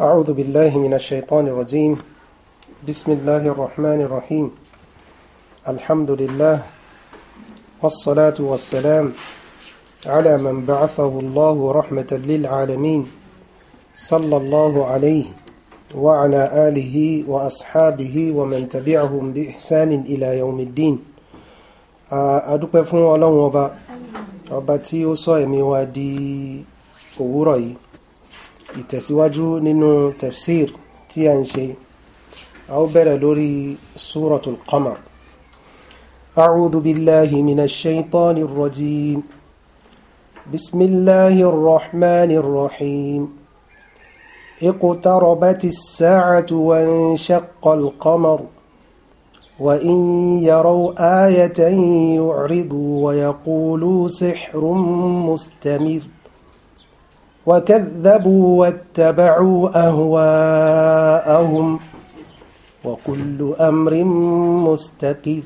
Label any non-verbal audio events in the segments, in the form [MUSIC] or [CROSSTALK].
أعوذ بالله من الشيطان الرجيم بسم الله الرحمن الرحيم الحمد لله والصلاة والسلام على من بعثه الله رحمة للعالمين صلى الله عليه وعلى آله وأصحابه ومن تبعهم بإحسان إلى يوم الدين أدوك فون ولون وبا وبا تيو صائمي ودي itasiwaju nínú tafsir tí a ń ṣe a bẹ̀rẹ̀ lórí suratul qamar a'udhu billahi minash shaitanir rajim bismillahir rahmanir rahim iqtarabatis sa'atu wanshaqqal qamar وإن يروا آية يعرضوا ويقولوا سحر مستمر وكذبوا واتبعوا أهواءهم وكل أمر مستقر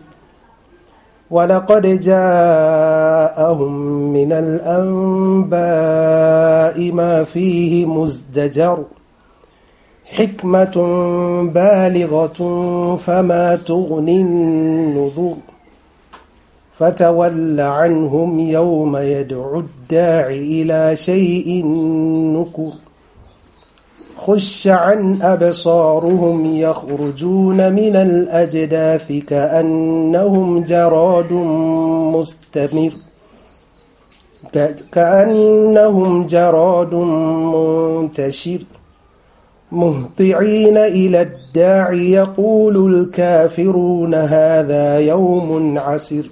ولقد جاءهم من الأنباء ما فيه مزدجر حكمة بالغة فما تغني النذور فتول عنهم يوم يدعو الداعي إلى شيء نكر خش عن أبصارهم يخرجون من الأجداث كأنهم جراد مستمر كأنهم جراد منتشر مهطعين إلى الداعي يقول الكافرون هذا يوم عسر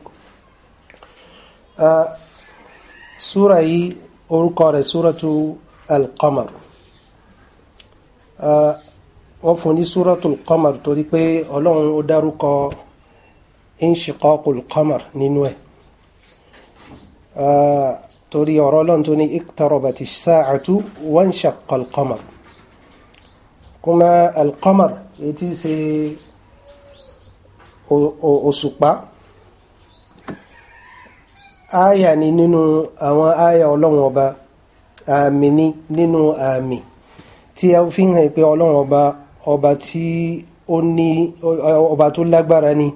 súra yìí orúkọ rẹ̀ súratu al-qamar wọ́n fún ní súratu al-qamar torí pé ọlọ́run ó dárúkọ inshiqaqul qamar nínú ẹ̀ torí ọ̀rọ̀ ọlọ́run tó ní iqtarabati as-sa'atu wanshaqa al-qamar kuma al-qamar èyí tí í ṣe òṣùpá. O, o, aya ni nínú àwọn aya ọlọ́run ọba àmì ni nínú àmì tí a fi hàn pé ọlọ́run ọba ọba tí ó ní ọba tó lágbára ni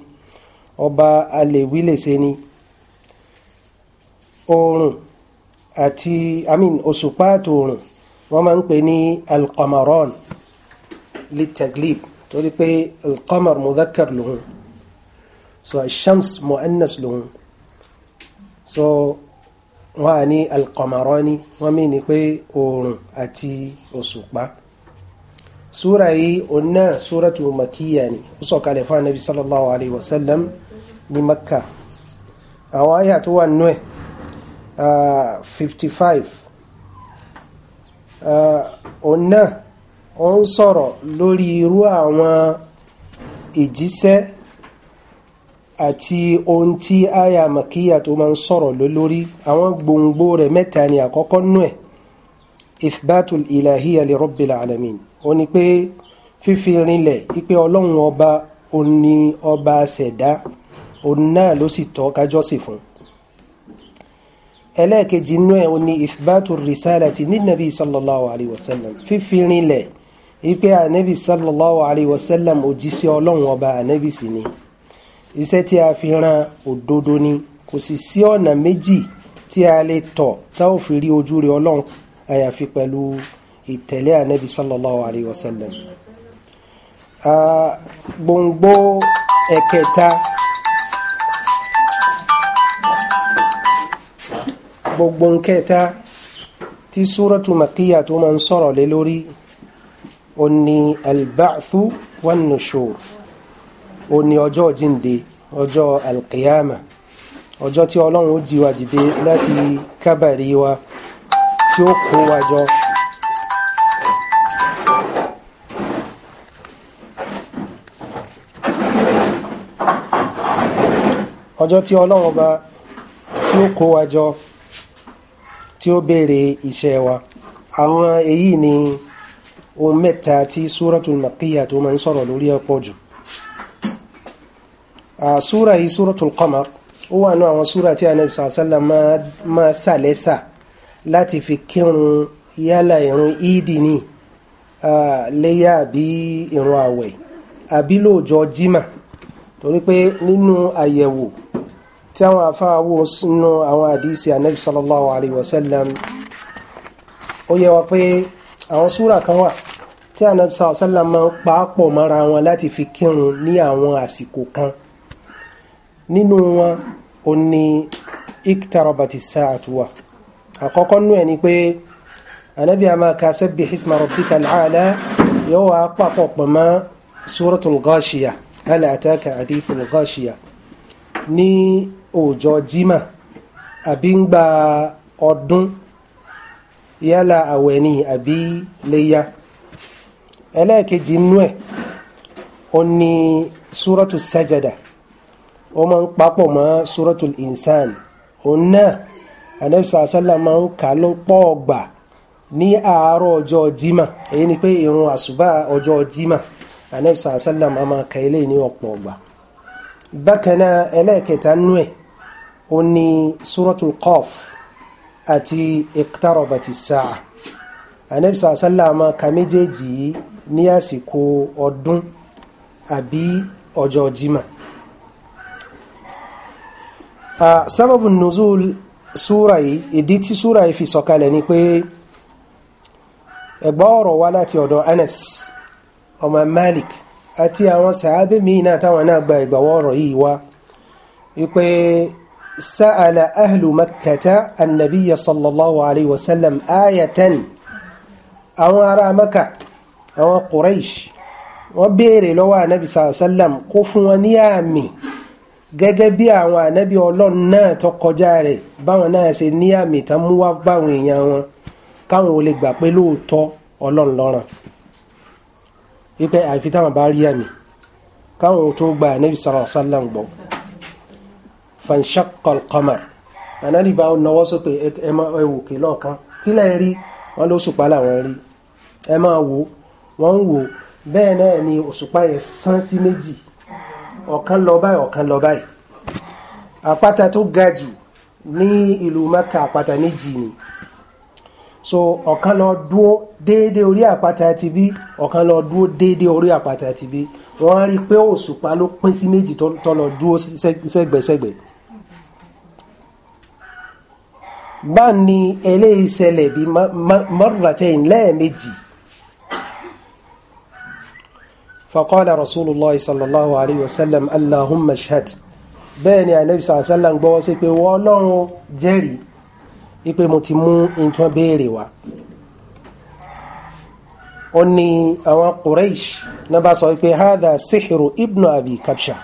ọba alèwílèsè ni oòrùn àti amin òṣùpá àtòòrùn wọ́n máa ń pè ní alqamaron litaglib torí pé alqamar mudhakkar lòun so ashams muannas lòun so wọ́n á ní alqamarani wọ́n mí ní pé oòrùn àti òṣùpá súra yìí òun náà súratu makíyà ni ó sọ̀kalẹ̀ fún anabi sallallahu alayhi wa ní makka àwọn àyà tó wà nú ẹ̀ fifty òun náà ó ń sọ̀rọ̀ lórí irú àwọn ìjíṣẹ́ àti ohun tí aya makiya tó máa ń sọ̀rọ̀ lólórí àwọn gbòǹgbò rẹ̀ mẹ́ta ni àkọ́kọ́ nú ẹ̀ ifbatul ilahiya li rabbil alamin ó ní pé fífi rinlẹ̀ ipe ọlọ́run ọba òun ni ọba ṣẹ̀dá òun náà ló sì tọ́ kájọ́sì fún ẹlẹ́ẹ̀kejì inú ẹ̀ òun ni ifbatul risalati ní nàbí sallallahu alayhi wa sallam fífi rinlẹ̀ ipe ànábì sallallahu alayhi wa sallam òjíṣẹ́ ọlọ́run ọba ànábì sì ni iṣẹ́ tí a fi ran òdodo ni kò sì sí ọ̀nà méjì tí a lè tọ̀ tá ò fi rí ojú rẹ ọlọ́run àyàfi pẹ̀lú ìtẹ̀lé ànábi sallallahu alayhi wa sallam. gbòǹgbò ẹ̀kẹta gbogbo nkẹta tí súrọ́tù màkíyà tó máa ń sọ̀rọ̀ lé lórí ó ní alba'thu nushur. ó ní ọjọ́ jíǹde ọjọ́ alqiyama ọjọ́ tí ọlọ́run ó jí wa dìde láti kábàrí wa tí ó kó wa jọ. ọjọ́ tí ọlọ́run ọba tí ó kó wa jọ tí ni ohun mẹ́ta tí súratul tó máa ń sọ̀rọ̀ lórí jù. Ah, súra yìí súratul Qamar ó wà náà àwọn súra tí anabi sàlá máa sàlẹ́sà láti fi kírun yálà ìrun ìdí ni ah, léyà àbí ìrun àwẹ̀ àbí lóòjọ́ jimá torí pé nínú àyẹ̀wò tí àwọn afáwò sínú àwọn àdìsí anabi sallallahu alayhi wa sallam ó yẹ wa pé àwọn súra kan wà tí anabi sallallahu alayhi wa sallam wọn láti fi kírun ní àwọn àsìkò kan nínú wọn ò ní iktarabati sa'atu wa àkọ́kọ́ nú ẹ̀ ni pé anabi ama ka sabbih isma rabbika al'ala yóò wá papọ̀ pọ̀ mọ́ suratul ghashiya hal ataka hadithul ghashiya ní ọjọ́ jimá àbí ń gba ọdún yálà àwẹ̀ àbí léyà ẹlẹ́ẹ̀kejì nú ẹ̀ ó ní suratu sajada wọ́n máa ń papọ̀ mọ́ suratul insan òun náà anabi sàlá máa ń kà ló pọ̀ ọgbà ní àárọ̀ ọjọ́ jimá èyí ni pé irun àṣùbà ọjọ́ jimá anabi sàlá máa máa ka eléyìí ní ọ̀pọ̀ ọgbà bákan náà ẹlẹ́ẹ̀kẹta nú ẹ̀ ó ní suratul qaf àti iqtarabati sáà anabi sàlá máa ka méjèèjì yìí ní àsìkò ọdún àbí ọjọ́ jimá sábàbù nùzúl súra yìí ìdí tí súra yìí fi sọ̀kalẹ̀ ni pé ẹ̀gbọ́n ọ̀rọ̀ wá láti ọ̀dọ̀ Anas ọmọ Malik àti àwọn sàábé míì náà táwọn náà gba ìgbàwọ́ ọ̀rọ̀ yìí wá wípé سأل أهل مكة النبي صلى الله عليه وسلم آية أو أرى مكة أو قريش وبيري لو النبي صلى الله عليه وسلم قفوا نيامي gẹ́gẹ́ bí àwọn ànábì ọlọ́run náà tó kọjá rẹ̀ báwọn náà ṣe ní àmì tán mú wá báwọn èèyàn wọn káwọn ò lè gbà pé lóòótọ́ ọlọ́run lọ́ràn wípé àfi táwọn bá rí àmì káwọn ò tó gba ànábì sallallahu alaihi wasallam gbọ́ fanshaqqal qamar ànábì bá náwó sókè ẹ máa ẹ wò kí lọ́ọ̀kan kí lẹ́ẹ̀ rí wọn ló sùpá làwọn rí ẹ máa wò wọ́n ń wò bẹ́ẹ̀ náà ni òṣùpá yẹn sán sí méjì ọ̀kan lọ báyìí ọ̀kan lọ báyìí àpáta tó ga jù ní ìlú Mẹ́kà àpáta méjì ni so ọ̀kan lọ dúó déédé orí àpáta ti bí ọ̀kan lọ dúó déédé orí àpáta ti bí wọ́n rí i pé òṣùpá ló pín sí méjì tó lọ dúó sẹ́gbẹ̀sẹ́gbẹ̀ bá ní eléyìí ṣẹlẹ̀ bíi mọ́rùnlátẹ́yìn lẹ́ẹ̀mejì. فقال رسول الله صلى الله عليه وسلم اللهم اشهد بني النبي صلى الله عليه وسلم بوسي بي جري ipe mo ti mú nǹkan béèrè wá ó ní àwọn quraish náà bá sọ pé hadha sihiru ibnu abi kabsha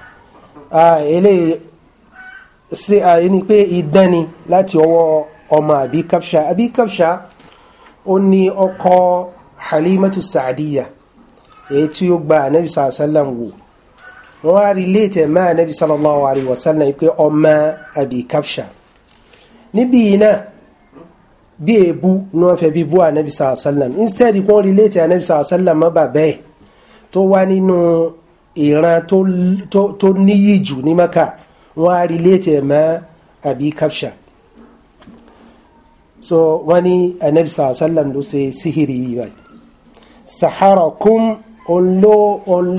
eléyìí sí ẹni pé idán ni láti ọwọ́ ọmọ abi kabsha abi kabsha ó ní ọkọ halimatu saadiya èyí tí ó gba anabi sàlám wò wọn á rí léètè má anabi sallallahu alayhi wa sallam pé ọmọ àbí kapsha níbí yìí náà bí èébú ni wọn fẹ́ bí bú anabi sàlám instead kí wọn rí léètè anabi sàlám má bà bẹ́ẹ̀ tó wá nínú ìran tó níyì jù ní maka wọn á rí léètè má àbí kapsha so wọ́n ní anabi sàlám ló ṣe síhìrì yìí báyìí sahara kum òun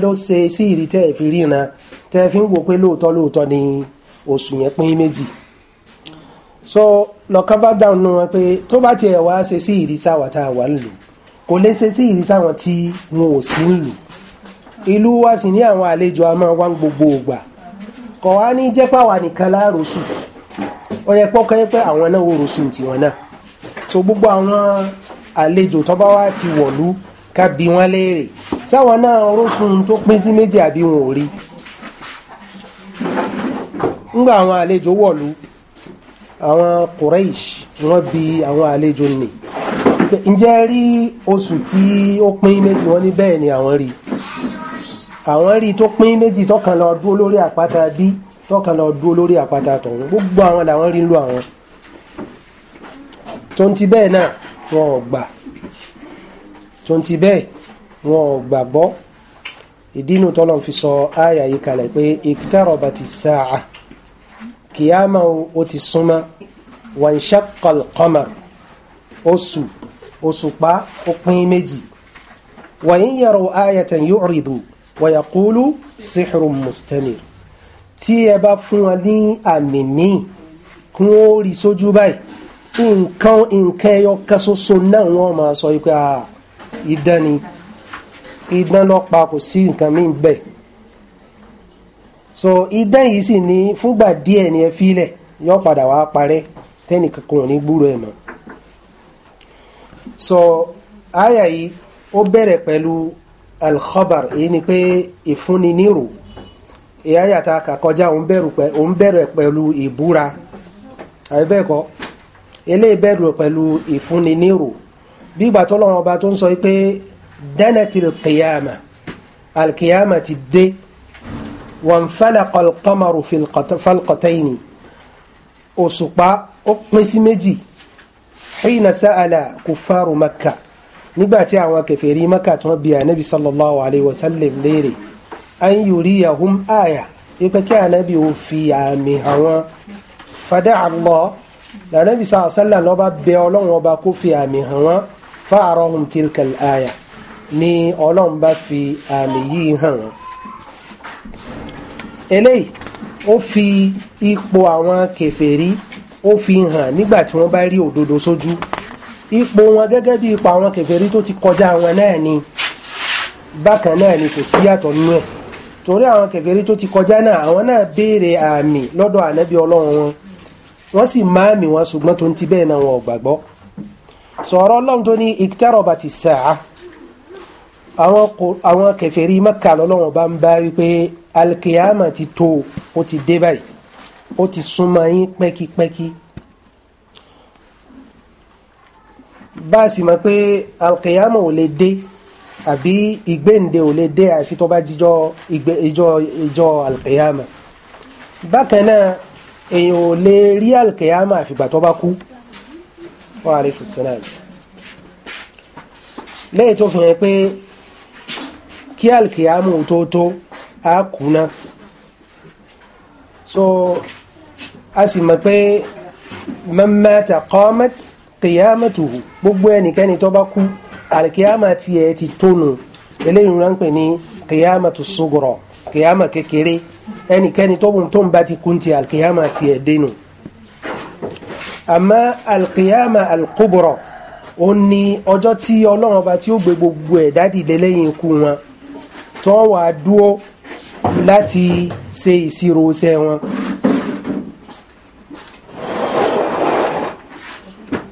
ló ṣe sí ìrí tẹ́ ẹ̀ fi ríran tẹ́ ẹ fi ń wo pé lóòótọ́ lóòótọ́ ni oṣù yẹn pín méjì so lọ́kàn bá dáhùn nù wọn pé tó bá tiẹ̀ wá ṣe sí ìrí sáwà tá a wà ń lò kò lè ṣe sí ìrí sáwọn tí wọn ò sí ń lò ìlú wa sì ní àwọn àlejò a máa wá gbogbo ògbà kò wá ní jẹ́ pàwà nìkan láàrọ̀ṣù ó yẹ pọ́kọ́ yẹ pé àwọn náà wò rọ̀ṣù tiwọn náà so gbogbo àwọn àlejò tó bá wá ti wọ̀lú ká bi wọ́n léèrè sáwọn náà rósùn tó pín sí méjì àbí wọn ò rí ńgbà àwọn àlejò wọ̀lú àwọn Quraish wọ́n bi àwọn àlejò nì ǹjẹ́ rí oṣù tí ó pín méjì wọ́n ní bẹ́ẹ̀ ni àwọn rí àwọn rí tó pín méjì tọkàn lọ dúró lórí àpáta bí tọkàn lọ dúró lórí àpáta tọ̀hún gbogbo àwọn làwọn rí ń lo àwọn tó ń ti bẹ́ẹ̀ náà wọn ò gbà tó ń ti bẹ́ẹ̀ wọn ò gbàgbọ́ ìdínú tọ́lọ̀ fi sọ àyà yìí kalẹ̀ pé iqtarabati sa'a kìyàmà ó ti súnmọ́ wanshaqqal qamar oṣù òṣùpá ó pín méjì wa in yaraw ayatan yu'ridu wa yaqulu sihrun mustamir tí ẹ bá fún wọn ní àmì míì kún ó rí sójú báyìí nǹkan nǹkan ẹyọ kan náà wọ́n máa sọ pé àà ah, idán ni idán lọ pa kò sí nǹkan mí bẹ́ẹ̀ so idán yìí sì ní fúngbà díẹ̀ ni ẹ filẹ̀ yọ padà wá parẹ́ tẹ́nìkan kò ní gbúrò ẹ̀ mọ́ so àyà yìí ó bẹ̀rẹ̀ pẹ̀lú alkhabar èyí ni pé ìfúnni nírò èyí àyà tá a kà kọjá òun bẹ̀rẹ̀ pẹ̀lú ìbúra àbẹ́bẹ́ẹ̀kọ́ eléyìí bẹ̀rẹ̀ pẹ̀lú ìfúnni nírò bí ìgbà tó lọ́wọ́ ọba tó ń sọ pé dánàtì kìyàmà alkìyàmà ti dé wọn fẹ́lẹ̀ kọlọ́mọrù falkọtẹ́yìnì òṣùpá ó pín sí méjì hìnà sáàlà kùfàrù maka nígbà tí àwọn kèfèrí maka tó ń bi ànábi sallallahu alayhi wa sallam léèrè an yuriyahum aya ipe kí ànábi ò fi àmì àwọn fadá Allah lànàbi sallallahu lọ́ba bẹ ọlọ́run ọba kó fi àmì hàn fa'arahum tilka al-aya ni ọlọ́run fi àmì yìí hàn eléyìí ó fi ipò àwọn kèfèrí ó fi hàn nígbà tí wọ́n bá rí òdodo sójú ipò wọn gẹ́gẹ́ bí ipò àwọn kèfèrí tó ti kọjá wọn náà ni bákan náà ni kò sí nínú torí àwọn kèfèrí tó ti kọjá náà àwọn náà béèrè àmì lọ́dọ̀ ànábì wọn wọ́n sì máàmì wọn ṣùgbọ́n tó ń ti bẹ́ẹ̀ náà sọ̀rọ̀ ọlọ́run tó ní iqtarabati sa'a àwọn kèfèrí Mẹ́kà lọ́lọ́run bá ń bá wípé alkiyama ti tó ó ti dé báyìí ó ti súnmọ́ yín pẹ́kípẹ́kí bá a sì mọ̀ pé alkiyama ò lè dé àbí ìgbéǹde ò lè dé àfi tó bá jíjọ ìjọ alkiyama bákan náà èèyàn ò lè rí alkiyama àfìgbà tó bá kú wa aleykum salaam lẹ́yìn tó fi hàn pé kí alkiyamu tó tó a kùnà so a sì mọ̀ pé mẹ́mẹ́ta qamat qiyamatuhu gbogbo ẹnikẹ́ni tó bá kú alkiyama ti ẹ̀ ti tónu eléyìí rán pè ní qiyamatu sugra qiyama kékeré ẹnikẹ́ni tó bá ti kú ti alkiyama ti ẹ̀ dénú àmọ́ alqiyama alqubra ó ní ọjọ́ tí ọlọ́run ọba tí ó gbé gbogbo ẹ̀dá dìde lẹ́yìn ikú wọn tó wà dúó láti ṣe ìṣirò iṣẹ́ wọn.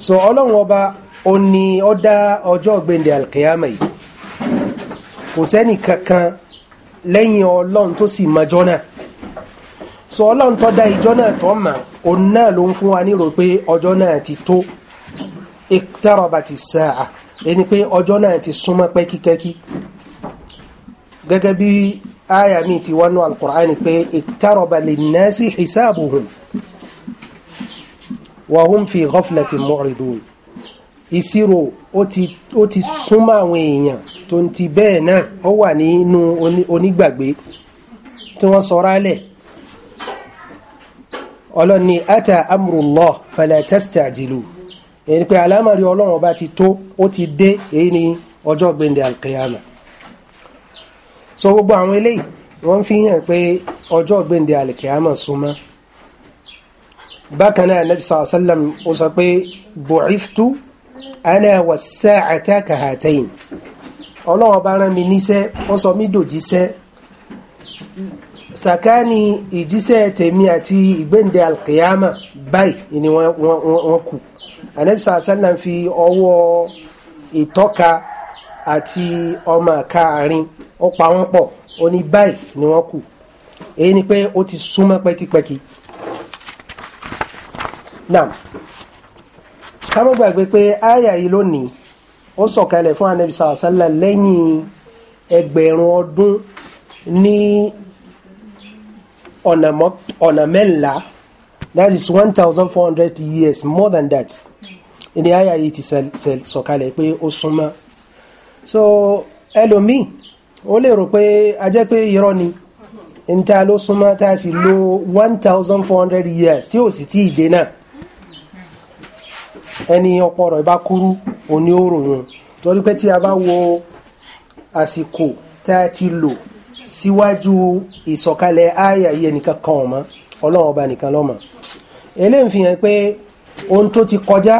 so ọlọ́run ọba ó ní ó dá ọjọ́ gbẹ̀ndẹ̀ alqiyama yìí kò sẹ́ni kankan lẹ́yìn ọlọ́run tó sì mọjọ́ náà so ọlọ́run tó dá ìjọ náà tó mọ̀ òun náà ló ń fún wa nírò pé ọjọ́ náà ti tó iqtarabati sa'a ẹni pé ọjọ́ náà ti súnmọ́ pẹ́kíkẹ́kí gẹ́gẹ́ bí aya mi ti wọnú al-Qur'ani pé iqtaraba linnasi hisabuhum wa hum fi ghaflatin mu'ridun ìṣirò ó ti súnmọ́ àwọn èèyàn tó ti bẹ́ẹ̀ náà ó wà nínú onígbàgbé tí wọ́n sọ rálẹ̀ ọlọ́run ni ata amrullah fala tastajilu èyí ni pé alámàrí ọlọ́run ọba ti tó ó ti dé èyí ni ọjọ́ gbẹ̀ndẹ̀ alkiyama so gbogbo àwọn eléyìí wọ́n fi hàn pé ọjọ́ gbẹ̀ndẹ̀ alkiyama súnmọ́ bákan náà nabi sallallahu alayhi wa sallam ó sọ pé bu'iftu ana was-sa'ata kahatayn ọlọ́run ọba rán mi níṣẹ́ ó sọ mí dòjíṣẹ́ Sakani ìjíṣẹ́ tèmi àti ìgbéǹde alkiyama báyìí ni wọ́n kù anabi sàásánà fi ọwọ́ ìtọ́ka àti ọmọ kaarin ó pa wọ́n pọ̀ ó ní báyìí ni wọ́n kù èyí ni pé ó ti súnmọ́ pẹ́kípẹ́kí náà ká má gbàgbé pé àyà yìí lónìí ó sọ̀kalẹ̀ fún anabi sàásánà lẹ́yìn ẹgbẹ̀rún ọdún ní ọ̀nà mẹ́la that is one thousand four hundred years more than that ìní àyà yìí ti sọ̀kalẹ̀ pé ó súnmọ́ so ẹlòmíì ó lè rò pé a jẹ́ pé irọ́ ni níta ló súnmọ́ tá a sì lo one thousand four hundred years tí ò sì tí ì dé náà ẹni ọ̀pọ̀ ọ̀rọ̀ ìbá kúrú òní òròyìn torí pé tí a bá wo àsìkò tá a ti lò síwájú ìsọ̀kalẹ̀ àyà yìí ẹnìkan kan ọ̀mọ́ ọlọ́run ọba nìkan lọ́mọ eléyìí fi pé ohun tó ti kọjá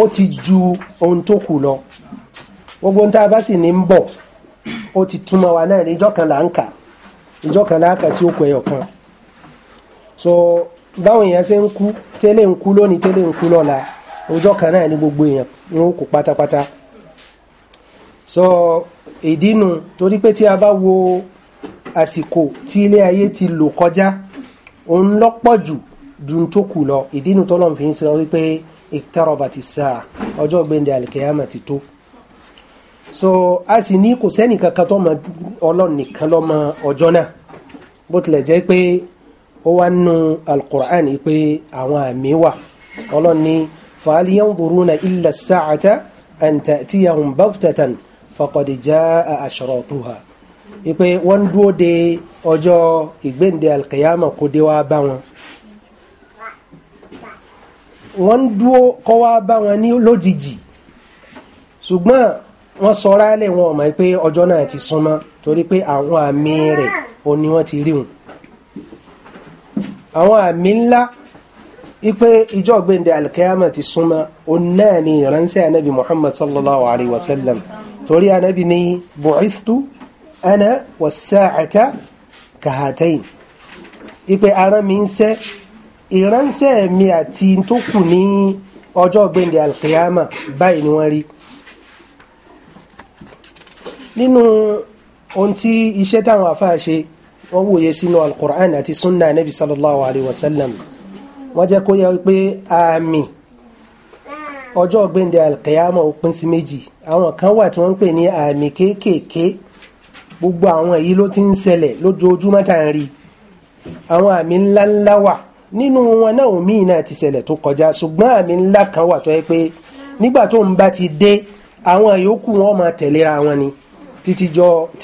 ó ti ju ohun tó kù lọ gbogbo ohun tá a bá sì ní ń bọ̀ ó ti túmọ̀ wa náà ní kan là ń kà kan là ń kà tí ó kan so báwọn èèyàn ṣe ń kú tẹ́lẹ̀ ń kú lónìí tẹ́lẹ̀ ń kú lọ́la kan náà gbogbo èèyàn ń kú pátápátá so. ìdínú torí pé tí a bá wo àsìkò tí ilé ayé ti lò kọjá òun lọ́pọ̀ jù dùn tó kù lọ ìdínú tó lọ́n fi ń sọ wípé iqtarabati sáà ọjọ́ gbẹ̀ndẹ̀ àlìkẹ́yàmà ti tó so a sì ní kò sẹ́nì kankan tó mọ ọlọ́run nìkan ló ọjọ́ náà bó tilẹ̀ jẹ́ pé ó wá nu alukur'an pé àwọn àmì wà ọlọ́run ní fal yanzuruna illa as-sa'ata an ta'tiyahum baghtatan faqad jaa ashratuha ipe wọ́n dúró de ọjọ́ ìgbéǹde alkiyama kó dé wá bá wọn wọ́n dúró kọ́ wá bá wọn ní lójijì ṣùgbọ́n wọ́n sọra lẹ̀ wọn mọ̀ pé ọjọ́ náà ti súnmọ́ torí pé àwọn àmì rẹ̀ o ni ti rí wọn àwọn àmì ńlá ipe ìjọ gbéǹde alkiyama ti súnmọ́ o náà ni ìránṣẹ́ anabi muhammad sallallahu alaihi wasallam. sallam torí anábì ní bu'ithtu ana was-sa'ata kahatayn ipe ara mi ń sẹ́ ìránṣẹ́ mi àti tó kù ní ọjọ́ gbẹ̀ndẹ̀ alkiyama báyìí ni wọ́n rí nínú ohun tí iṣẹ́ táwọn àfáà ṣe wọ́n wòye sínú alkur'an àti sunna nabi sallallahu alaihi wasallam wọ́n jẹ́ kó yẹ pé àmì ah, ọjọ́ gbẹ̀ndẹ̀ alkiyama ó pín sí méjì àwọn kan wà tí wọ́n ń pè ní àmì kéékèèké gbogbo àwọn èyí ló ti ń ṣẹlẹ̀ lójoojúmọ́ tá à ń rí àwọn àmì ńláńlá wà nínú wọn náà míì náà ti ṣẹlẹ̀ tó kọjá ṣùgbọ́n àmì ńlá kan wà tó yẹ pé nígbà tó ń bá ti dé àwọn yòókù wọn máa tẹ̀léra wọn ni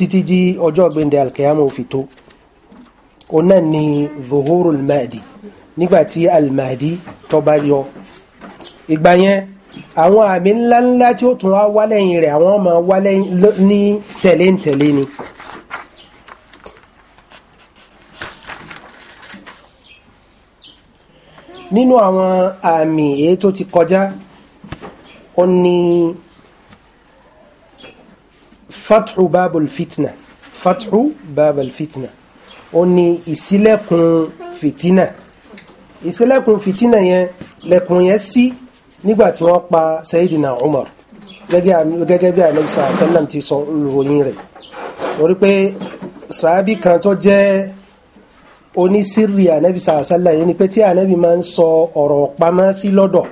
títí di ọjọ́ gbẹ̀ndẹ̀ alkiyama ó fi tó òun náà ni zuhurul mahdi nígbà tí al mahdi yọ ìgbà yẹn àwọn àmì ńláńlá tí ó tún wá wá lẹ́yìn rẹ̀ àwọn máa wá lẹ́yìn ní tẹ̀léǹtẹ̀lé ni. nínú àwọn àmì èyí tó ti kọjá ó ní fathu babul fitna fathu babul fitna ó ní ìṣílẹ̀kùn fitina ìṣílẹ̀kùn fitina yẹn lẹ̀kùn yẹn sí. Si, nígbà tí wọ́n pa Sayyidina Umar gẹ́gẹ́ bí Ànábì sallam ti sọ ròyìn rẹ̀ lórí pé sàábì kan tó jẹ́ onísírì Ànábì sallam yẹn ni pé tí Ànábì máa ń sọ ọ̀rọ̀ pamọ́ sí lọ́dọ̀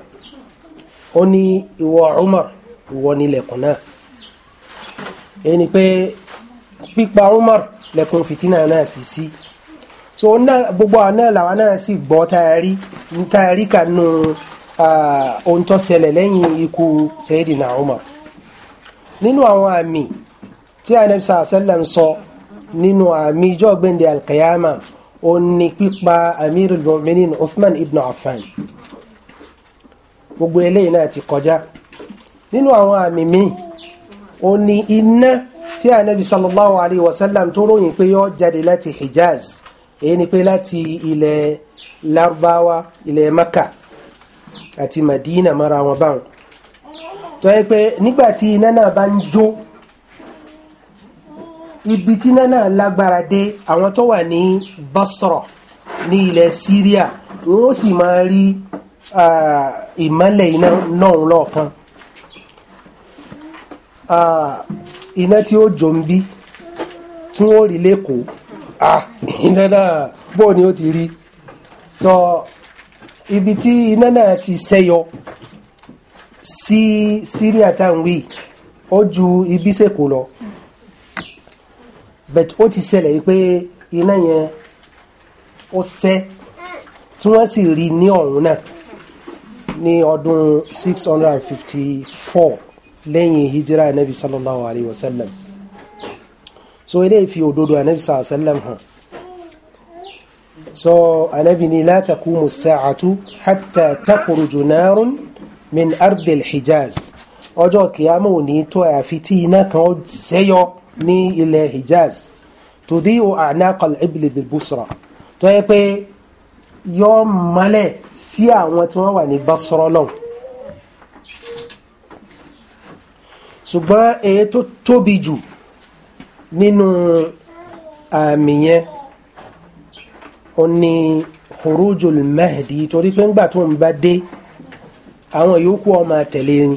ó ní ìwọ Umar ìwọ nílẹ̀kùn náà èyí ni pé pípa Umar lẹ́kùn fìtínà náà sì sí so gbogbo àná làwọn náà sì gbọ́ táyà rí táyà rí Ah, ohun tó ṣẹlẹ̀ lẹ́yìn ikú Sayyidina Umar nínú àwọn àmì tí anabi sallam sọ nínú àmì ìjọ gbẹ̀ndẹ̀ alkayama ó ní pípa amirul mu'minin Uthman ibn Affan gbogbo eléyìí náà ti kọjá nínú àwọn àmì míì ó ní iná tí anabi sallallahu alayhi wa sallam tó ròyìn pé yóò jáde láti Hijaz èyí ni pé láti ilẹ̀ Lárúbáwá ilẹ̀ Makkah àti Madina mọ́ra wọn báwọn tó yẹ pé nígbà tí iná náà bá ń jó ibi tí iná náà lágbára dé àwọn tó wà ní Basra ní ilẹ̀ Syria wọ́n sì máa rí ìmọ́lẹ̀ iná náà lọ́ọ̀kan iná tí ó jò ń bí tí wọ́n rí lẹ́kọ̀ọ́ iná náà bóò ni ó ti rí tọ́ ibi tí iná náà ti ṣẹyọ sí Syria táwọn wí ó ju Ibísèkó lọ but ó ti ṣẹlẹ̀ pé iná yẹn ó ṣẹ́ tí wọ́n sì rí ní ọ̀hún náà ní ọdún four lẹ́yìn hijira anabi sallallahu alayhi wa sallam so eléyìí fi òdodo anabi sallallahu alayhi wa sallam hàn so anabi ni la taqumu as-sa'atu hatta takhruju narun min ardi al-hijaz ọjọ́ kìyàmù ò ní tó àfi tí iná kan ó ṣẹ́yọ ní ilẹ̀ hijaz tudi'u a'naqa al-ibli bil-busra tó yẹ pé yọ malẹ̀ sí àwọn tí wọ́n wà ní basra náà ṣùgbọ́n èyí tó tóbi jù nínú àmì yẹn ó ní khurujul mahdi torí pé ńgbà tó ń bá dé àwọn yòókù ọmọ àtẹ̀lé ni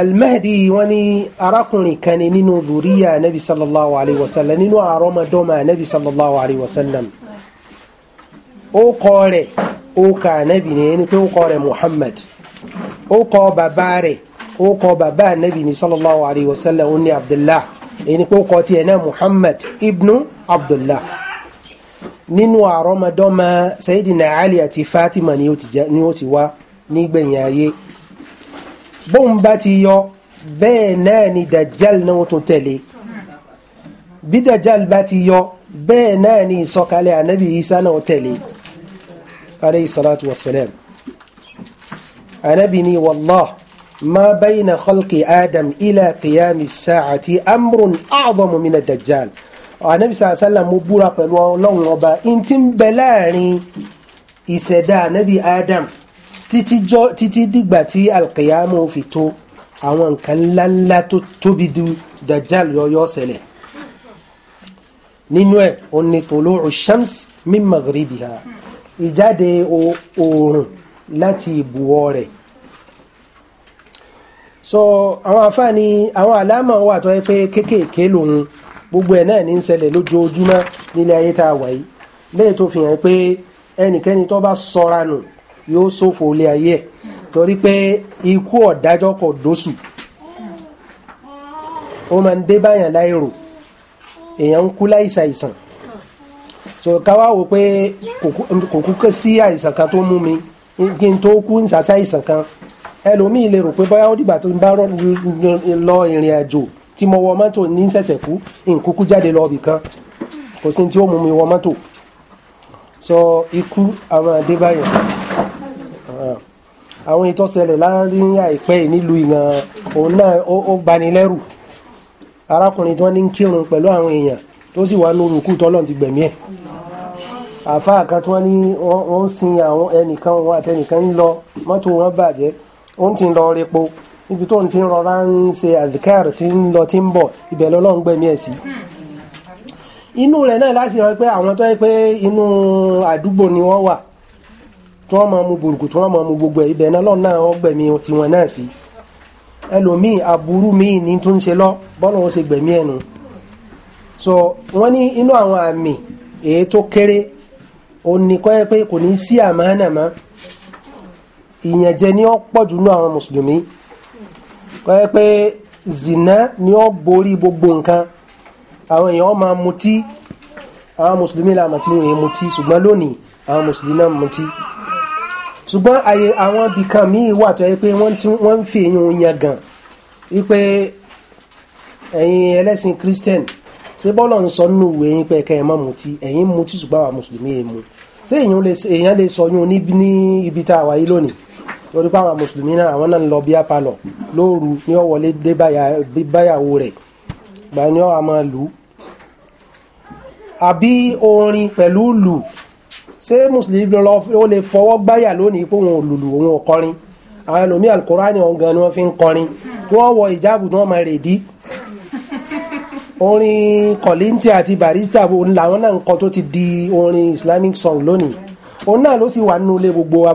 almahdi wọ́n ní arákùnrin kan ni nínú zuriya anabi sallallahu alayhi wa sallam nínú àrọmọdọ́mọ anabi sallallahu alayhi wa sallam ó kọ rẹ̀ ó ka anabi ni ẹni pé ó kọ rẹ̀ muhammad ó kọ bàbá rẹ̀ ó kọ bàbá anabi ni sallallahu alayhi wa sallam ó ní abdullah ẹni pé ó kọ tiẹ̀ náà muhammad ibnu abdullah nínú àrọ́mọdọ́mọ Sayyidina Ali àti Fatima ni ó ti wá nígbẹ̀yìn ayé bóun bá ti yọ bẹ́ẹ̀ náà ni Dajjal náà ó tún tẹ̀lé bí Dajjal bá ti yọ bẹ́ẹ̀ náà ni ìsọkalẹ̀ ànábì Isa náà ó tẹ̀lé alayhi salatu wassalam ànábì ni wallah ما بين خلق آدم إلى قيام الساعة أمر أعظم من الدجال anabi sàlám mo búra pẹ̀lú ọlọ́run ọba n ti ń bẹ láàrin ìṣẹ̀dá anabi adam títí dìgbà tí alkiyama fi tó àwọn nǹkan ńláńlá tó tóbi du dajjal yọyọ ṣẹlẹ̀ nínú ẹ̀ òní tòlóòrò shams min ìjáde oòrùn láti ìbùwọ̀ rẹ̀ so àwọn àfáàní àwọn àlámà wà tó yẹ pé kéékèèké lòun gbogbo ẹ̀ náà ní ń ṣẹlẹ̀ lójoojúmọ́ nílé ayé tá a wà yìí lẹ́yìn tó fi hàn pé ẹnikẹ́ni tó bá sọra nù yóò ṣòfò ilé ayé ẹ̀ torí pé ikú ọ̀dájọ́ kò dóṣù ó máa ń dé báyàn láìrò èèyàn ń kú láìsàìsàn so káwá wò pé kò kú sí àìsàn kan tó mú mi kí n tó kú ń sàṣàìsàn kan ẹlòmíì lè rò pé bóyá dìgbà tó ń bá lọ ìrìn àjò tí mo wọ mọ́tò ní sẹ̀sẹ̀ kú nkúkú jáde lọ ibì kan kò sí tí ó mú mi wọ mọ́tò sọ ikú àwọn àdébáyọ̀ àwọn ìtọ́sẹ̀lẹ̀ láàrin àìpẹ́ nílùú ìran òun náà ó bani lẹ́rù arákùnrin tí wọ́n ní ń kírun pẹ̀lú àwọn èèyàn tó sì wà nínú ikú tọ́lọ̀ ti gbẹ̀mí ẹ̀ àfáà kan tí wọ́n ní wọ́n sin àwọn ẹnìkan wọn àtẹnìkan ń lọ mọ́tò wọn bàjẹ́ ó ń lọ repo níbi tó ń ti rọra ń ṣe àdìkáàrì tí ń lọ tí ń bọ̀ ibẹ̀ lọ́lọ́run gbẹ̀mí ẹ̀ sí inú rẹ̀ náà láti rọ pé àwọn tó yẹ pé inú àdúgbò ni wọ́n wà tí wọ́n máa mu burúkú tí wọ́n gbogbo ẹ̀ ibẹ̀ náà wọ́n gbẹ̀mí tiwọn náà sí ẹlòmíì aburú míì ní ṣe lọ ṣe gbẹ̀mí ẹnu so wọ́n ní inú àwọn àmì èyí tó kéré oníkọ́ ní kọ́yẹ́ pé zina ni ó borí gbogbo nǹkan àwọn èèyàn máa mutí àwọn mùsùlùmí làmà tí wọ́n yẹn mutí ṣùgbọ́n lónìí àwọn mùsùlùmí náà mutí ṣùgbọ́n àyè àwọn ibìkan míì wà tó yẹ pé wọ́n ń fi èèyàn yan gan wípé ẹ̀yin ẹlẹ́sìn christian ṣé bọ́lọ̀ ń sọ nínú ìwé yín pé ẹ̀ka ẹ̀ má mutí ẹ̀yin mutí ṣùgbọ́n àwọn mùsùlùmí yẹn mu ṣé èèyàn lè sọ yún ní ibi tá a wáyé lónìí torí pé àwọn mùsùlùmí náà àwọn náà ń lọ bíá palọ̀ lóru ní ó wọlé dé báyàwó rẹ̀ gbà ní ó wà máa lù ú àbí orin pẹ̀lú lù ṣé mùsùlùmí lọ ó lè fọwọ́ gbáyà lónìí pé òun ò lùlù òun ò kọrin àwọn ẹlòmíì alukurani ọ̀hún gan ni wọ́n fi ń kọrin tí wọ́n wọ ìjáàbù tí wọ́n máa rè dí orin kọ̀lìntì àti barista làwọn náà ń kọ tó ti di orin islamic song lónìí òun náà ló sì wà nínú ilé gbogbo wa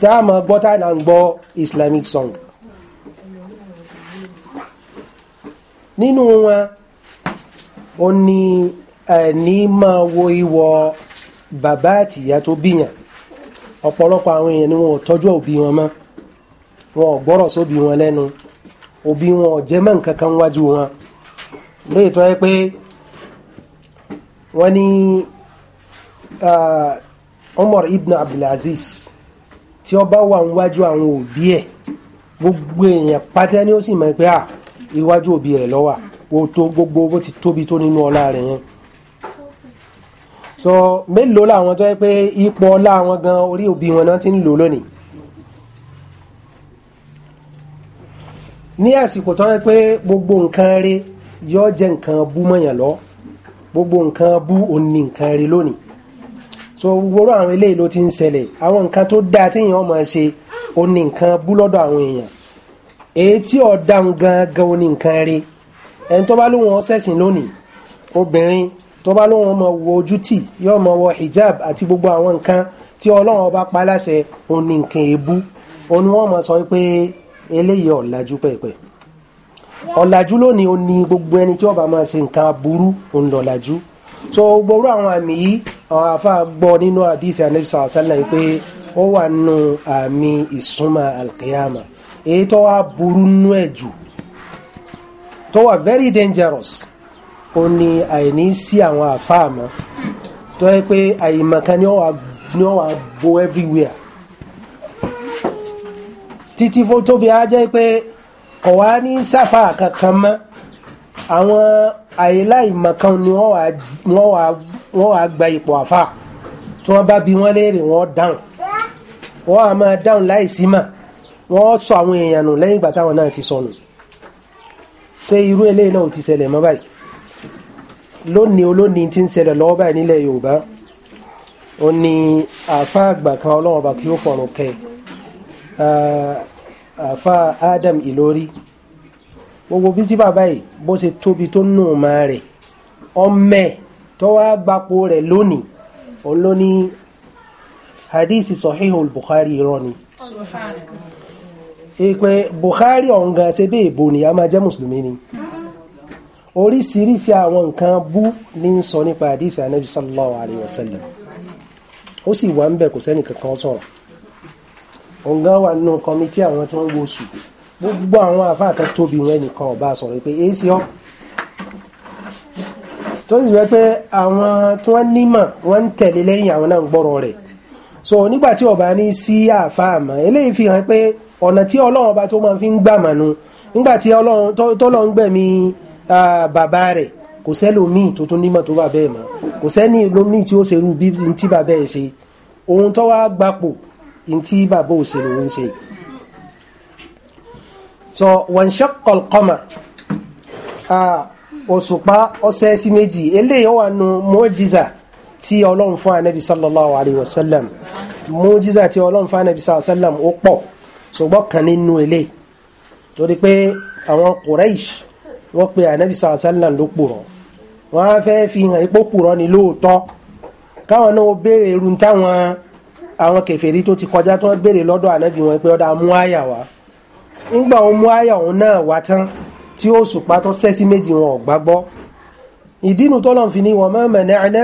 tá a máa gbọ́ tá islamic song nínú wọn ó eh, ní ẹni máa wo ìwọ bàbá àtìyá tó bíyàn ọ̀pọ̀lọpọ̀ àwọn èèyàn ni wọn ò tọ́jú òbí wọn mọ́ wọn ò gbọ́rọ̀ sóbí wọn lẹ́nu òbí wọn ò jẹ́ mọ́ nǹkan kan wájú wọn ah, Umar ibn Abdulaziz tí ó bá wà níwájú àwọn òbí ẹ̀ gbogbo èèyàn pátá ni ó sì mọ̀ pé à iwájú òbí rẹ̀ lọ́wà gbogbo bó ti tóbi tó nínú ọlá rẹ̀ yẹn so mélòó làwọn tó yẹ pé ipò ọlá wọn gan orí òbí wọn náà ti ń lò lónìí ní àsìkò tó yẹ pé gbogbo nǹkan rẹ̀ yóò jẹ́ nǹkan bú mọ̀yàn lọ gbogbo nǹkan bú òní nǹkan rẹ̀ lónìí so gbogbo àwọn eléyìí ló ti ń ṣẹlẹ̀ àwọn nǹkan tó dáa téèyàn máa ṣe ó ní nǹkan bú lọ́dọ̀ àwọn èèyàn èyí tí ọ̀daràn gangan ó ní nǹkan rí ẹni tó bá lóun ọ̀sẹ̀sìn lónìí obìnrin tó bá lóun ọmọ wo ojú tì yóò mọ wọ hijab àti gbogbo àwọn nǹkan tí ọlọ́run ọba pa láṣẹ ó ní nǹkan èébú ó ní wọ́n mọ̀ sọ pé eléyìí ọ̀làjú pẹ̀pẹ̀ ọ̀làjú lónìí ó ní gbogbo ẹni tí ó máa ṣe nǹkan aburú ó ń lọ̀làjú so gbogbo àwọn àmì yìí àwọn afa gbọ́ nínú àdìsí anabi sàlá sàlá yìí pé ó wà nù àmì ìsúnmọ́ alkiyama èyí tó wà burú nù ẹ̀ jù tó wà very dangerous ó ní àìní sí àwọn afa àmọ́ tó yẹ pé àyìnmọ̀kan ni wọ́n wà bo everywhere títí fó tóbi á jẹ́ pé kọ̀wá ní sáfà kankan mọ́ àwọn àìláìmọ̀kan ni wọ́n wàá gba ipò àfà tí wọ́n bá bi wọ́n léèrè wọ́n dáhùn wọ́n á máa dáhùn láìsí mà wọ́n sọ àwọn èèyàn nù lẹ́yìn ìgbà táwọn náà ti sọnù ṣé irú eléyìí náà ti ṣẹlẹ̀ mọ́ báyìí lónìí olónìí ti ń ṣẹlẹ̀ lọ́wọ́ báyìí nílẹ̀ Yorùbá ó ní àáfà àgbà kan ọlọ́run bá kí ó fọ̀rùn kẹ́ àáfà Adam Ìlórí gbogbo bí tí bàbá yìí bó ṣe tóbi tó nù ọmọ rẹ̀ ọmọ ẹ̀ tó wá gbapò rẹ̀ lónìí olóní hadisi sahihul Bukhari irọ́ ni ìpè Bukhari ọ̀ǹgàn ṣe bí èbò ni a máa jẹ́ mùsùlùmí ni oríṣiríṣi àwọn nǹkan bú ní sọ nípa hadisi anabi sallallahu alayhi wa sallam ó sì wà ń bẹ̀ kò sẹ́nì kankan sọ̀rọ̀ ọ̀ǹgàn wà nínú kọmitì àwọn tí wọ́n wo sùkúù gbogbo àwọn àfáà tó tóbi wọn nìkan ọba sọ̀rọ̀ pé èyí sí ọ́ tó sì wẹ́ pé àwọn tí wọ́n nímọ̀ wọ́n ń tẹ̀lé lẹ́yìn àwọn náà ń gbọ́rọ̀ rẹ̀ so nígbà tí ọba ní sí àfáà mọ̀ eléyìí fi hàn pé ọ̀nà tí ọlọ́run ọba tó máa fi ń gbàmọ̀ nu nígbà tí ọlọ́run tó lọ gbẹ̀mí bàbá rẹ̀ kò sẹ́lòmíì tó tún nímọ̀ tó bàbá ẹ̀ mọ̀ kò sẹ́ni tí ó ṣerú bí ti bàbá ẹ̀ ṣe ohun tó wá gbapò ní bàbá òṣèlú ń ṣe yìí so wanshaqqal qamar òṣùpá ọ̀sẹ̀ sí méjì eléyìí wà nù mọ́jíza tí ọlọ́run fún anabi sallallahu alayhi wa sallam mọ́jíza tí ọlọ́run fún anabi sallallahu alayhi wa sallam ó pọ̀ ṣùgbọ́n kan nínú eléyìí torí pé àwọn Quraysh wọ́n pe anabi sallallahu alayhi wa sallam ló purọ́ wọ́n á fẹ́ fi hàn ipò purọ́ ni lóòótọ́ káwọn náà béèrè irun táwọn àwọn kèfèrí tó ti kọjá tó ń béèrè lọ́dọ̀ anabi wọn pé ọ̀dà mú àyà wá ńgbà wọn mú àyà òun náà wá tán tí ó sùpá tó sẹ́sí méjì wọn ò gbàgbọ́ ìdínú tọ́lọ̀ fi ní wa ma mana'na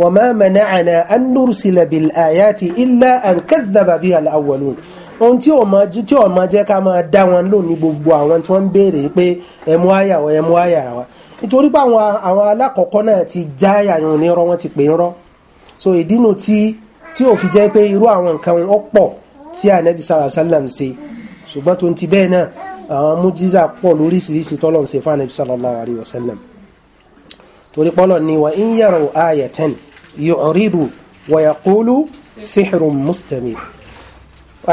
wa ma mana'na an nursila bil ayati illa an kadhaba biha al ohun tí ò jẹ́ ká máa dá wọn lónìí gbogbo àwọn tí wọ́n béèrè pé ẹmú àyà wa ẹmú àyà wa nítorí pé àwọn àwọn alákọ̀ọ́kọ́ náà ti já àyà ní irọ́ wọ́n ti pè ń rọ́ so ìdínú tí tí ò fi jẹ́ pé irú àwọn nǹkan ọ̀pọ̀ tí ànábì sàrà ṣe ṣùgbọ́n tó ń ti bẹ́ẹ̀ náà àwọn mújísà pọ̀ lóríṣiríṣi tọ́lọ̀ ń ṣe fún anabi sallallahu alayhi wa sallam torí pọ́lọ̀ ni wa in yaraw ayatan yu'ridu wa yaqulu sihrun mustamir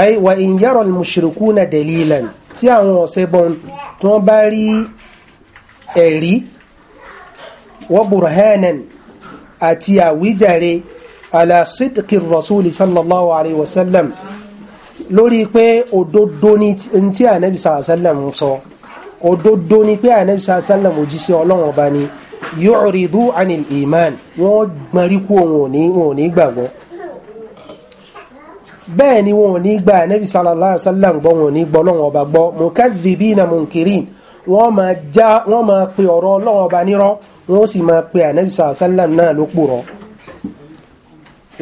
ay wa in yaraw al-mushrikuna dalilan tí àwọn ọ̀sẹ̀bọn tí wọ́n bá rí ẹ̀rí wa burhanan àti àwíjàre ala rasuli sallallahu alayhi wa lórí pé òdodo ni tí ànábì sàlẹ̀m sọ òdodo ni pé ànábì sàlẹ̀m òjíṣẹ́ ọlọ́run ọba ni yu'ridu anil iman wọ́n gbọ́nrí kú òun ò ní gbàgbọ́ bẹ́ẹ̀ ni wọn ò ní gba ànábì sàlẹ̀m gbọ́ wọn ò ní gbọ́ ọlọ́run ọba gbọ́ mukadhibina munkirin wọ́n máa já wọ́n máa pe ọ̀rọ̀ ọlọ́run ọba nírọ́ wọ́n sì máa pe ànábì sàlẹ̀m náà ló purọ́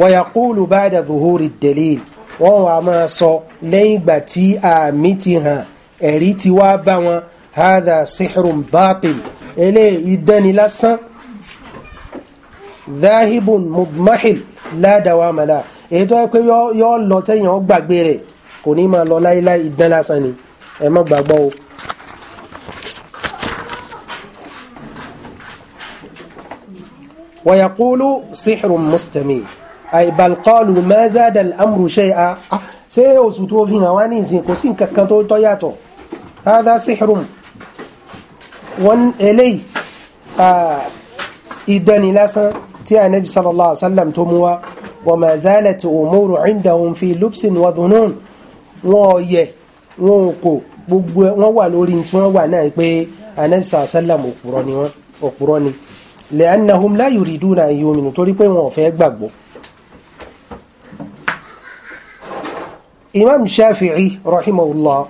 wa yaqulu ba'da dhuhuri ad-dalil wọ́n wà máa sọ lẹ́yìn ìgbà tí àmì ti hàn ẹ̀rí ti wá bá wọn hadha sihrun batil eléyìí ìdánni lásán dhahibun mudmahil la dawama la èyí tó yẹ pé yọ lọ tẹ̀yìn ọ gbàgbé rẹ̀ kò ní máa lọ láíláí ìdán lásán ni ẹ má gbàgbọ́ o. wa yaqulu sihrun mustamil àìbàlùkọ́ọ̀lù mẹ́sàdà amru shay'a ah, ṣé oṣù tó fi hàn wá ní ìsìn kò sí nǹkan kan tó tọ́ yàtọ̀ hádà sihrun wọn eléyìí ìdánì lásán tí anabi sallallahu alayhi wa sallam tó mú wa wa ma zalat umuru indahum fi lubsin wa dhunun wọn ò yẹ wọn ò kò gbogbo wọn wà lórí sallallahu alayhi ni wọn òpùrọ́ ni li'annahum la yuriduna an yu'minu torí pé wọn fẹ́ gbàgbọ́. imam shafi'i rahimahullah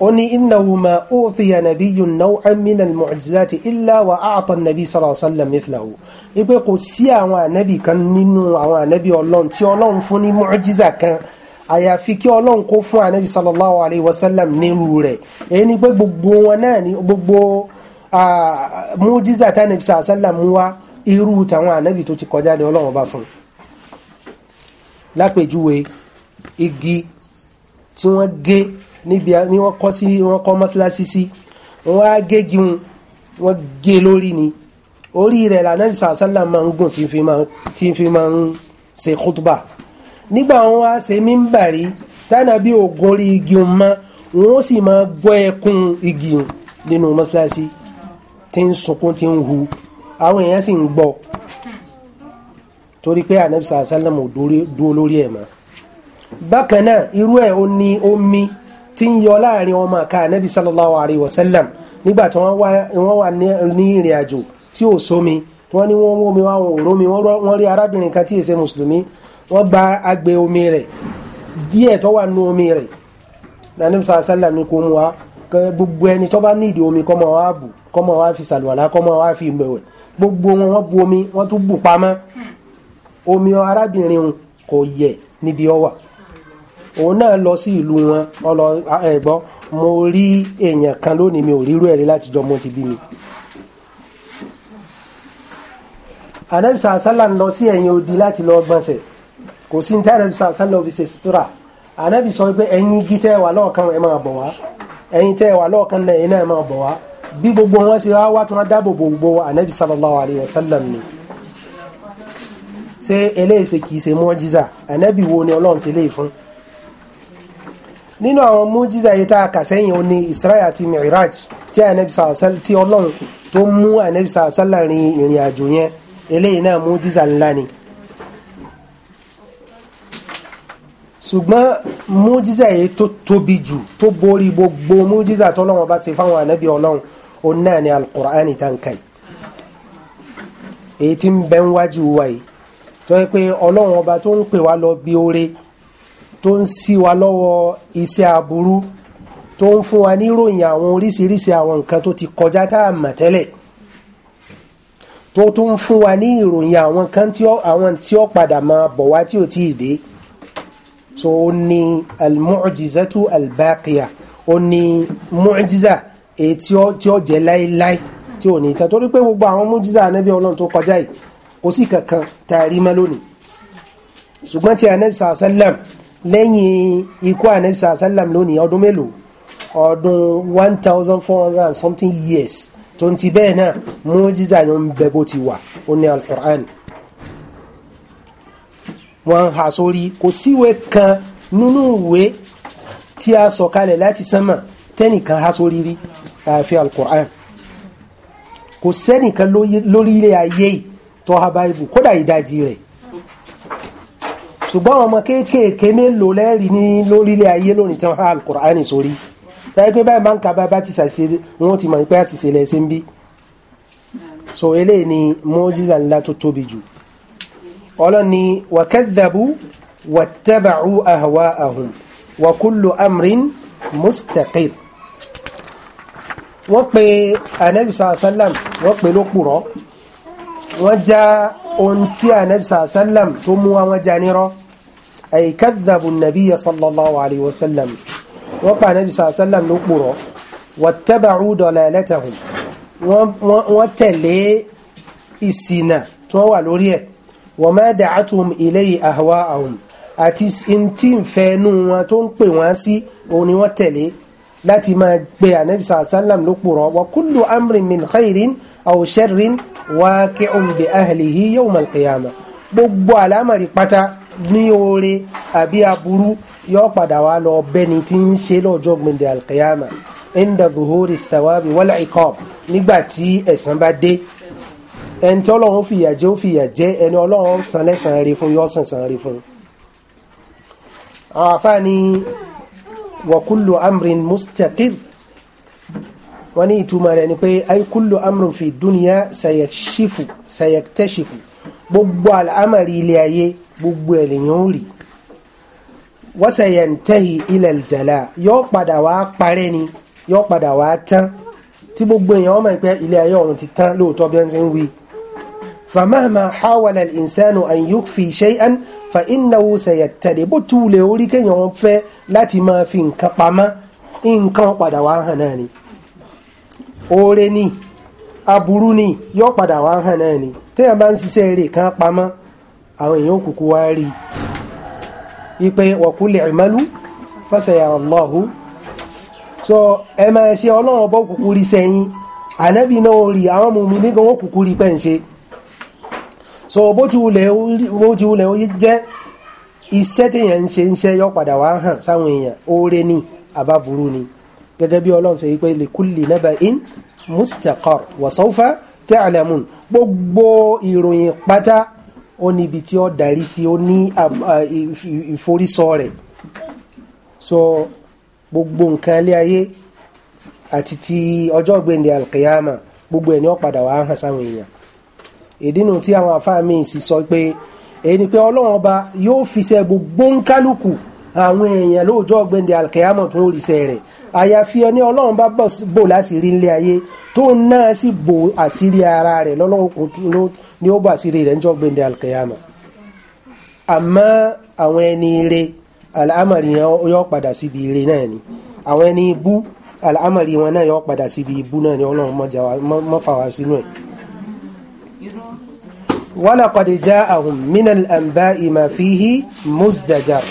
ó ní innahu ma utiya nabiyyun naw'an min al-mu'jizati illa wa a'ta an-nabi sallallahu alaihi wasallam mithlahu ipe kò sí àwọn ànábì kan nínú àwọn ànábì ọlọ́run tí ọlọ́run fún ní mu'jiza kan àyàfi kí ọlọ́run kó fún ànábì sallallahu alaihi wasallam nírú rẹ̀ èyí ni pé gbogbo wọn náà ni gbogbo mu'jiza tánàbí sallallahu alaihi wasallam wá irú tàwọn ànábì tó ti kọjá ní ọlọ́run bá fún lápèjúwe igi tí wọ́n gé níbi ni wọ́n kọ́ sí wọ́n kọ́ mọ́ṣáláṣí sí wọ́n á gégi wọn wọ́n gé e lórí ni orí rẹ̀ lànà ìsàsálà máa ń gùn tí fi máa tí fi máa ń ṣe kútùbà nígbà wọn wá ṣe mímbàrí tánà bí ògùn orí igi wọn mọ́ wọn sì máa gbọ́ ẹkún igi wọn nínú mọ́ṣáláṣí tí ń sunkún tí ń hu àwọn èèyàn sì ń gbọ́ torí pé ànábìsà sálẹ̀mù dúró lórí ẹ̀ mọ́ bákan náà irú ẹ̀ ó ní omi tí ń yọ láàrin ọmọ àka anabi sallallahu alayhi wa sallam nígbà tí wọ́n wà ní ìrìn àjò tí ò sómi wọ́n ní wọ́n wómi wọ́n ò rómi wọ́n rí arábìnrin kan tí èsè mùsùlùmí wọ́n gba agbè omi rẹ̀ díẹ̀ tó wà nú omi rẹ̀ anabi sallallahu alayhi wa sallam ni kò mú wa gbogbo ẹni tó bá nídìí omi kó máa wá bù kó máa wa fi sàlùwàlá kó máa wá fi ìmẹ̀wẹ̀ gbogbo wọn wọ́n bu omi wọ́n tún bù pamọ́ omi arábìnrin kò yẹ níbi ó wà òun náà lọ sí ìlú wọn ọlọ ah, ẹ̀gbọ́n mo rí èèyàn kan lónìí mi ò rírú ẹ̀rí láti jọ mo ti bí mi. anabisa asala ń lọ sí ẹ̀yìn odi láti lọ gbọ̀nsẹ̀ kò sí ní anabisa asala fi ṣe sutura anabi sọ pé ẹ̀yin igi tẹ́ wà lọ́ọ̀kan ẹ máa bọ̀ wá ẹ̀yin tẹ́ wà lọ́ọ̀kan náà ẹ̀yin náà ẹ máa bọ̀ wá bí gbogbo wọn ṣe wá wá tí wọn dáàbò bo gbogbo anabi sallallahu alayhi wa sallam ni ṣé eléyìí ṣe kì í ṣe mọ́jísà anabi wo ni ọlọ́run ṣe léyìí fún nínú àwọn mújíza yìí tá a kà sẹ́yìn ó ní Isra'i àti Mi'raj tí anabi sàásàlá tí ọlọ́run tó mú anabi sàásàlá rin ìrìn àjò yẹn eléyìí náà mújíza ńlá ni. ṣùgbọ́n mújíza yìí tó tóbi jù tó borí gbogbo mújíza tọ́lọ́run bá ṣe fáwọn anabi ọlọ́run òun náà ni al-Qur'ani tá n èyí tí ń bẹ wa yìí tó yẹ pé ọlọ́run ọba tó ń pè wá lọ bí oore tó ń ṣí wa lọ́wọ́ iṣẹ́ aburú tó ń fún wa ní ròyìn àwọn oríṣiríṣi àwọn nǹkan tó ti kọjá tá a mọ̀ tẹ́lẹ̀ tó tún ń fún wa ní ìròyìn àwọn kan tí àwọn tí ó padà máa bọ̀ wá tí ò tí ì dé so ó ní almu'jizatu albaqiya ó ní mu'jiza èyí tí ó jẹ́ láéláé tí ò ní tán torí pé gbogbo àwọn mu'jiza anábì ọlọ́run tó kọjá yìí kò sí kankan tá a rí mọ́ lónìí ṣùgbọ́n tí anábì sàlẹ̀ lẹ́yìn ikú anabi sallam lónìí ọdún mélòó ọdún one thousand four hundred and something years tó ń ti bẹ́ẹ̀ náà mujiza ló ń bẹ bó ti wà ó ní alukur'an wọ́n ń ha sórí kò síwèé kan nínú ìwé tí a sọ̀kalẹ̀ láti sánmà tẹ́nìkan ha sórí rí àfi alukur'an kò sẹ́nìkan lórí ayé tó báyìí kódà ìdajì rẹ̀ ṣùgbọ́n àwọn ọmọ kéékèèké mélòó lẹ́rìí ní lórílẹ̀ ayé lónìí tí wọ́n há alukur'ani sórí láyé pé báyìí máa ń ka bá bá ti ṣàṣe wọn ti mọ̀ pé àṣìṣe lẹ́sẹ̀ ń bí so eléyìí ni mọ́jísà ńlá tó tóbi jù ọlọ́ni wàkẹ́dàbù wàtẹ́bàú àhàwà àhùn wàkúlù amrin mustaqir wọ́n pe anabisa asalam wọ́n pe lópùrọ́ wọ́n já ohun tí anabisa asalam tó mú wa wọ́n أي كذبوا النبي صلى الله عليه وسلم وقع النبي صلى الله عليه وسلم لقبره واتبعوا ضلالتهم وتلي السنة تنوى لوريه وما دعتهم إليه أهواءهم àti tí ń fẹ́ inú wọn tó ń pè wọ́n sí òun ni wọ́n tẹ̀lé láti máa gbé anabi sàlám ló purọ́ wa kullu amrin min khairin aw sharrin waqi'un bi ahlihi yawm al-qiyamah gbogbo àlámàrí pátá ní oore àbí aburú yóò padà wá lọ bẹ́ni tí ń ṣe lọ́jọ́ gbẹ̀ndẹ̀ alqiyama inda zuhuri thawabi wal iqab nígbà tí ẹ̀san bá dé ẹni tí ọlọ́run fìyà jẹ ó fìyà jẹ ẹni ọlọ́run san lẹ́san rí fún yóò san san rí fún. àwọn afáàní wa kullu amrin mustaqir wọ́n ní ìtumọ̀ rẹ̀ ni pé ay kullu fi dunya sayakteshifu gbogbo àlámàrí ilé ayé gbogbo ẹ̀ lèyàn ò rí wasayantahi ilal jala yóò padà wá parẹ́ ni yóò padà wá tán tí gbogbo èèyàn mọ̀ pé ilé ayé ọ̀run ti tán lóòótọ́ bí wọ́n ṣe ń wí. famahama hawala al-insanu an yukfi shay'an fa innahu sayattadi bó tu lè orí kéèyàn fẹ́ láti máa fi nǹkan pamọ́ nǹkan padà wá hàn náà ni. oore ni aburú ni yóò padà wá hàn náà ni téèyàn bá ń ṣiṣẹ́ eré kan pamọ́ àwọn èèyàn òkùnkùn wá rí ipe wọ̀kúlẹ̀ ìmọ́lú fasayara Allahu so ẹ máa ṣe ọlọ́run ọba òkùnkùn rí sẹ́yìn ànábì náà rí àwọn mùmí nígan òkùnkùn rí pẹ́ ń ṣe so bó ti wulẹ̀ ó jẹ́ iṣẹ́ téèyàn ń ṣe ń ṣe yọ padà wá hàn sáwọn èèyàn oore ni àbá burú ni gẹ́gẹ́ bí ọlọ́run ṣe wípé likulli naba'in mustaqar wa sawfa ta'lamun gbogbo ìròyìn pátá ó ní ibi tí ó darí sí ó ní um, uh, ìforísọ so gbogbo nǹkan ilé ayé àti ti ọjọ́ gbẹ̀ndẹ̀ alkiyama gbogbo ẹ̀ ni ó padà wàá hàn sáwọn èèyàn ìdínú tí àwọn afáàmì sì sọ pé èyí ni pé ọlọ́run ọba yóò fi ṣe gbogbo ń kálukú àwọn èèyàn lóòjọ́ gbẹ̀ndẹ̀ alkiyama tó ń rí rẹ̀ àyàfi ẹni ọlọ́run bá bò láṣìírí ńlẹ̀ ayé tó náà sì bò àṣírí ara rẹ̀ lọ́lọ́run ni ó bò àṣírí rẹ̀ níjọ́ gbẹ̀ndẹ̀ alkeyama àmọ́ àwọn ẹni ire àlámàrí yọ padà síbi ire náà ni àwọn ẹni ibú àlámàrí wọn náà yọ padà síbi ibú náà ni ọlọ́run mọ́ fà wá sínú ẹ̀. walaqad ja'ahum minal anba'i ma fihi muzdajar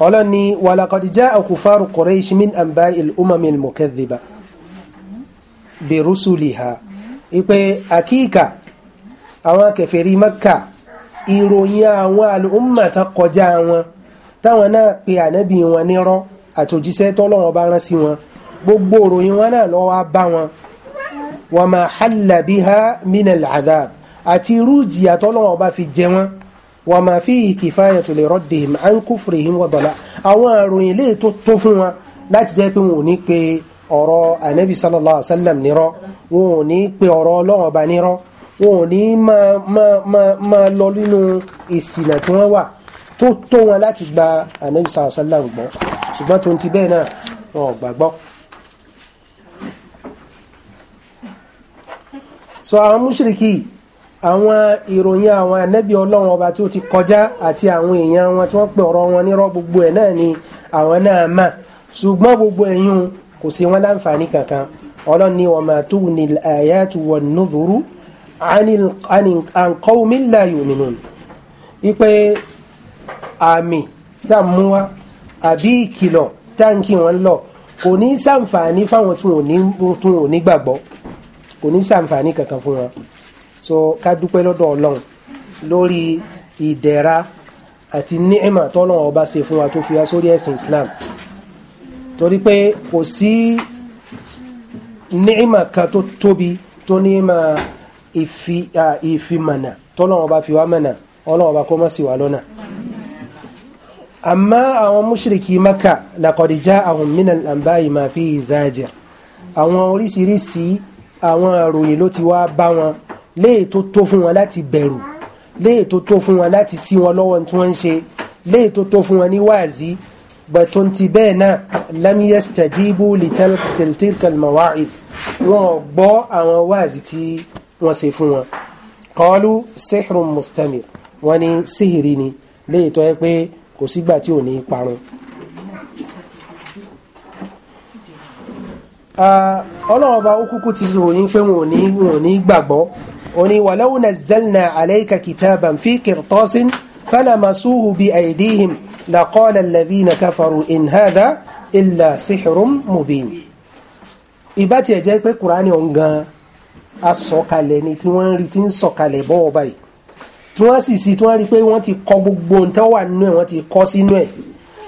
ọlọ́ni walaqad ja'a kufaru quraish min anba'il umamil mukadhiba bi rusuliha ipe akíkà àwọn kèfèrí Makka ìròyìn àwọn al'umma ta kọjá wọn táwọn náà pe ànábì wọn nírọ́ àtòjíṣẹ́ tọ́lọ́wọ́n bá rán sí wọn gbogbo ìròyìn wọn náà ló bá wọn wa ma halla biha min al'adhab àti irú ìjìyà bá fi jẹ wọn wa ma fihi kifayatu li raddihim an kufrihim wa dala àwọn àròyìn lè tó tó fún wa láti jẹ́ pé wọn ò ní pe ọ̀rọ̀ anabi sallallahu alayhi wa sallam nírọ́ wọn ò ní pe ọ̀rọ̀ ọlọ́run ọba nírọ́ wọn ò ní máa lọ nínú ìsìnà tí wọ́n wà tó tó wọn láti gba anabi sallallahu alayhi wa sallam gbọ́ ṣùgbọ́n tó ń ti bẹ́ẹ̀ náà wọn ò gbàgbọ́. sọ àwọn mùṣírikí yìí àwọn ìròyìn àwọn ànábì ọlọ́run ọba tí ó ti kọjá àti àwọn èèyàn wọn tí wọ́n pè ọ̀rọ̀ wọn nírọ́ gbogbo ẹ̀ náà ni àwọn náà mà ṣùgbọ́n gbogbo ẹ̀yìn kò sí wọn láǹfààní kankan ọlọ́run ni wa ma tughni al-ayatu wan-nudhuru an qawmin la yu'minun ipe àmì tá a mú wa àbí ìkìlọ̀ tá wọn lọ kò ní sàǹfààní fáwọn tí ò ní gbàgbọ́ kò ní sàǹfààní kankan fún wọn so ká dúpẹ́ lọ́dọ̀ ọlọ́run lórí ìdẹ̀ra àti ní'mà tọ́lọ́run ọba ṣe fún wa tó fi wá ẹ̀sìn Islam torí pé kò sí ní'mà kan tó tóbi tó ní'mà ìfimànà tọ́lọ́run ọba fi wá mọ̀nà ọlọ́run ọba kó má ṣì wá lọ́nà àmọ́ àwọn mùṣírìkì Mẹ́kà laqad jā'ahum min al-anbā'i mā fīhi àwọn oríṣiríṣi àwọn ìròyìn ló ti wá bá wọn léè tó tó fún wọn láti bẹ̀rù léè tó tó fún wọn láti sí wọn lọ́wọ́ tí wọ́n ń ṣe léè tó tó fún wọn ní wáàzí bàtò ti bẹ́ẹ̀ náà lam yastajibu litilkal mawa'id wọn ò gbọ́ àwọn wáàzí tí wọ́n ṣe fún wọn qalu sihrun mustamir wọ́n ní síhìrì ni léè tó yẹ pé kò sígbà tí ò ní parun. Ah, ọlọ́run ọba ó kúkú ti ròyìn pé wọn ò ní gbàgbọ́ oni walau nazzalna alayka kitaban fi qirtasin falamasuhu bi aydihim laqala alladhina kafaru in hadha illa sihrun mubin ìbá tiẹ̀ jẹ́ pé kùránì ọ̀hún gan asọ̀kalẹ̀ ni tí wọ́n ń rí tí ń sọ̀kalẹ̀ bọ́ ọba yìí tí wọ́n sì sí tí wọ́n rí pé wọ́n ti kọ gbogbo ohun tó nínú ẹ̀ wọ́n ti kọ sínú ẹ̀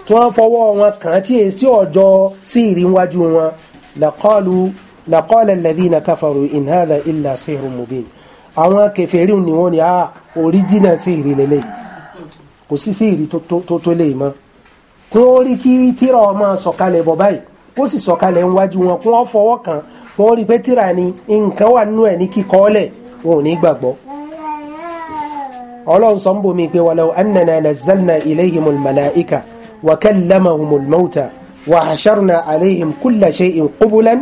tí wọ́n fọwọ́ wọn kàn án tí èsì ọ̀jọ́ sí ìrìnwájú wọn laqalu laqala alladhina kafaru in hadha illa sihrun mubin àwọn kèfèrí ni wọ́n ni a ah, oríjìnà sí ìrì lélẹ̀ kò sí sí ìrì tó tó lè mọ́ kí wọ́n rí kí tíra ọmọ sọ̀kalẹ̀ bọ̀ báyìí kó sì sọ̀kalẹ̀ níwájú wọn kí wọ́n fọwọ́ kan wọ́n rí pé tíra ni nǹkan wà nínú ẹ̀ ní kíkọ́ọ́lẹ̀ wọn ò ní gbàgbọ́ ọlọ́run sọ ń bomi pé walau annana nazzalna ilayhimul malaika wa kallamahumul mauta wa hasharna alayhim kulla shay'in qubulan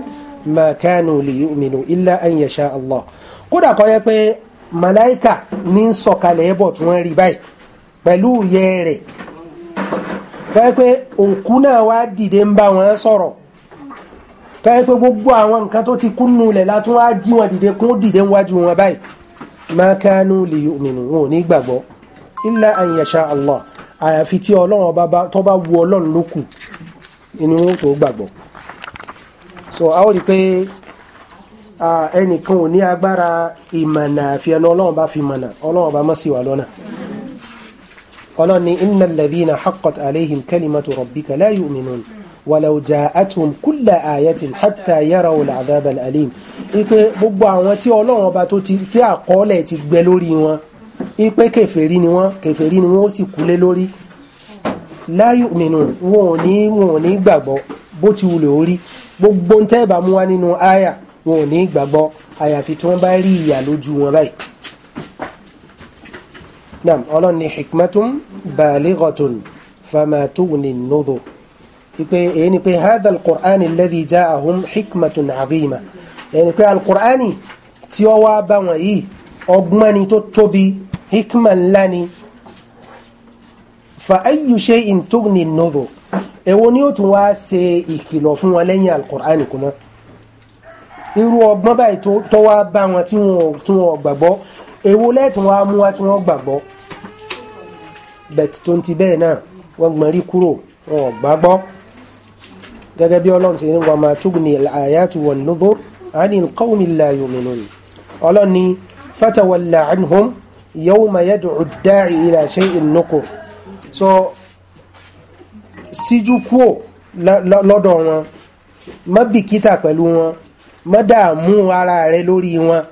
ma kanu liyu'minu illa an yasha Allah kódà kọ́ yẹ pé màláìkà ní ń sọ̀kalẹ̀ ẹbọ tí wọ́n rí báyìí pẹ̀lú ìyẹ́ rẹ̀ kọ́ yẹ pé òkú náà wá dìde ń bá wọn sọ̀rọ̀ kọ́ yẹ pé gbogbo àwọn nǹkan tó ti kúnnú lẹ̀ látún wá jí wọn dìde kún dìde wájú wọn báyìí ma lè mìnú wọn ò ní gbàgbọ́ illa an yasha àyàfi tí ọlọ́run bá tó bá wu ọlọ́run lókù inú wọn tó gbàgbọ́ so a ó rí pé ẹnìkan ò ní agbára ìmọ̀nà àfi ẹnu ọlọ́run bá fi mọ̀nà ọlọ́run bá má ṣì wà lọ́nà ọlọ́run ní innal ladhina haqqat alayhim kalimatu rabbika la yu'minun walaw ja'atuhum kulla ayatin hatta yarawu al'adhaba al'alim ipe gbogbo àwọn tí ọlọ́run ọba tó ti àkọọ́lẹ̀ ti gbẹ lórí wọn ipe kèfèrí ni wọn kèfèrí ni wọn ó sì kúlé lórí la yu'minun wọn ò ní wọn ò ní gbàgbọ́ bó ti wulẹ̀ orí gbogbo ń tẹ́ ìbámu wá nínú àyà wọn ò ní gbàgbọ́ àyàfi tí wọ́n bá rí ìyà lójú wọn báyìí. nam ọlọ́ni hikmatum balighatun fama tughni nudhur ipe èyí ni pé hadha alqur'an alladhi ja'ahum hikmatun azima èyí ni pé alqur'ani tí ó wá bá wọn yìí ọgbọ́n ni tó tóbi hikma ńlá ni fa ayyu shay'in tughni nudhur èwo ni ó tún wá ṣe ìkìlọ̀ fún wọn lẹ́yìn alqur'ani kuma irú ọgbọ́n báyìí tó wá bá wọn tí wọn ò gbàgbọ́ èwo lẹ́tùn wá mú wá tí wọ́n gbàgbọ́ bẹ̀tì tó ń ti bẹ́ẹ̀ náà wọ́n gbọ́n rí kúrò wọn ò gbàgbọ́ gẹ́gẹ́ bí ọlọ́run ṣe ní wa ma tughni al-ayatu wan-nudhur 'ani al-qawmi la yu'minun ọlọ́run ni fatawalla 'anhum yawma yad'u ad-da'i ila shay'in nukur so síjú kúò lọ́dọ̀ wọn má bìkítà pẹ̀lú wọn mọ́dàmú ara rẹ lórí wọn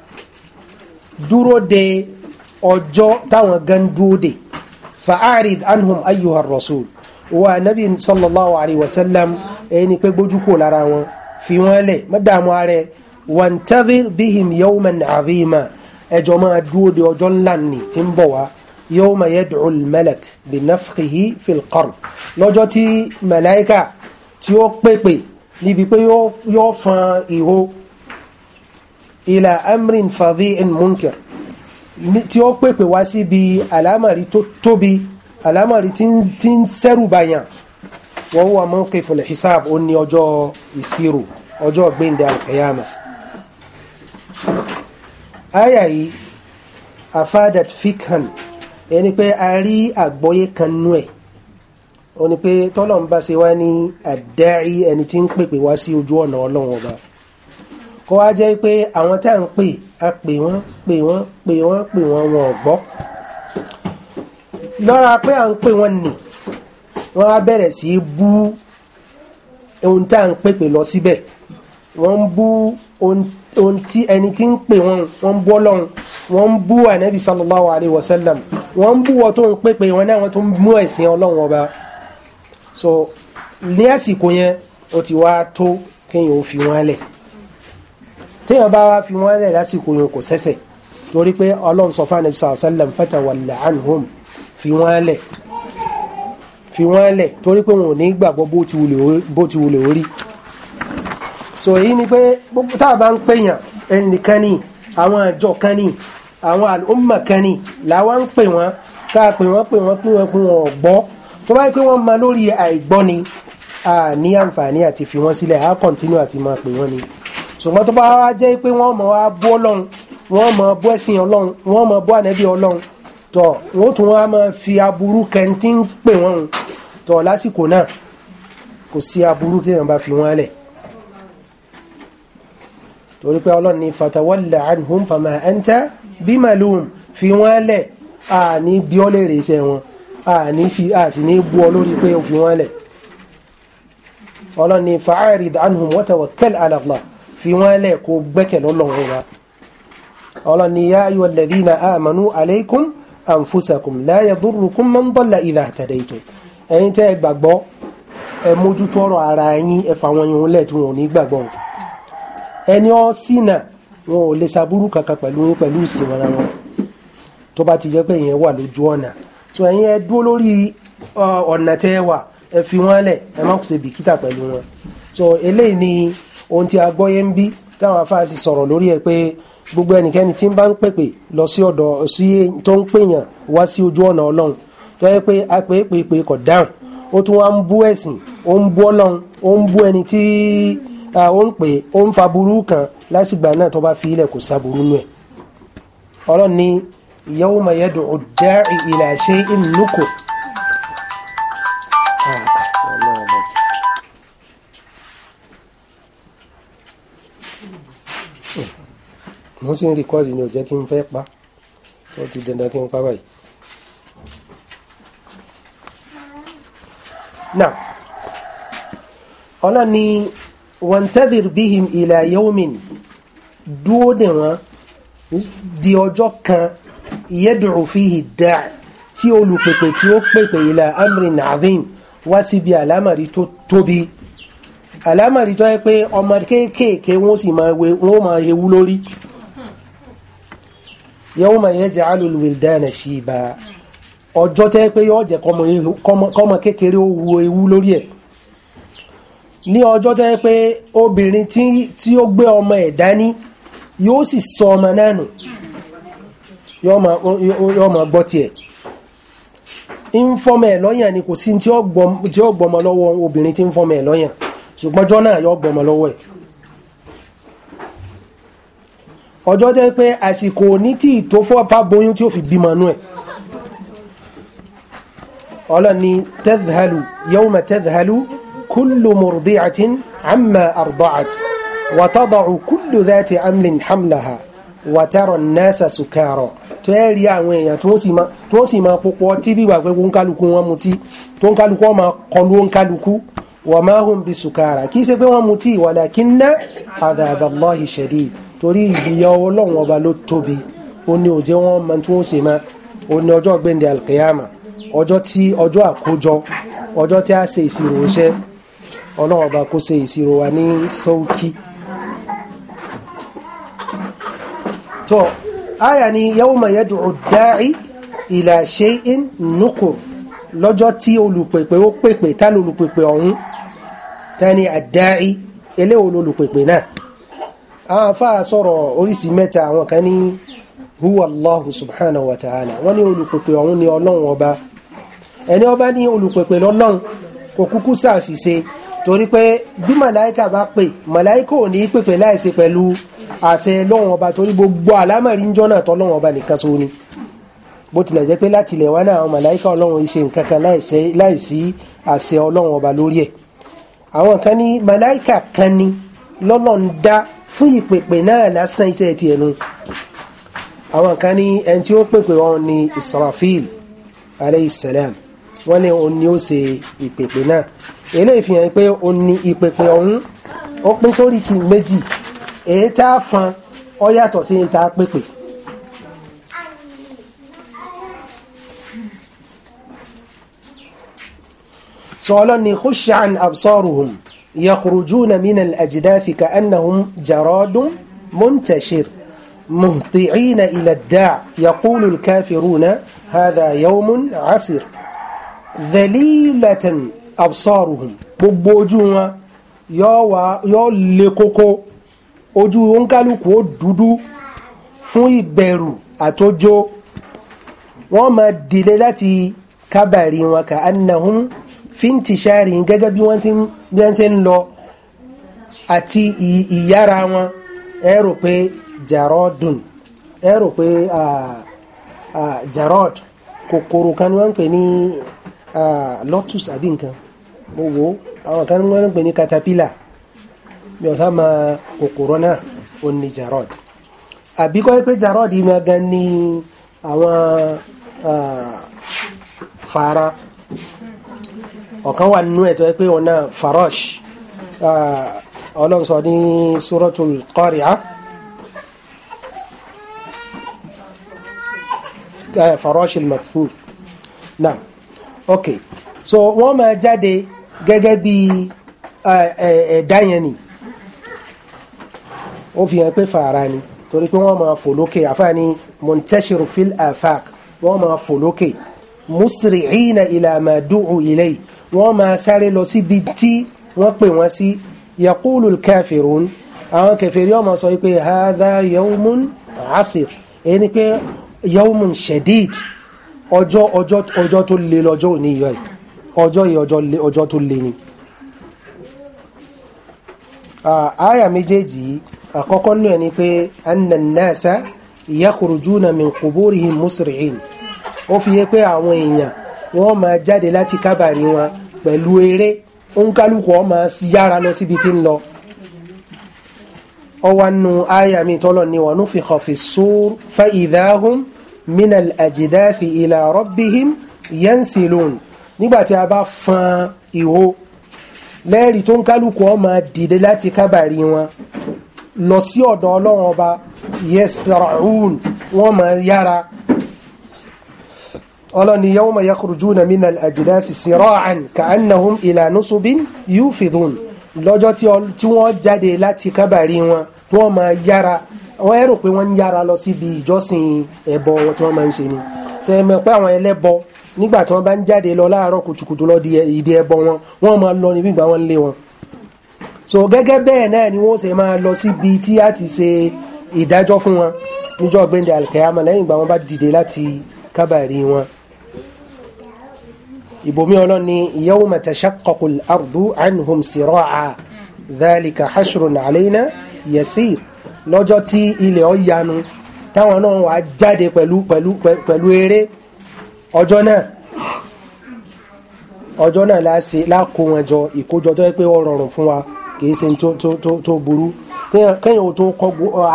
dúró de ọjọ́ táwọn gan dúró de fa'arid anhum ayyuha rasul wa nabi sallallahu alaihi wasallam ẹni pé gbójú kò lára wọn fi wọn lẹ̀ mọ́dàmú ara rẹ wantadhir bihim yawman azima ẹjọ́ máa dúró de ọjọ́ ńlá ni tí ń bọ̀ wá yawma yad'u al-malak bi nafkhihi fil lọ́jọ́ tí màláíkà tí ó pèpè níbi pé yóò fan ìhó ila amrin fadhi'in munkir tí ó pèpè wá síbi àlámàrí tó tóbi àlámàrí tí ń sẹ́rù bàyàn wa huwa mawqiful hisab ó ní ọjọ́ ìṣirò ọjọ́ gbẹ̀ndẹ̀ al-qiyama àyà yìí afadat fikhan ẹni pé a rí àgbọ́yé kan nú ẹ̀ ó ní pé tọ́lọ̀ ṣe wá ní àdáyé ẹni tí ń pèpè wá sí ojú ọ̀nà ọlọ́run ọba kó wá jẹ́ pé àwọn tá à ń pè a pè wọ́n pè wọ́n pè wọ́n pè wọ́n wọn ò gbọ́ lọ́ra pé à ń pè wọ́n nì wọ́n á bẹ̀rẹ̀ sí í bú ohun tá à ń pèpè lọ síbẹ̀ wọ́n ń bú ohun tí ẹni tí ń pè wọ́n wọ́n ń bú ọlọ́run wọ́n ń bú ànábì sallallahu alayhi wa sallam wọ́n ń bú wọ́n tó ń pèpè wọn náà wọ́n tó ń mú ẹ̀sìn ọlọ́run ọba so ní àsìkò yẹn ó ti wá tó kéèyàn ó fi wọ́n lẹ̀ téèyàn bá fi wọ́n lẹ̀ lásìkò yẹn kò sẹ́sẹ̀ torí pé ọlọ́run sọ fún anabi sallallahu alaihi wasallam fatawalla anhum fi wọ́n lẹ̀ fi wọ́n lẹ̀ torí pé wọn ò ní gbàgbọ́ bó ti wulẹ̀ orí so èyí ni pé tá a bá ń pèyàn ẹnìkan ní àwọn àjọ kan ní àwọn àlùmọ̀ kan ní làwọn ń pè wọ́n ká pè wọ́n pè wọ́n pè wọ́n pè wọ́n gbọ́ tó bá yẹ pé wọ́n máa lórí àìgbọ́ ni a ní àǹfààní àti fi wọ́n sílẹ̀ a continue àti máa pè wọ́n ni ṣùgbọ́n tó bá wá jẹ́ pé wọ́n mọ̀ wá bú ọlọ́run wọ́n mọ̀ bú ẹ̀sìn ọlọ́run wọ́n mọ̀ bú ànábì ọlọ́run tọ̀ wọ́n tún wá máa fi aburú kẹ́ntì ń pè wọ́n tọ̀ lásìkò náà kò sí aburú tí èèyàn bá fi wọ́n lẹ̀ torí pé ọlọ́run ní fatawalla anhum fama anta bimalum fi wọ́n lẹ̀ àní bí ọ́ lè iṣẹ́ wọn àní sí àsì ní bú ọ lórí pé ó fi wọ́n lẹ̀ ọlọ́run ní fa'arid anhum wa tawakkal ala Allah fi wọ́n lẹ̀ kó gbẹ́kẹ̀ lọ́lọ́run wa ọlọ́run ni yá ayọ̀ alladhina amanu alaykum anfusakum la yadurrukum man dalla idha ihtadaytum ẹ̀yin tẹ́ ẹ gbàgbọ́ ẹ mójútó ọ̀rọ̀ ara yín ẹ fà wọn yòó lẹ̀ tí wọn ò ní gbàgbọ́ ẹni ó ṣìnà wọn ò lè ṣàbúrú kankan pẹ̀lú yín pẹ̀lú ìsìn wọn tó bá ti jẹ́ pé ìyẹn wà lójú ọ̀nà so ẹ̀yin ẹ dúró lórí ọ̀nà tẹ́ ẹ wà ẹ fi wọ́n lẹ̀ ẹ má kù ṣe bìkítà pẹ̀lú wọn so eléyìí ni ohun tí a gbọ́ yẹn ń bí táwọn afáàsì sọ̀rọ̀ lórí ẹ̀ pé gbogbo ẹnikẹ́ni tí ń bá ń pèpè lọ sí ọ̀dọ̀ sí tó ń pèyàn wá sí ojú ọ̀nà ọlọ́run tó yẹ pé apèépèépè kò dáhùn ó tún wá ń bú ẹ̀sìn ó ń bú ọlọ́run ó ń bú ẹni tí ó ń pè ó ń fa burú kan lásìgbà náà tó bá fi ilẹ̀ kò sa burú nù ẹ̀ ọlọ́run ni yawma yad'u ad-da'i ila shay'in mo sì ń rìkọ́ọ̀dì ni ò jẹ́ kí n fẹ́ pa ó ti dandan kí n pa báyìí. náà ọlọ́ni wọ́ntẹ́bìrì bíhìm ila yawmin dúó dè wọ́n di ọjọ́ kan yẹ́dùrú fíhì dáa tí olùpèpè tí ó pèpè ila amrin azim wá síbi àlámàrí tó tóbi àlámàrí tó yẹ pé ọmọ kéékèèké wọ́n sì máa ewu lórí. yawma yaj'alu al-wildana shiba ọjọ́ tẹ́ pé yóò jẹ́ kọ́mọ kékeré ó ewu lórí ẹ ní ọjọ́ tẹ́ pé obìnrin tí ó gbé ọmọ ẹ dání yóò sì sọ ọmọ náà nù yóò máa gbọ́ ń fọmọ ni kò sí tí ó gbọmọ ọjọ́ jẹ́ pé àsìkò ní tí ìtò fáboyún tí ó fi bímọ nú ẹ̀ ọlọ́ni tadhhalu yawma tadhhalu kullu murdi'atin amma arda'at wa tada'u kullu dhati amlin hamlaha wa tara an-nasa sukara tó ẹ́ rí àwọn èèyàn tó sì máa púpọ̀ tí bígbà pé ń kálukú wọn mutí tó ń kálukú wọn máa kọlu ń kálukú wa ma hum bisukara kì í ṣe pé wọ́n mutí walakinna adhaballahi shadid torí ìjìyà ọlọ́run ọba ló tóbi ó ní òjé wọn máa tún ṣe máa ó ní ọjọ́ gbẹ̀ndẹ̀ alkiyama ọjọ́ tí ọjọ́ àkójọ ọjọ́ tí a ṣe ìṣirò iṣẹ́ ọlọ́run ọba kó ṣe ìṣirò wa ní sọ́ọ́kì. tó àyà ni yawma yad'u da'i ila shay'in nukur lọ́jọ́ tí olùpèpè ó pèpè tá lólùpèpè ọ̀hún tani àdáì eléwo lólùpèpè náà àáfà sọ̀rọ̀ oríṣi mẹ́ta àwọn kan ní huwa allahu subhanahu wa ta'ala wọ́n ní olùpèpè ọ̀hún ni ọlọ́run ọba ẹni ọba ní olùpèpè lọ́lọ́run kò kúkú ṣàṣìṣe torí pé bí màláìkà bá pè màláìkà ò ní pèpè láìṣe pẹ̀lú àṣẹ lọ́wọ́n ọba torí gbogbo àlámọ̀rí ń jọ́nà tọ́ lọ́wọ́n ọba nìkan so ni bó tilẹ̀ jẹ́ pé láti ilẹ̀ wá náà àwọn màláìkà ọlọ́run ṣe nǹkan kan láìsí àṣẹ ọlọ́run ọba lórí ẹ̀ àwọn kan ní màláìkà kan ni lọ́lọ́run dá fún ìpèpè náà lásán iṣẹ́ tiẹ̀ nu àwọn kan ní ẹni tí ó pèpè wọn ní Israfil alayhi salam wọ́n ní òun ni ó ṣe ìpèpè náà eléyìí fi hàn pé òun ni ìpèpè ọ̀hún ó pín sórí kí méjì èyí tá a fan ọ yàtọ̀ sí èyí tá pèpè. sọ ọlọ́ni khushan absaruhum. يخرجون من الأجداث كأنهم جراد منتشر مهطعين إلى الداع يقول الكافرون هذا يوم عسر ذليلة أبصارهم ببوجوا يوا يولكوكو ojú oǹkálùkù ó dúdú fún ìbẹ̀rù àtójó wọ́n máa dìde láti fíntì sáàrì gẹ́gẹ́ bí wọ́n ṣe ń lọ àti ìyára wọn ẹ rò pé jarodun ẹ pé jarod kòkòrò kan ni wọ́n ń pè ní lotus àbí nǹkan mo wò ó àwọn kan ni wọ́n ń pè ní caterpillar mi ò sá ma kòkòrò náà ó ní jarod àbí kọ́ pé jarod yìí gan ni àwọn fara ọ̀kan wà nínú ẹ̀ tó yẹ pé ọ̀nà farash ọlọ́nsọ ní suratul qari'a farash al-mabthuf ok so wọ́n máa jáde gẹ́gẹ́ bí ẹ̀dá yẹn ni ó fi hàn pé fàárà ni torí pé wọ́n máa fò lókè àfáàní muntashiru fil afaq wọ́n máa fò lókè musri'ina ila ma du'u ilayhi wọ́n máa sáré lọ síbi tí wọ́n pè wọ́n sí yakulu kafirun àwọn kẹfẹ́rí ọmọ sọ pé hadha yawmun asir èyí ni pé yawmun shadid ọjọ́ ọjọ́ ọjọ́ tó le lọ́jọ́ òní yọ ẹ̀ ọjọ́ yìí ọjọ́ tó le ni. àyà méjèèjì àkọ́kọ́ nù ẹ̀ ni pé anna nasa yakhrujuna min quburihim ó fi yé pé àwọn èèyàn wọ́n máa jáde láti kábàrí wọn pẹ̀lú eré òǹkálùkù wọn máa yára lọ síbi tí ń lọ ọwọ́ nu àyà mi tọ́lọ̀ ni wọn fi hàn fi sóòr fa ìdáhùn minal àjìdáfi ìlà rọ́bìhìm yẹnsilun nígbà tí a bá fọn ìhó lẹ́ẹ̀rí tó ń kálukú ọ dìde láti kábàrí wọn lọ sí ọ̀dọ̀ ọlọ́run ọba yẹsàrún wọ́n máa yára ọlọ́ni yawma yakhrujuna minal ajdasi sira'an ka'annahum ila nusubin yufidun lọ́jọ́ tí wọ́n jáde láti kábàrí wọn tí wọ́n máa yára wọ́n ẹ̀rọ pé wọ́n ń yára lọ síbi ìjọsìn ẹbọ wọn tí wọ́n máa ń ṣe ni ṣe é mọ̀ pé àwọn ẹlẹ́bọ nígbà tí wọ́n bá ń jáde lọ láàárọ̀ kùtùkùtù lọ di ìdí ẹbọ wọn wọ́n máa lọ níbi ìgbà wọn lé wọn. so gẹ́gẹ́ bẹ́ẹ̀ náà ni wọ́n ṣe máa lọ síbi tí a ti ṣe ìdájọ́ fún wọn níjọ́ gbẹ̀ndẹ̀ àlùkẹ́yàmọ̀ lẹ́yìn ìgbà wọn bá dìde láti kábàrí wọn ìbomi ọlọ́ni yawma tashaqqaqul ardu anhum sira'a dhalika hashrun alayna yasir lọ́jọ́ tí ilẹ̀ ọ̀ yanu táwọn náà wàá jáde pẹ̀lú pẹ̀lú pẹ̀lú eré ọjọ́ náà ọjọ́ náà la ṣe lákó wọn jọ ìkójọ tó yẹ pé ó rọrùn fún wa kì í ṣe tó tó tó tó burú kéèyàn ò tó kọ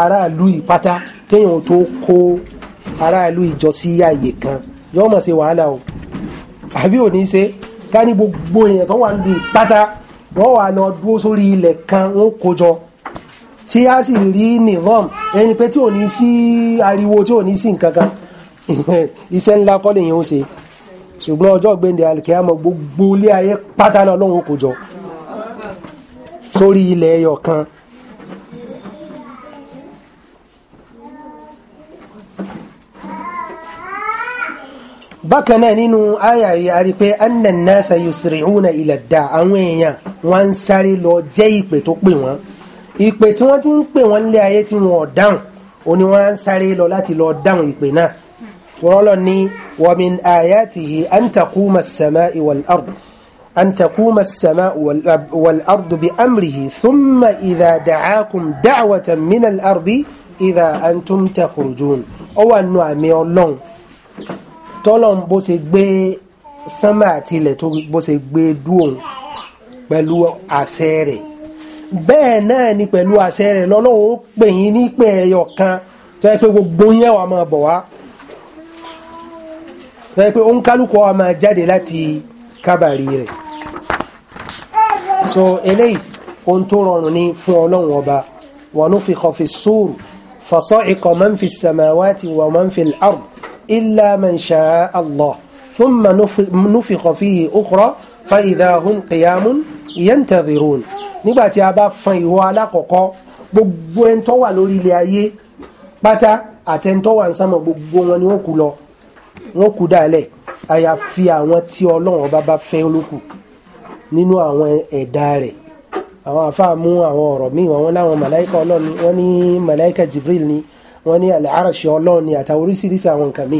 aráàlú ìpátá kéèyàn tó kó aráàlú ìjọ sí àyè kan yọọ mọ̀ ṣe wàhálà o àbí ò ní ṣe ká ní gbogbo èèyàn tó wà ń lu ìpátá wọ́n wà lọ dúró sórí ilẹ̀ kan wọ́n kó jọ tí a sì rí nivom ẹni pé tí ò ní sí ariwo tí ò ní sí nǹkan kan [LAUGHS] iṣẹ́ ńlá kọ́ lèyìn ó ṣe ṣùgbọ́n ọjọ́ gbẹ̀ndẹ̀ alikiyama gbogbo ilé ayé pátá lọ́wọ́ kó sórí ilẹ̀ ẹyọ kan. bákan náà nínú àyà yìí a rí i pé annan nasa yusri'una ila da àwọn èèyàn wọ́n ń sáré lọ jẹ́ ìpè tó pè wọ́n ìpè tí wọ́n ti ń pè wọ́n lé ayé tí wọ́n dáhùn ó ní wọ́n ń sáré lọ láti lọ dáhùn ìpè náà rọ́lọ́ ní wa min ayatihi an taquma as-sama'u wal-ard an taquma as-sama'u thumma idha da'akum da'watan min al-ardi idha antum takhrujun wà nù àmì ọlọ́run tọ́lọ̀ ń bó ṣe gbé sánmà àti ilẹ̀ tó bó ṣe gbé dúró pẹ̀lú àṣẹ rẹ̀ bẹ́ẹ̀ náà ni pẹ̀lú àṣẹ rẹ̀ lọ́lọ́run ó pè yín ní pé ẹyọ kan tó yẹ pé gbogbo yẹn wà máa bọ̀ wá tó yẹ pé ó ń kálukú máa jáde láti kábàárì rẹ̀ so eléyìí ohun tó rọrùn ni fún ọlọ́run ọba wa nufikha fi ssur fasa'iqa man fi ssamawati wa man fi al إلا من شاء الله ثم نفخ فيه أخرى فإذا هم قيام ينتظرون nígbà tí a bá fan ìhó alákọ̀ọ́kọ́ gbogbo ẹni tó wà lórí ilẹ̀ ayé pátá àtẹni wà ń sánmọ̀ gbogbo wọn ni wọ́n kú lọ wọ́n kú dálẹ̀ àyàfi àwọn tí ọlọ́run ọba bá fẹ́ olókù nínú àwọn ẹ̀dá rẹ̀ àwọn àfáà àwọn ọ̀rọ̀ míì wọn láwọn màláìka ọlọ́run wọn ní màláìka Jibril ni wọ́n ní àlàáràṣẹ ọlọ́run ni àtàwọn oríṣiríṣi àwọn nǹkan mi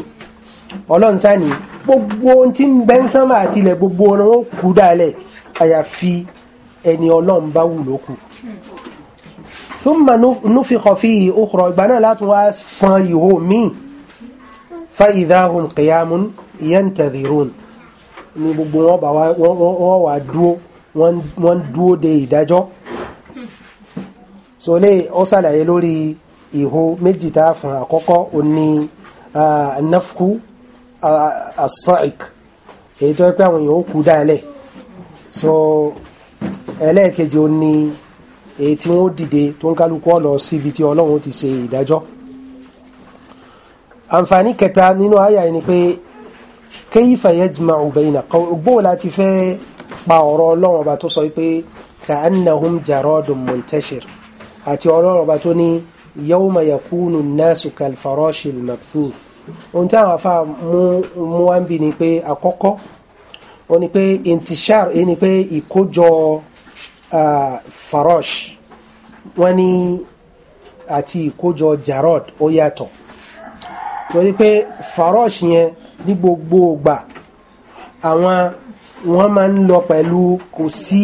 ọlọ́run sáni gbogbo ohun tí ń bẹ ń sánmà àti ilẹ̀ gbogbo ọ̀nà wọn kú dálẹ̀ àyàfi ẹni ọlọ́run bá wù lókù. thumma nufikha fihi ukhra ìgbà náà láti wá fọn ìhó míì fa idha hum qiyamun yantadhirun ni gbogbo wọn bá wọn wà dúó wọn dúó de ìdájọ́. sọlẹ̀ ó ṣàlàyé lórí ìhó méjì tá a fún àkọ́kọ́ ó ní nafku asa'ik èyí tó pé àwọn èèyàn ó so ẹlẹ́ẹ̀kejì ó ní èyí tí wọ́n dìde tó ń kálukú lọ síbi tí ọlọ́run ti ṣe ìdájọ́ àǹfààní kẹta nínú àyà ni pé kayfa yajma'u bayna gbóò láti fẹ́ pa ọ̀rọ̀ ọlọ́run ọba tó sọ pé ka'annahum jaradun muntashir àti ọlọ́run ọba tó ní yawma yakunu an-nasu kal-farashi al-mabthuth ohun tí àwọn afa mú wá ń bi ni pé àkọ́kọ́ ó ní pé intishar ó ní pé ìkójọ farash wọ́n ní àti ìkójọ jarod ó yàtọ̀ torí pé farash yẹn ní gbogbo ìgbà àwọn wọ́n máa ń lọ pẹ̀lú kò sí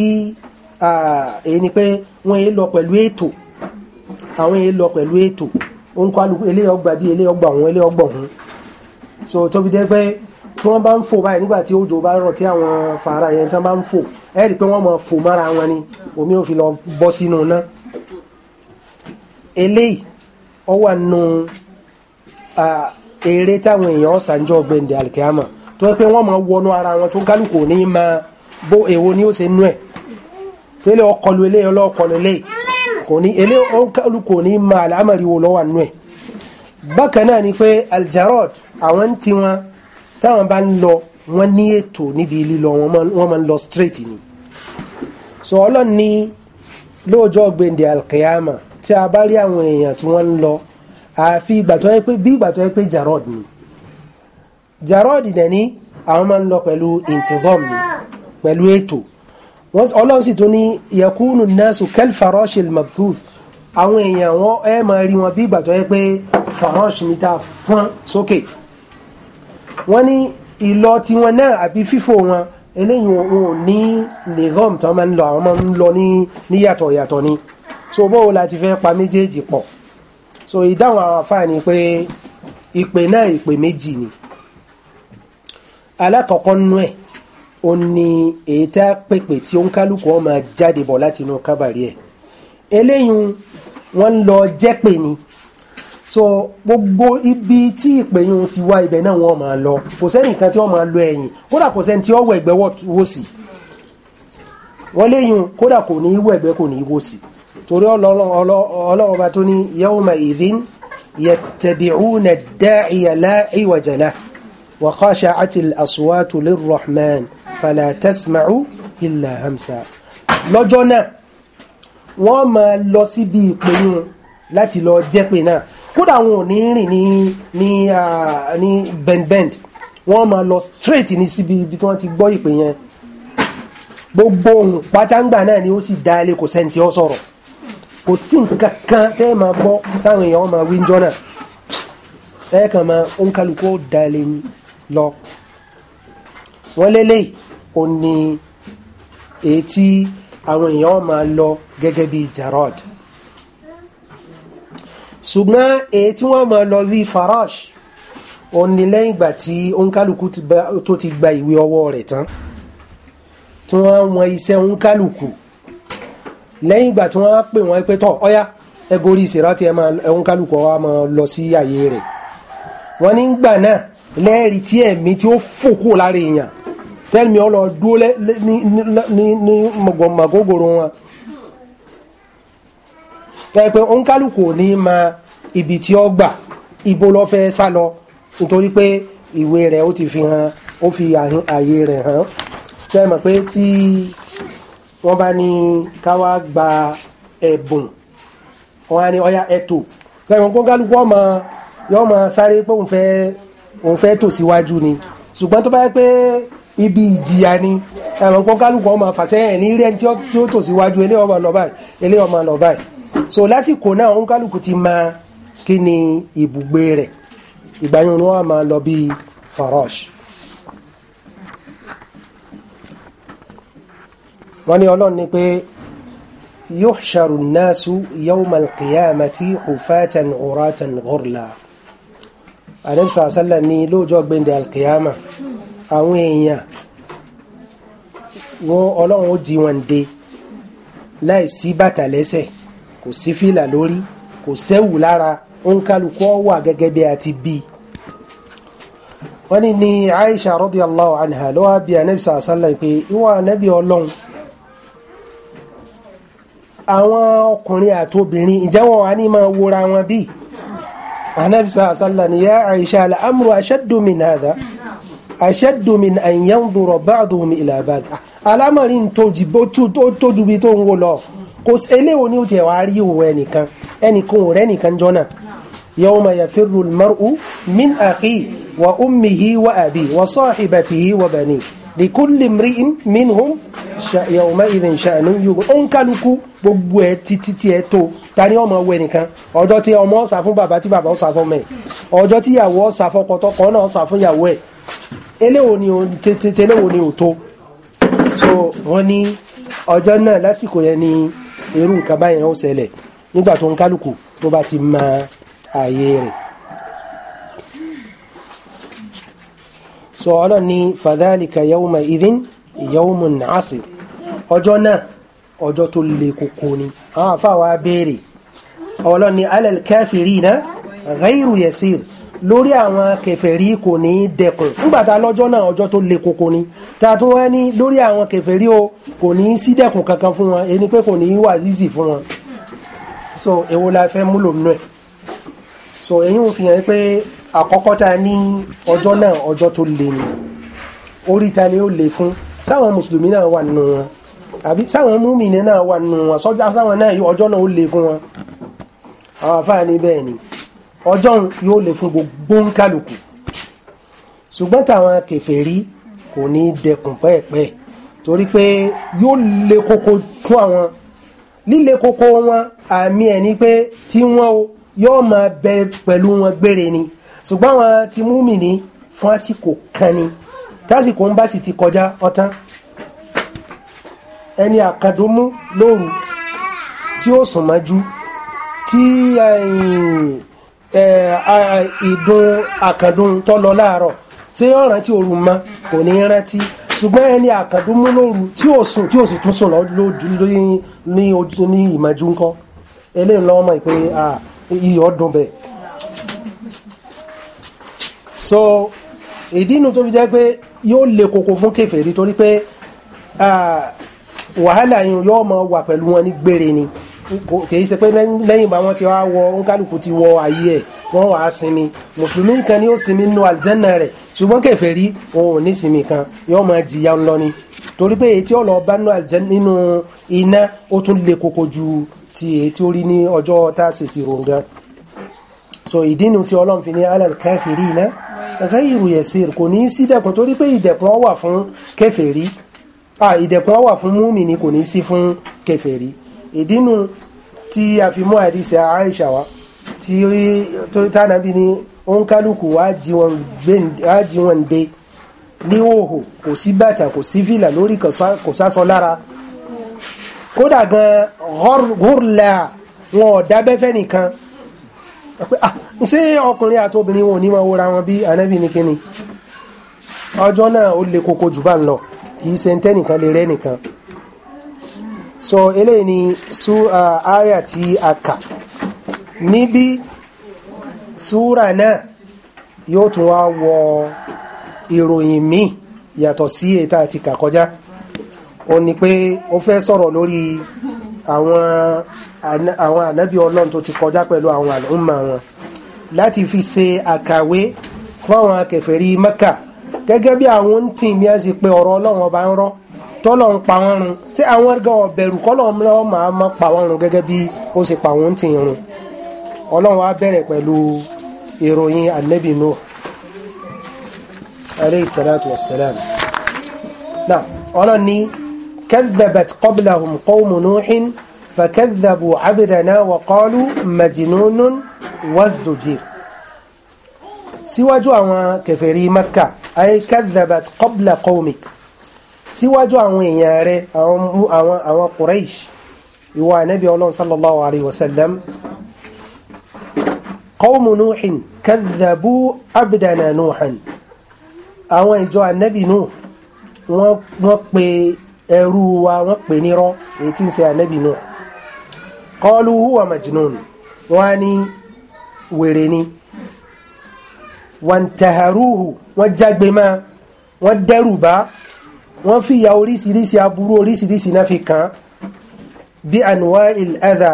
èyí ni pé wọ́n yé lọ pẹ̀lú ètò àwọn èyí lọ pẹ̀lú ètò òǹkọ́lùkù eléyọ̀ gbà bí eléyọ̀ gbà òun eléyọ̀ gbà òun so tóbi jẹ́ pé tí wọ́n bá ń fò báyìí nígbà tí òjò bá rọ̀ tí àwọn fàárà yẹn tí wọ́n bá ń fò ẹ rí i pé wọ́n mọ̀ fò mára wọn ni omi ò fi lọ bọ́ sínú náà eléyìí ọ wà nù eré táwọn èèyàn ṣàǹjọ gbẹ̀ǹdẹ̀ àlìkẹ́yàmà tó yẹ pé wọ́n mọ̀ wọnú ara wọn tó kálukú ní máa bó èwo ni ó ṣe nú ẹ̀ tẹ́lẹ̀ ọkọlù eléyìí ọlọ́ọ̀kọlù eléyìí kò ní ilé òǹkàlù kò ní máa àlámàrí wo lọ́wọ́ nù ẹ̀ bákan náà ni pé aljarod àwọn tí wọn táwọn bá ń lọ wọn ní ètò níbi lílọ wọn máa ń lọ straight ni so ọlọ́run ní lóòjọ́ gbèǹdé alkiyama tí a bá rí àwọn èèyàn tí wọ́n ń lọ àfi ìgbà tó pé bí ìgbà tó pé jarod ni jarod dẹ̀ ni àwọn máa ń lọ pẹ̀lú intidom ni pẹ̀lú ètò ọlọ́run sì tún ní yakunu nasu kal farash al mabthuth àwọn èèyàn wọn ẹ máa rí wọn bí ìgbà tó yẹ pé farash ní ta fọ́n sókè wọ́n ní ìlọ tiwọn náà àbí fífò wọn eléyìí wọn ò ní nìrọ́m tó máa ń lọ àwọn máa ń lọ ní yàtọ̀ yàtọ̀ ni so bóò láti fẹ́ pa méjèèjì pọ̀ so ìdáhùn àwọn afáà ni pé ìpè náà ìpè méjì ni alákọ̀ọ́kọ́ nú ẹ̀ ó ní èyí tá pèpè tí ó ń kálukú ó máa jáde bọ̀ láti inú kábàrí ẹ̀ eléyìí wọ́n ń lọ jẹ́pè ni so gbogbo ibi tí ìpèyìn ti wá ibẹ̀ náà wọ́n máa lọ kò sẹ́nìkan tí wọ́n máa lọ ẹ̀yìn kódà kò sẹ́ni tí ó wọ ẹ̀gbẹ́ wò sí wọ́n léyìn kódà kò ní í wọ ẹ̀gbẹ́ kò ní í sí torí ọlọ́wọ́ba tó ní yawma idhin yattabi'una ad-da'iya la iwaja lahu. وخاشعت الأصوات للرحمن فلا تسمع إلا همسا lọ́jọ́ náà wọ́n máa lọ síbi ìpinnu láti lọ jẹ́ pé náà kódà wọn ò ní rìn ní ní ní bend-bend wọ́n máa lọ straight ní síbi ibi tí wọ́n ti gbọ́ ìpè yẹn gbogbo ohun pátáǹgbà náà ni ó sì dá ilé kò sẹ́ńtì ó sọ̀rọ̀ kò sí nǹkan kan tẹ́ ẹ máa gbọ́ táwọn èèyàn máa wí ń jọ́ ẹ kàn máa ó ń kálukú ó dá ilé yín lọ wọ́n lélẹ̀ ò ní èyí tí àwọn èèyàn máa lọ gẹ́gẹ́ bí jarod ṣùgbọ́n èyí tí wọ́n máa lọ rí farash ò ní lẹ́yìn ìgbà tí òǹkálùkù tó ti gba ìwé ọwọ́ rẹ̀ tán tí wọ́n wọn iṣẹ́ òǹkálùkù lẹ́yìn ìgbà tí wọ́n pè wọ́n pé tọ̀ ọ́yá ẹgorí ìṣèrántí ẹ̀ òǹkálùkù wa máa lọ sí àyè rẹ̀ wọ́n nígbà náà lẹ́ẹ̀rí tí ẹ̀mí tí ó fò kúrò lára èèyàn tẹ́lẹ̀mí ọ lọ dúró ní mọ̀gòmọ̀gògòrò wọn tẹ́ pé òǹkálùkù ò ní ma ibi tí ó gbà ibo lọ fẹ́ sá lọ nítorí pé ìwé rẹ̀ ó ti fi hàn ó fi àyè rẹ̀ hàn tẹ́ mọ̀ pé tí wọ́n bá ní káwá gba ẹ̀bùn wọ́n á ní ọ̀yà ẹ̀tò tẹ́ mọ̀ ọmọ yọ ọmọ sáré pé òun fẹ́ òun fẹ́ tò síwájú ni ṣùgbọ́n tó bá yẹ pé ibi ìjìyà ni ẹ̀rọ pọ́n kálukú ọmọ àfàsẹ́yìn ní rẹ́ tí ó tò síwájú ilé ọmọ lọ báyìí ilé ọmọ lọ báyìí so lásìkò náà òun kálukú ti máa kí ni ibùgbé rẹ̀ ìgbàyàn ni máa lọ bíi farosh. wọ́n ní ọlọ́run ni pé yuhsharu nnasu yawma alqiyamati hufatan uratan ghurla àdẹ́bùsà àṣálà ní lóòjọ́ gbẹ̀ndẹ̀ alkiyama àwọn èèyàn wọn ọlọ́run ó jí wọn dé láì sí bàtà lẹ́sẹ̀ kò sí fìlà lórí kò sẹ́wù lára ònkálukú wà gẹ́gẹ́ bí a ti bí wọ́n ní ní Aisha radiyallahu anha ló wá bí àdẹ́bùsà àṣálà pé ìwọ ànábì ọlọ́run àwọn ọkùnrin àtobìnrin ìjẹ́wọ̀n wa ní máa wora wọn bíi anabi sallallahu alaihi wasallam ni ya aisha al'amru ashaddu min hadha ashaddu min an yanzura ba'dhum ila ba'd ah, alámọ̀rin tó jìbó tó ju bí tó ń wo lọ kò eléwo ni ó tiẹ̀ wá rí òwò ẹnìkan ẹnìkan ò rẹ́nìkan jọ́nà yawma yafirru al-mar'u min akhi wa ummihi wa abi wa sahibatihi wa bani li kulli imri'in minhum yawma idhin sha'nun yughni òǹkálukú gbogbo ẹ̀ títí tí ẹ tó ta ni ọmọ wẹ nìkan ọjọ́ tí ọmọ ọ̀sà fún bàbá tí bàbá ọ̀sà fún mẹ́ ọjọ́ tí ìyàwó ọ̀sà fọkọtọkọ náà ọ̀sà fún ìyàwó ẹ̀ eléwo ni o tètè eléwo ni o tó so wọ́n ní ọjọ́ náà lásìkò yẹn ni irú nǹkan báyẹn ó ṣẹlẹ̀ nígbà tó ń kálukú tó bá ti mọ ààyè rẹ̀ so ọlọ́ni fadhalika yawma idhin yawmun asir ọjọ́ náà ọjọ́ tó le koko ni àwọn àfáà béèrè ọlọ́run ni alal kafirina ghayru yasir lórí àwọn kèfèrí kò ní í dẹkùn nígbàtà lọ́jọ́ náà ọjọ́ tó le koko ni ta tún wá ní lórí àwọn kèfèrí o kò ní í sí dẹkùn kankan fún wọn ẹni pé kò ní wà zizi fún wọn so èwo la fẹ́ múlò nù ẹ̀ so èyí ń fi hàn pé àkọ́kọ́ ta ní ọjọ́ náà ọjọ́ tó le ni orí ta ni ó le fún sáwọn mùsùlùmí náà wà nù wọn àbí sáwọn múmìnì náà wà nù wọn sọjá sáwọn náà ọjọ́ náà ó le fún wọn àwọn ní bẹ́ẹ̀ ni ọjọ́ yóò lè fún gbogbo ń kálukú ṣùgbọ́n táwọn kèfèrí kò ní dẹkùn pẹ́ẹ̀pẹ́ torí pé yóò le koko fún àwọn líle koko wọn àmì ẹ̀ ni pé tí wọ́n yóò máa bẹ pẹ̀lú wọn gbére ni ṣùgbọ́n àwọn ti múmi ní fún àsìkò kan ni tásìkò ń bá sì ti kọjá ọtán ẹni àkàndùnmú lóru tí ó sùn mọ́jú tí eh, eh, eh, ìdun àkàndùn tó lọ láàárọ̀ ṣé yóò rántí òru mọ́ kò ní rántí ṣùgbọ́n ẹni àkàndùn mú lóru tí ò sùn tí ò sì tún sùn ní ìmọ̀jú ńkọ́ eléyìí lọ́wọ́ mọ̀ pé iyọ̀ dùn bẹ́ẹ̀. so ìdí inú tó fi jẹ́ pé yóò le koko fún kèfèrí torí pé wàhálà yìí yóò máa wà pẹ̀lú wọn ní gbére ni. Uh, kì í ṣe pé lẹ́yìn ìgbà wọn ti wá wọ oníkálukú ti wọ ayé ẹ̀ wọ́n wàá sinmi mùsùlùmí kan ni ó sinmi nínú àlìjẹ́nà rẹ̀ ṣùgbọ́n kèfèrí òun ò ní sinmi kan yóò máa jìyà ńlọ ni torí pé èyí tí bá nínú iná ó tún le koko ju ti èyí ó rí ní ọjọ́ tá a ṣèṣì rò gan so ìdí nu ti ọlọ́run fi ní alal káfírí iná kankan ìrù yẹ̀sìr kò ní í sí dẹ̀kun torí pé ìdẹ̀kun wà fún kèfèrí ìdẹ̀kun wà fún múmi ni kò ní í sí fún kèfèrí ìdínú tí a fi mú àdìsí Aisha wa tí tánàbí ni ó ń kálukú wá jí wọn dé níhòhò kò sí bàtà kò sí fìlà lórí kò sásọ lára kódà gan hurla wọn ò dábẹ́fẹ́ nìkan ah, ṣé ọkùnrin àti obìnrin wọn ò ní máa wora wọn bí anábì ní kíni ọjọ́ náà ó le koko jù bá ń lọ kì í ṣe ń tẹ́nìkan lè rẹ́ nìkan so eléyìí ni súra àyà tí a kà níbi súra náà yóò tún wá wọ ìròyìn míì yàtọ̀ sí ètà àti kà kọjá ó ní pé ó fẹ́ sọ̀rọ̀ lórí àwọn àwọn ànábì ọlọ́run tó ti kọjá pẹ̀lú àwọn àlùmà wọn láti fi ṣe àkàwé fún àwọn kèfèrí Mẹ́kà gẹ́gẹ́ bí àwọn ń á sì pé ọ̀rọ̀ ọlọ́run ọba ń rọ́ tọ́lọ̀ ń pa wọ́n run tí àwọn gan ọ̀bẹ̀rù kọ́lọ̀ ń lọ́ máa mọ́ pa wọ́n run gẹ́gẹ́ bí ó ṣe pa wọ́n ti run ọlọ́run á bẹ̀rẹ̀ pẹ̀lú ìròyìn anabi Nuh alayhi salatu wassalam náà ọlọ́run ní kadhabat qablahum qawmu Nuhin fakadhabu abdana wa qalu síwájú àwọn kèfèrí Makka ay kadhabat qabla qawmik síwájú àwọn èèyàn rẹ̀ àwọn àwọn Quraysh ìwà ànábì ọlọ́run sallallahu alayhi wa sallam qawmu nuuhin kadhabu abdana nuuhan àwọn ìjọ ànábì nù wọ́n pe ẹrú wa wọ́n pe nírọ́ èyí tí ń ṣe ànábì nù qalu huwa majnun wọ́n á ní wèrè ni wọ́n tẹ̀hẹ̀rúhù wọ́n jágbe máa wọ́n dẹ́rù bá wọ́n ya oríṣiríṣi aburú oríṣiríṣi náà fi kàn bí ànúwá ìlàdà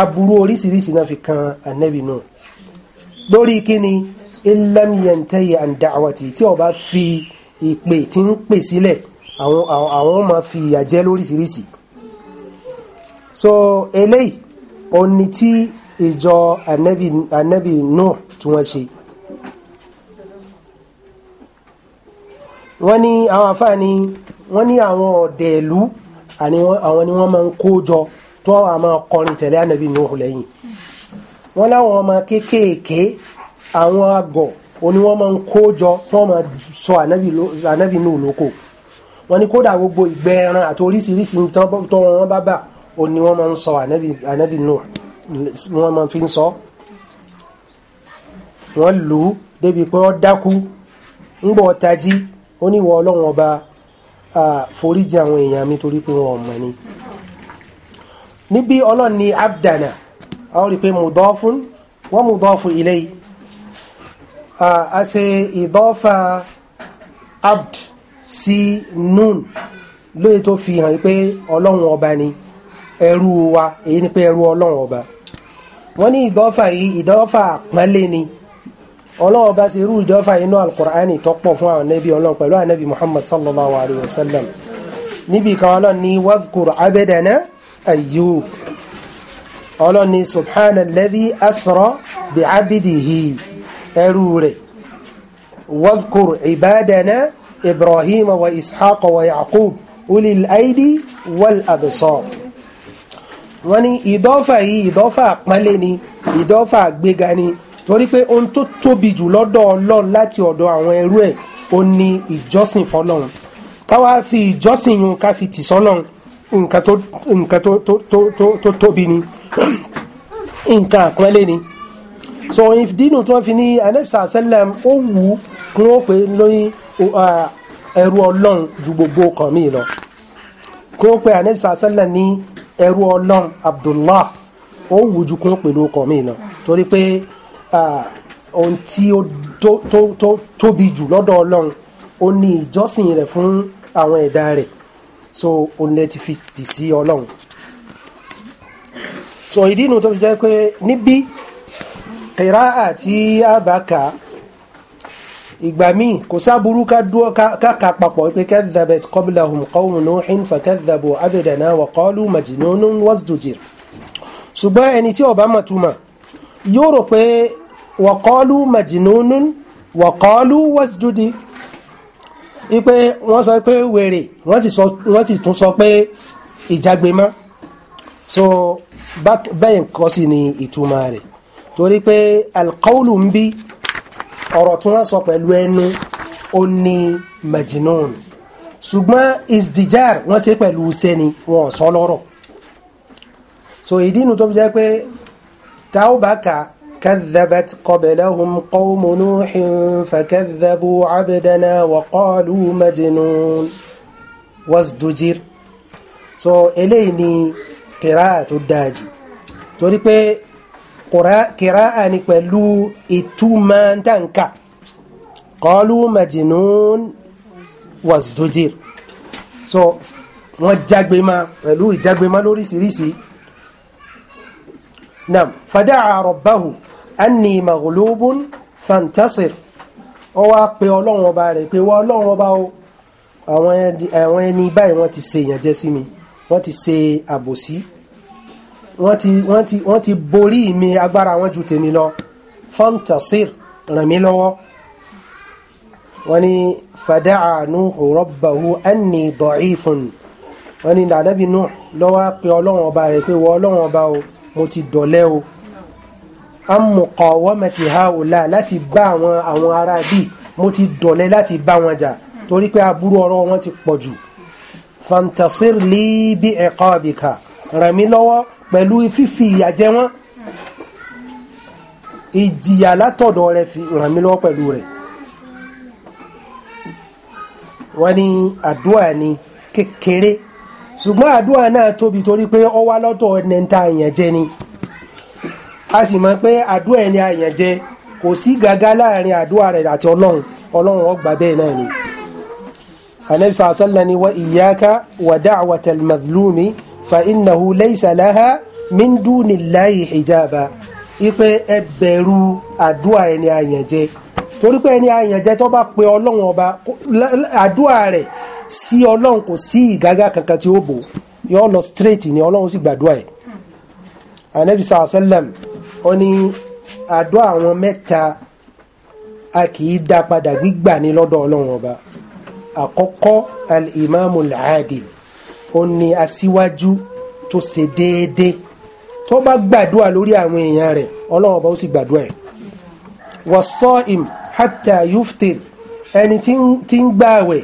aburú oríṣiríṣi náà fi kàn ànábì nù lórí kíni ìlàmìyàntẹ́yẹ àǹdàwàtì tí ó bá fi ìpè tí ń pè sílẹ̀ àwọn àwọn máa fi ìyà jẹ lóríṣiríṣi so eléyìí òní tí ìjọ ànábì nù tí wọ́n ṣe. wọ́n ní àwọn àfáàní wọ́n ní àwọn ọ̀dẹ̀ ìlú àwọn ni wọ́n máa ń kó jọ tó àwọn akọrin tẹ̀lé ànábì Nuhu lẹ́yìn wọ́n láwọn ọmọ kéékèèké àwọn àgọ̀ oní wọ́n máa ń kó jọ tó máa sọ ànábì Nuhu lóko wọ́n ní kódà gbogbo ìgbẹ́ ẹran àti oríṣiríṣi tó wọn bá bà oní wọ́n máa ń sọ ànábì Nuhu wọ́n máa fi ń sọ wọ́n lù ú débi pé wọ́n dákú ń bọ̀ tají ó ní ìwọ ọlọ́run ọba foríjì àwọn èèyàn mi torí pé wọn ò mọ̀ ni níbi ọlọ́run ni abdana a ó rí i pé mudọ́fún wọ́n mudọ́fún ilé yìí a ṣe ìdọ́fà abd sí nun lóye tó fi hàn pé ọlọ́run ọba ni ẹrú wa èyí ni pé ẹrú ọlọ́run ọba wọ́n ní ìdọ́fà yìí ìdọ́fà àpọ́nlé ni ọlọ́run bá ṣe irú ìjọba inú alukur'ani tó pọ̀ fún àwọn nẹ́bí ọlọ́run pẹ̀lú ànẹ́bí muhammad sallallahu alayhi wa sallam níbi kan ọlọ́run ní wàkùrù abẹ́dẹ̀nà ayub ọlọ́run ní subhana lẹ́bí asra bi abidihi ẹrú rẹ̀ wàkùrù ibadana ibrahim wa ishaq wa yaqub ulil aidi wal absar wọ́n ní ìdọ́fà yìí ìdọ́fà àpọ́nlé ni ìdọ́fà àgbéga torí pé ohun tó tóbi jù lọ́dọ̀ ọlọ́run láti ọ̀dọ̀ àwọn ẹrú ẹ̀ ó ní ìjọsìn fọlọ́run káwá fi ìjọsìn yun ká fi tì sọ́lọ́run nǹkan tó nǹkan tó tó tó tó tóbi ni nǹkan àpọ́nlé ni so ìdínú tí wọ́n fi ní anabisa asẹ́lẹ̀m ó wù ú kí wọ́n pè lórí ẹrú ọlọ́run ju gbogbo ọkàn mi lọ kí wọ́n pè anabisa asẹ́lẹ̀m ní ẹrú ọlọ́run Abdullah ó wù ú ju kí wọ́n pè lórí ọkàn mi lọ torí pé ohun tí ó tóbi jù lọ́dọ̀ ọlọ́run ó ní ìjọsìn rẹ̀ fún àwọn ẹ̀dá rẹ̀ so òun lè ti fi tì sí ọlọ́run so ìdí inú tó fi jẹ́ pé níbí kẹ̀rá àti àbáka ìgbà míì kò sáburú ká dúró ka papọ̀ pé kadhabat qablahum qawmu nuhin fakadhabu abdana wa qalu majnunun wazdujir ṣùgbọ́n ẹni tí ó bá mọ̀ túmọ̀ yóò rò pé wọ̀kọ́lù majinunun wọ̀kọ́lù wasjudi ipe wọ́n sọ pé wèrè wọ́n ti tún sọ pé ìjàgbémọ́ so bẹ́ẹ̀ nǹkan sì ni ìtumọ̀ rẹ̀ torí pé alkaulu ń bí ọ̀rọ̀ tí wọ́n sọ pẹ̀lú ẹnu ó ní majinun ṣùgbọ́n isdijar wọ́n ṣe pẹ̀lú sẹ́ni wọn ò sọ lọ́rọ̀ so ìdí inú tó fi jẹ́ pé توبك كذبت قبلهم قوم نوح فكذبوا عبدنا وقالوا مجنون وازدجر so eléyìí ni kìráà tó dáa jù torí pé kìráà ni pẹ̀lú ìtumọ̀ táǹkà qalu majnun wazdujir so wọ́n jágbe ma pẹ̀lú ìjágbe ma lóríṣiríṣi nam fada'a rabbahu anni maghlubun fantasir ó wá pe ọlọ́run ọba rẹ̀ pé wọ́n ọlọ́run ọba o àwọn ẹni báyìí wọ́n ti ṣe ìyànjẹ sí mi wọ́n ti ṣe àbòsí wọ́n ti wọ́n ti wọ́n ti borí mi agbára wọn ju tèmi lọ fantasir ràn mí lọ́wọ́ wọ́n ní fada'a nuhu rabbahu anni da'ifun wọ́n ní dàdẹ́bí nù lọ́wọ́ pe ọlọ́run ọba rẹ̀ pé wọ́n ọlọ́run ọba o mo ti dọ̀lẹ́ o amukọ̀ wọ́mẹ̀tì ha ò la láti bá àwọn àwọn ará bíi mo ti dọ̀lẹ́ láti bá wọn jà torí pé aburú ọ̀rọ̀ wọn ti pọ̀ jù fantasir lè bí ẹ̀kọ́ àbíkà ràn mí lọ́wọ́ pẹ̀lú fífi ìyà jẹ wọ́n ìjìyà látọ̀dọ̀ rẹ̀ fi ràn mí lọ́wọ́ pẹ̀lú rẹ̀ wọ́n ní àdúrà ni kékeré. Ke ṣùgbọ́n àdúrà náà tóbi torí pé ó wá lọ́tọ̀ ẹni tá àyànjẹ ni a sì mọ̀ pé àdúrà ẹni àyànjẹ kò sí gàgá láàrin àdúrà rẹ̀ àti ọlọ́run ọlọ́run ó gbà bẹ́ẹ̀ náà ni anabi sàásánlá ni wa iyaka wa da'wata al fa innahu laysa laha min dunillahi hijaba ipe ẹ àdúrà ẹni àyànjẹ torí pé ẹni àyànjẹ tó bá pe ọlọ́run ọba àdúrà rẹ̀ sí ọlọ́run kò sí ìgágá kankan tí ó bò yọ lọ straight ni ọlọ́run sì gbàdúrà ẹ̀ anabi sàlẹ̀m ó ní àdó àwọn mẹ́ta a kì í dá padà gbígbà ní lọ́dọ̀ ọlọ́run ọba àkọ́kọ́ al-imamu al-adil ó ní aṣíwájú tó ṣe déédéé tó bá gbàdúrà lórí àwọn èèyàn rẹ̀ ọlọ́run ọba ó sì gbàdúrà ẹ̀ wọ́n sọ ìm hátà yúftìl ẹni tí ń gbààwẹ̀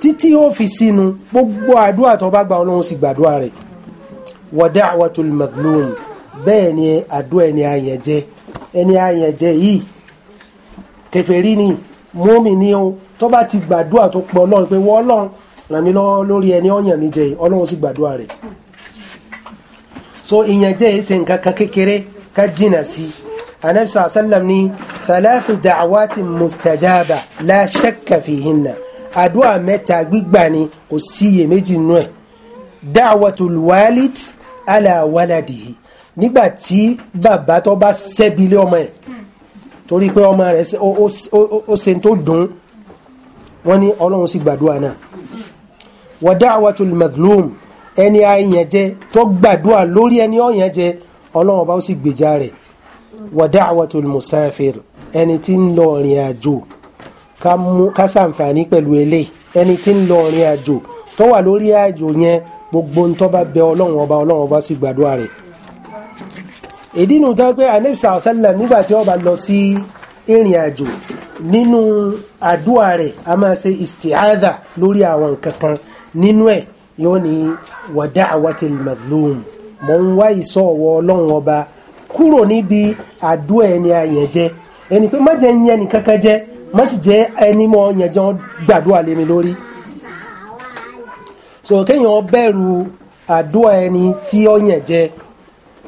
títí ó fi sínú gbogbo àdúrà tó bá gba ọlọ́run sì gbàdúrà rẹ̀ wa da'watul madlum bẹ́ẹ̀ ni àdúrà ẹni àyànjẹ ẹni àyànjẹ yìí kèfèrí ni mọ́mì ni o tó bá ti gbàdúrà tó pọ̀ ọlọ́run pé wọ́n ọlọ́run ràn mí lọ́wọ́ lórí ẹni ọ̀yàn mi jẹ ọlọ́run sì gbàdúrà rẹ̀ so ìyànjẹ yìí ṣe nǹkan kan kékeré ká jìnà sí i anabi sallam ni thalathu da'awati mustajaba la shakka àdúrà mẹ́ta gbígbà ni kò sí iyèméjì nínú ẹ̀ da'watul walid ala waladihi nígbà tí bàbá tó bá ṣẹ́bi lé ọmọ ẹ̀ torí pé ọmọ rẹ̀ ó ṣe tó dùn wọ́n ní ọlọ́run sì gbàdúrà náà wa da'watul madhlum ẹni àyànjẹ tó gbàdúrà lórí ẹni ọ̀yànjẹ ọlọ́run ọba ó sì gbèjà rẹ̀ wa da'watul musafir ẹni tí ń lọ ìrìn àjò ká mú ká ṣàǹfààní pẹ̀lú eléyìí ẹni tí ń lọ ìrìn àjò tó wà lórí àjò yẹn gbogbo ń tó bá bẹ ọlọ́run ọba ọlọ́run ọba sì gbàdúrà rẹ̀ ìdí nu tó pé anabi sàlẹ̀ nígbà tí ó bá lọ sí ìrìn àjò nínú àdúrà rẹ̀ a máa ṣe isti'adha lórí àwọn nǹkan kan nínú ẹ̀ yóò ní wa da'watil madhlum mọ̀ ń wá ìsọ̀ ọ̀wọ́ ọlọ́run ọba kúrò níbi àdúrà ẹni ayẹ̀jẹ́ ẹni pé má jẹ́ ń yẹn nìkankan jẹ́ má sì jẹ́ ẹni mọ́ yẹnjọ́ gbàdúrà lé lórí so kéèyàn bẹ̀rù àdúrà ẹni tí ó yẹn jẹ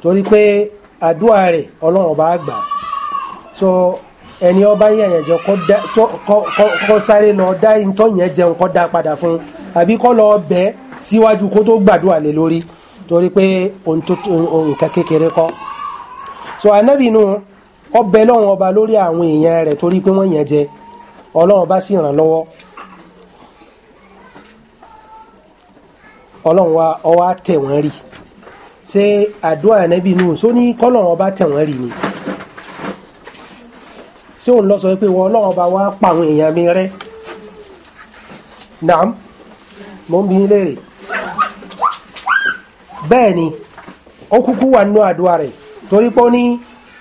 torí pé àdúrà rẹ̀ ọlọ́run bá gbà so ẹni ọba yẹn jẹ kó sáré lọ dá ìtọ́ yẹn jẹun kó dá padà fún àbí kó lọ bẹ́ síwájú kó tó gbàdúrà lé lórí torí pé nǹkan kékeré kọ́ so anabi nù. No, ọbẹ̀ lọ́wọ́n ọba lórí àwọn èèyàn rẹ̀ torí pé wọ́n yẹn jẹ ọlọ́wọ́n bá sì ràn lọ́wọ́ ọlọ́wọ́n wa ọwọ́ tẹ̀ wọ́n rì ṣé àdúrà ànábì nù só ni kọ́lọ́wọ́n ọba tẹ̀ wọ́n rì ni ṣé òun lọ sọ pé wọ́n ọlọ́wọ́n ọba wa pa àwọn èèyàn mi rẹ́ nàám mo ń bi yín léèrè bẹ́ẹ̀ ni ó kúkú wà nínú àdúrà rẹ̀ torí pé ó ní.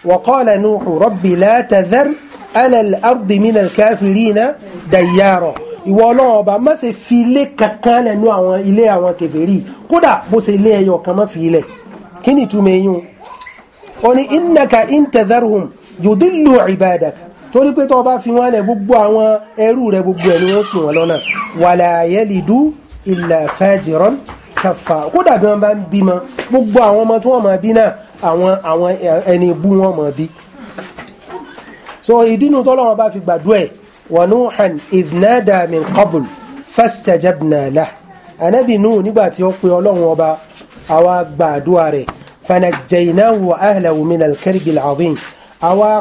وقال نوح رب لا تذر على الأرض من الكافرين ديارا ìwọ ọlọ́run ọba má ṣe fi ilé kankan lẹ́nu àwọn ilé àwọn kèfèrí kódà bó ṣe ilé ẹyọ kan má fi ilẹ̀ kí ni ìtumọ̀ eyín o ní innaka in tadharhum yudillu ibadak torí pé tó fi wọ́n lẹ̀ gbogbo àwọn ẹrú rẹ̀ gbogbo ẹ̀ ni wọ́n ṣì wọ́n lọ́nà wala yalidu illa kàfà kódà bí wọ́n bá ń bímọ gbogbo àwọn ọmọ tí wọ́n máa bí náà àwọn àwọn ẹni ibú wọn máa bí so ìdínú tọ́lọ́wọ́n bá fi gbàdúrà ẹ̀ wa nuhan idnada min qabl fastajabna lah anabi nuhu nígbà tí ó pe ọlọ́run ọba àwa gbàdúrà rẹ̀ fanajjaynahu wa ahlahu min al-karbil azim àwa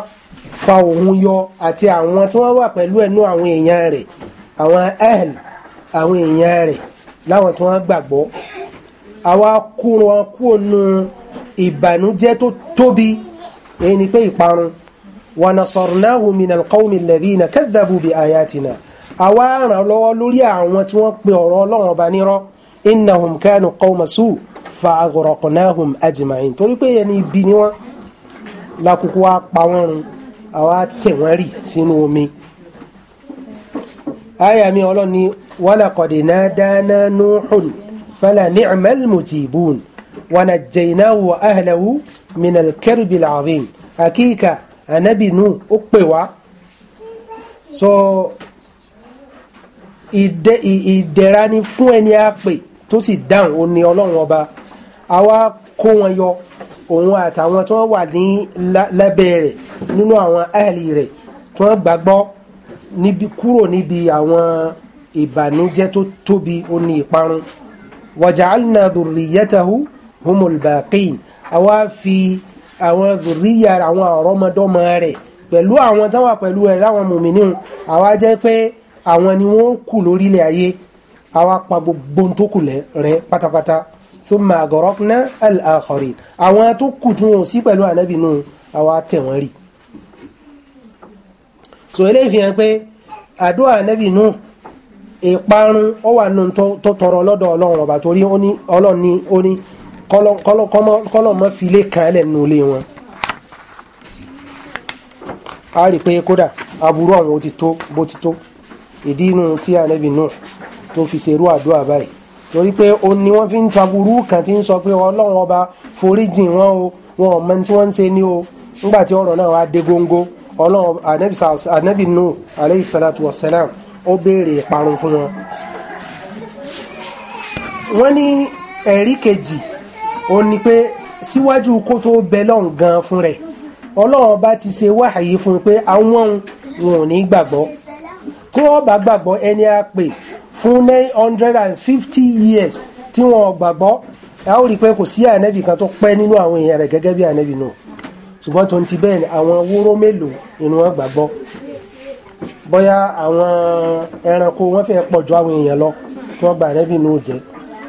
fa òun yọ àti àwọn tí wọ́n wà pẹ̀lú ẹnu àwọn èèyàn rẹ̀ àwọn ahl àwọn èèyàn rẹ̀ láwọn tí wọ́n gbàgbọ́ àwa kú wọn kú ònú ìbànújẹ́ tó tóbi èyí ni pé ìparun wa nasarnahu min alqawmi alladhina kadhabu bi ayatina àwa ràn lọ́wọ́ lórí àwọn tí wọ́n pe ọ̀rọ̀ Ọlọ́run ọba nírọ́ innahum kanu qawma su' fa aghraqnahum ajma'in torí pé ẹni ibi ni wọ́n lákòókò wa pa run àwa tẹ̀ rì sínú omi. àyà mi ولقد نادانا نوح فلنعم المجيبون ونجيناه وأهله من الكرب العظيم أكيكا أنبي نو أقوى so ìdẹ̀ra ni fún ẹni àpè tó sì dáhùn ó ní ọlọ́run ọba àwa kó wọn yọ òun àtàwọn tí wọ́n wà ní lábẹ́ rẹ̀ nínú àwọn áàlì rẹ̀ tí wọ́n gbàgbọ́ kúrò níbi àwọn ìbànújẹ́ tó tóbi ó ní ìparun wàjàálùnà dhurriyatahu humul baqin àwa fi àwọn dhurriya àwọn àrọ́mọdọ́mọ rẹ̀ pẹ̀lú àwọn táwà pẹ̀lú ẹ̀ láwọn mùmínú àwa jẹ́ pé àwọn ni wọ́n kù lórílẹ̀ ayé àwa pa gbogbo tó kù rẹ̀ pátápátá thumma aghraqna al-akharin àwọn tó kù tún wọn sí pẹ̀lú ànábì àwa tẹ̀ wọ́n rì so eléyìí fi hàn pé àdúrà ànábì ìparun ó wà nù tó tọrọ lọ́dọ̀ ọlọrun ọba torí ọlọ́run ní ó ní kọlọ mọ́ fi kan nù wọn. a rí pé kódà aburú ọ̀hún ti tó bó ti tó ìdí inú tí nù tó fi ṣerú àdúrà báyìí torí pé ó ní wọ́n fi ń taburú kan ti ń sọ pé ọlọ́run ọba wọn o wọn ò mọ tí ṣe ní o nígbà tí ọ̀rọ̀ náà wá dé góńgó ọlọ́run salatu wa salam ó béèrè ìparun fún wọn. wọ́n ní ẹ̀rí kejì ó ní pé síwájú kó tó bẹ lọ́n gan fún rẹ̀ ọlọ́run bá ti ṣe wáhàyí fún un pé àwọn wọn ò ní gbàgbọ́ tí wọ́n bá gbàgbọ́ ẹni á pè fún nine hundred and fifty years tí wọ́n gbàgbọ́ a ó rí i pé kò sí ànẹ́bì kan tó pẹ́ nínú àwọn èèyàn rẹ̀ gẹ́gẹ́ bí ànẹ́bì náà ṣùgbọ́n tó ń ti bẹ́ẹ̀ ni àwọn wóró mélòó ni wọ́n gbàgbọ́ bóyá àwọn ẹranko wọ́n fẹ́ pọ̀ ju àwọn èèyàn lọ tí wọ́n gba ànábì nù jẹ́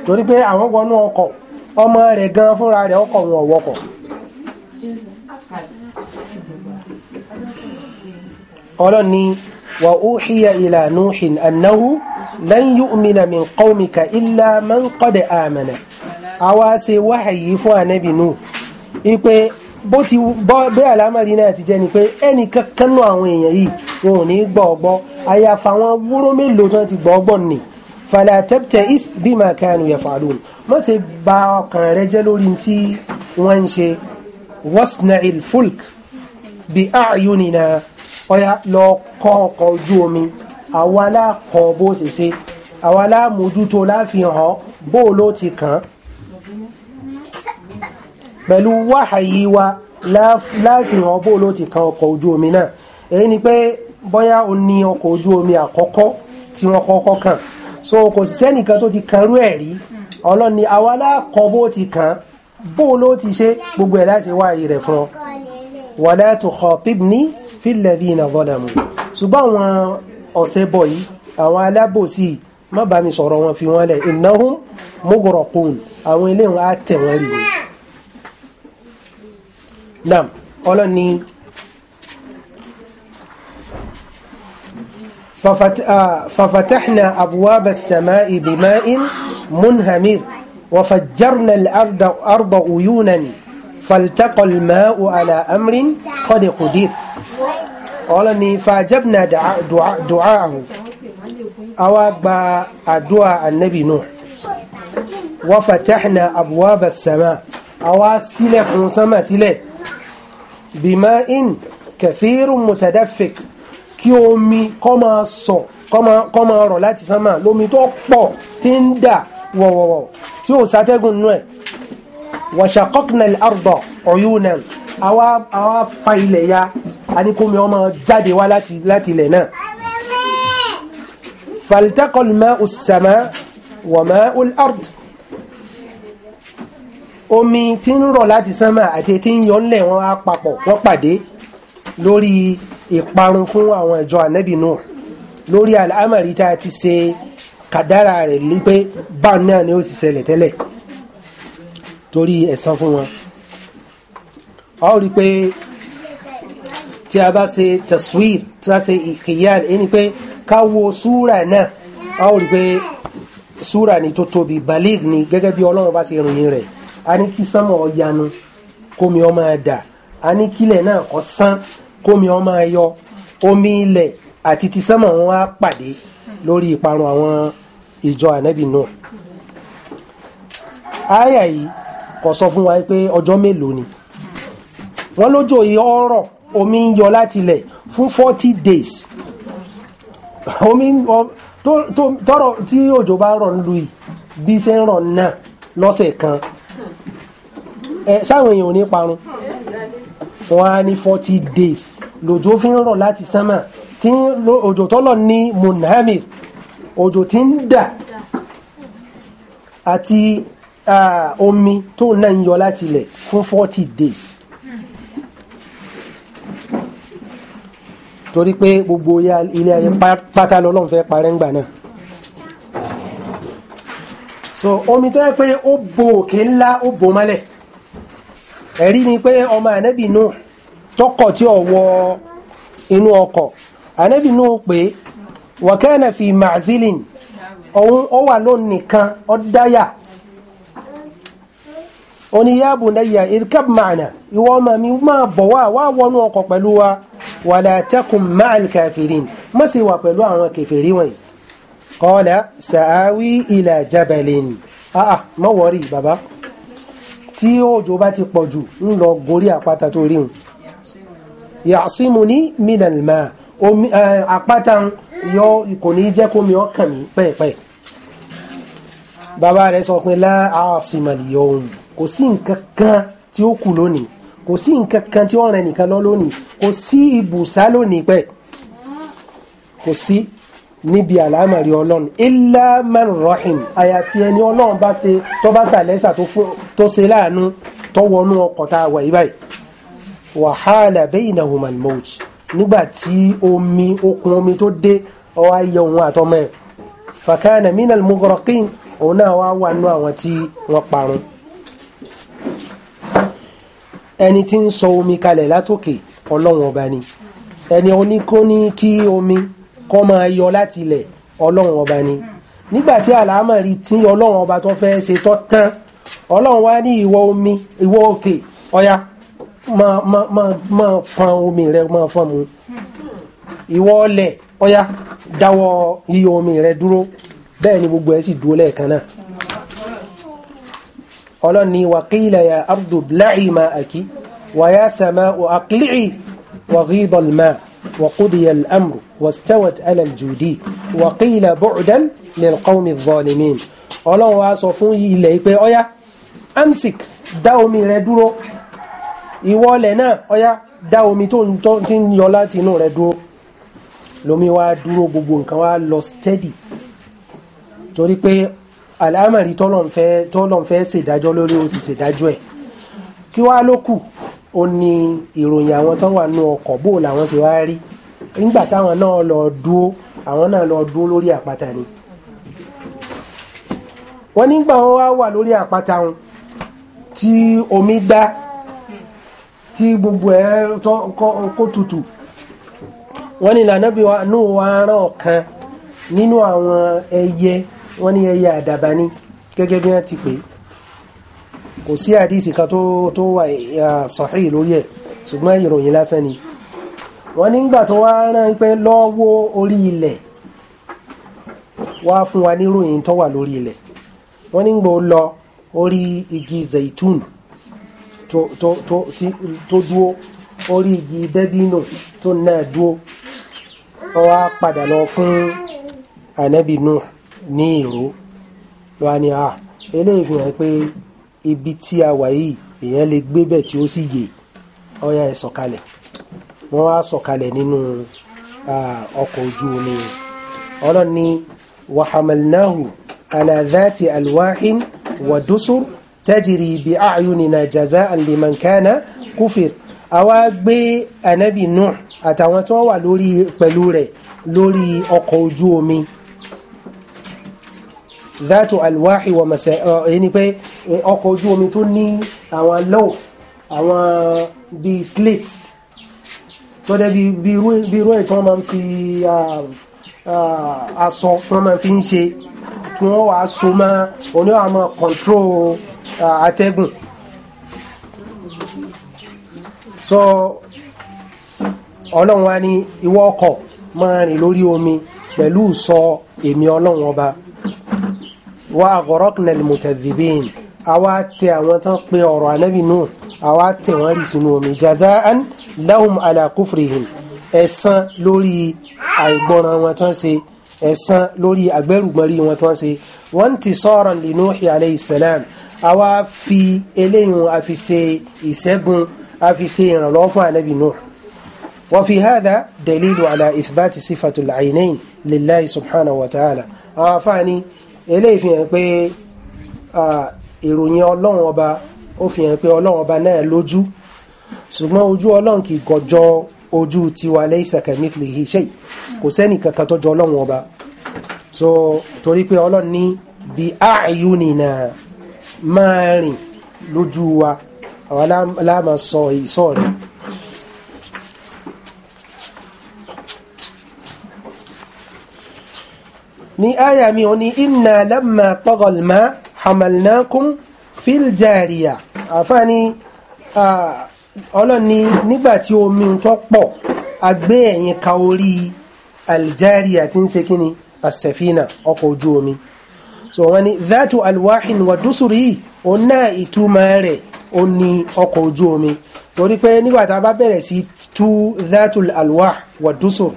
torí pé àwọn wọnú ọkọ̀ ọmọ rẹ̀ gan fúnra rẹ̀ ọkọ̀ wọn ọ̀wọ́kọ̀ ọlọ́ni wa uhiya ila nuhin annahu lan yu'mina min qawmika illa man qad amana àwa ṣe wáhàyí fún ànábì nù ipe bó ti bẹ́ àlámọ̀rí náà ti jẹ́ ni pé ẹnì kankan nù àwọn èèyàn yìí wọn ò ní gbọ́ ọgbọ́ àyàfà àwọn wúrò mélòó tí wọ́n ti gbọ́ ọgbọ́ nì fàlà tẹ́pítẹ́ is bí màá kánú yẹ fàlùn má ṣe bà ọkàn rẹ jẹ́ lórí tí wọ́n ń ṣe wasna'il fulk bí a'yunina ọ̀yà lọ kọ́ ọkọ̀ ojú omi àwa lákọ̀ bó ṣe ṣe àwa lámójútó láfihàn bó ló ti kàn pẹ̀lú wáhàyí wa láàfihàn bó ló ti kan ọkọ̀ ojú omi náà èyí ni pé bóyá o ní ọkọ̀ ojú omi àkọ́kọ́ tí wọ́n kọ́kọ́ kàn so kò sí sẹ́nìkan tó ti kanrú ẹ̀ rí ọlọ́run ni àwa lákọ̀ bó ti kàn bó ló ti ṣe gbogbo ẹ̀ láti wáyé rẹ̀ fún ọ wala tukhatibni fil ladina zalamu ṣùgbọ́n àwọn ọ̀sẹ̀ bọ̀ yìí àwọn alábòsí má bá mi sọ̀rọ̀ wọn fi wọ́n lẹ̀ innahum mughraqun àwọn ilé wọn á tẹ̀ wọ́n rí ni. نعم ọlọ́run ni آه، ففتحنا أبواب السماء بماء منهمر وفجرنا الأرض أرض عيونا فالتقى الماء على أمر قد قدر ọlọ́run ni فأجبنا دعاءه أو gba النبي نوح وفتحنا أبواب السماء أو سيلة سما سيلة بماء كثير متدفق kí omi kó máa sọ kó máa rọ̀ láti sánmà lómi tó pọ̀ tí ń dà wọ̀wọ̀wọ̀ tí ò sátẹ́gùn nú ẹ̀ وشققنا الأرض عيونا àwa àwa fa ilẹ̀ ya a ní kómi ó máa jáde wá láti ilẹ̀ náà فالتقى الماء السماء وماء الأرض omi tí ń rọ̀ láti sánmà àti tí ń yọ ńlẹ̀ wọn á papọ̀ wọ́n pàdé lórí ìparun fún àwọn ìjọ ànábì Nuh lórí àlámàrí tá a ti ṣe kàdára rẹ̀ lé pé báwọn náà ni ó sì ṣẹlẹ̀ tẹ́lẹ̀ torí ẹ̀san fún wọn a ó rí i pé tí a bá ṣe taswir tí a ṣe ìkìyàn ẹni pé ká wo súra náà a rí pé súra ni tó tóbi balig ni gẹ́gẹ́ bí ọlọ́run bá ṣe ròyìn rẹ̀ ani ní kí sánmọ̀ ó yanu kómi ó máa dà a ní kílẹ̀ náà kó sán kómi ó máa yọ omi ilẹ̀ àti ti sánmọ̀ wọn á pàdé lórí ìparun àwọn ìjọ ànábì Nuh àyà yìí kò sọ fún wa pé ọjọ́ mélòó ni wọ́n lójó yìí ọ̀rọ̀ omi ń yọ láti ilẹ̀ fún forty days omi tọrọ tí òjò bá rọ̀ nílùú yìí bí ṣe ń rọ̀ náà lọ́sẹ̀ kan ẹ sáwọn èèyàn ò ní parun wọn á ní forty days lòjò fi ń rọ̀ láti sánmà tí òjò tọ́lọ̀ ní munhamir òjò tí ń dà àti omi tó náà ń yọ láti ilẹ̀ fún forty days. torí pé gbogbo ilé ayé pátá lọ́lọ́run fẹ́ parẹ́ ńgbà náà so omi tó yẹ pé ó bo òkè ńlá ó bo mọ́lẹ̀ ẹ̀rí ni pé ọmọ ànábì nù tọkọ̀ tí ò wọ inú ọkọ̀ ànábì nù pé wa kana fi ma'zilin òun ó wà lóun nìkan ó dáyà oni ya bunayya irkab ma'ana ìwọ ọmọ mi máa bọ̀ wá wá wọnú ọkọ̀ pẹ̀lú wa wala takun ma'al kafirin má sì wà pẹ̀lú àwọn kèfèrí wọ̀nyí qala sa'awi ila jabalin ah ah má bàbá tí òjò bá ti pọ̀ jù ń lọ gorí àpáta tó rí hun yàsímù ní mìnàlmà àpáta yọ kò ní jẹ́ kó mi ọkàn mi pẹ́ẹ̀pẹ́ bàbá rẹ̀ sọ pé láàásìmàlì yọ ohun kò sí nǹkan kan tí ó kù lónìí kò sí nǹkan kan tí ó rẹ̀ nìkan lọ lónìí kò sí ibùsá lónìí pẹ́ kò sí níbi àlámọ̀rí ọlọ́run illa man rahim àyàfi ẹni ọlọ́run bá ṣe tó bá ṣàlẹ́sà tó ṣe láàánú tó wọnú ọkọ̀ tá a wà yí báyìí wa hala baynahuma al-mawj nígbà tí omi okùn omi tó dé ó wá yọ òun àtọmọ ẹ̀ fa kana mina al òun náà wá wà nú àwọn tí wọ́n parun ẹni tí ń sọ omi kalẹ̀ látòkè ọlọ́run ọba ni ẹni oníkóní kí omi kọ́ máa yọ láti ilẹ̀ ọlọ́run ọba ni nígbà tí àlámọ̀rí tí ọlọ́run ọba tó fẹ́ ṣe tọ́ tán ọlọ́run wá ní ìwọ omi ìwọ òkè ọya máa máa máa fọn omi rẹ máa fọn mu ìwọ ọlẹ̀ ọya dáwọ́ yíyọ omi rẹ dúró bẹ́ẹ̀ ni gbogbo ẹ̀ sì dúró lẹ́ẹ̀kan náà ọlọ́ni wàkílà ya ardu bla'i aki wàyá sàmà wàkílì wàgíbọ̀lmáà وقضي الأمر واستوت على الجودي وقيل بعدا للقوم الظالمين ọlọ́run wa sọ fún ilẹ̀ pé ọya amsik dá omi rẹ dúró ìwọ ọlẹ̀ náà ọya dá omi tó ti ń yọ láti inú rẹ dúró lómi wa dúró gbogbo nǹkan wa lọ steady torí pé àlámọ̀rí tọ́lọ̀ ń fẹ́ ṣèdájọ́ lórí o ti ṣèdájọ́ ẹ̀ kí wá ló kù ó ní ìròyìn àwọn tó wà nù ọkọ̀ bó làwọn ṣe wá rí nígbà táwọn náà lọ dúó àwọn náà lọ dúó lórí àpáta ni wọ́n nígbà wọn wá wà lórí àpáta wọn tí omi dá tí gbogbo ẹ̀ kó tutù wọ́n ní lànàbí nù wá rán nínú àwọn ẹyẹ wọ́n ní ẹyẹ àdàbà ni gẹ́gẹ́ bí wọ́n ti pè é kò sí àdísì kan tó wà sahih lórí ẹ̀ ṣùgbọ́n ìròyìn lásán ni wọ́n nígbà tó wá rán pé lọ́wọ́ orí ilẹ̀ wá fún wa níròyìn tó wà lórí ilẹ̀ wọ́n nígbà ó lọ orí igi zaitun tó dúó orí igi dẹ́bínò tó náà dúó wọ́n wá padà lọ fún ànábì Nuh ní ìró lọ́wọ́ ni a eléyìí fi hàn pé ibi tí a wà yìí èèyàn lè gbé bẹ̀ tí ó sì yè ọ̀yà ẹ̀ sọ̀kalẹ̀ wọ́n á sọ̀kalẹ̀ nínú ọkọ̀ ojú omi ọlọ́ni wàhámẹ́lnáhù aláàdáàtì alwáhín wàdúsùr tajiri bi a'yunina jaza'an liman kana kúfìr àwa gbé anabi nuh àtàwọn tí wọ́n wà lórí pẹ̀lú rẹ̀ lórí ọkọ̀ ojú omi dátù alwáhi wa masẹ́ ẹni pé ọkọ̀ ojú omi tó ní àwọn lọ́w àwọn bíi slate tó dẹ́ bíi irú ẹ̀ tí wọ́n máa ń fi aṣọ tí wọ́n máa fi ń ṣe tí wọ́n wàá so máa oní àwọn control atẹ́gùn so ọlọ́run wa ní ìwọ ọkọ̀ máa rìn lórí omi pẹ̀lú sọ èmi ọlọ́run ọba wa aghraqna al-mukadhibin àwa tẹ àwọn tán pé ọ̀rọ̀ ànábì nù àwa tẹ wọ́n rì sínú omi jaza'an lahum ala kufrihim ẹ̀san lórí àìgbọràn wọn tán ṣe ẹ̀san lórí àgbẹ̀rùgbọ̀nrí wọn tán ṣe wantisaran li Nuhi alayhi salam àwa fi eléyìí a fi ṣe ìṣẹ́gun fún ànábì nù. وفي هذا دليل على إثبات صفة العينين لله سبحانه وتعالى آه eléyìí fi hàn pé ìròyìn ọlọ́run ọba ó fi hàn pé ọlọ́run ọba náà lójú ṣùgbọ́n ojú ọlọ́run kì í gọjọ ojú tiwa laysa kamithlihi shay kò sẹ́nì kankan tó jọ ọlọ́run ọba so torí pé ọlọ́run ní bí a'yunina máa rìn lójú wa àwa láàmà sọ ìsọ ní àyà mi ò ní inna lamma tagal ma hamalnakum fil jariya àfáàní ọlọ́ni nígbà tí omi tó pọ̀ agbé ẹ̀yìn ka orí aljariya tí ń ṣe kíni asẹ̀fínà ọkọ̀ ojú omi so wọ́n ní dhatu alwahin wa dusuri yìí ó ìtumọ̀ rẹ̀ ó ní ọkọ̀ ojú omi torí pé nígbà tá a bá bẹ̀rẹ̀ sí tú dhatu alwah wa dusur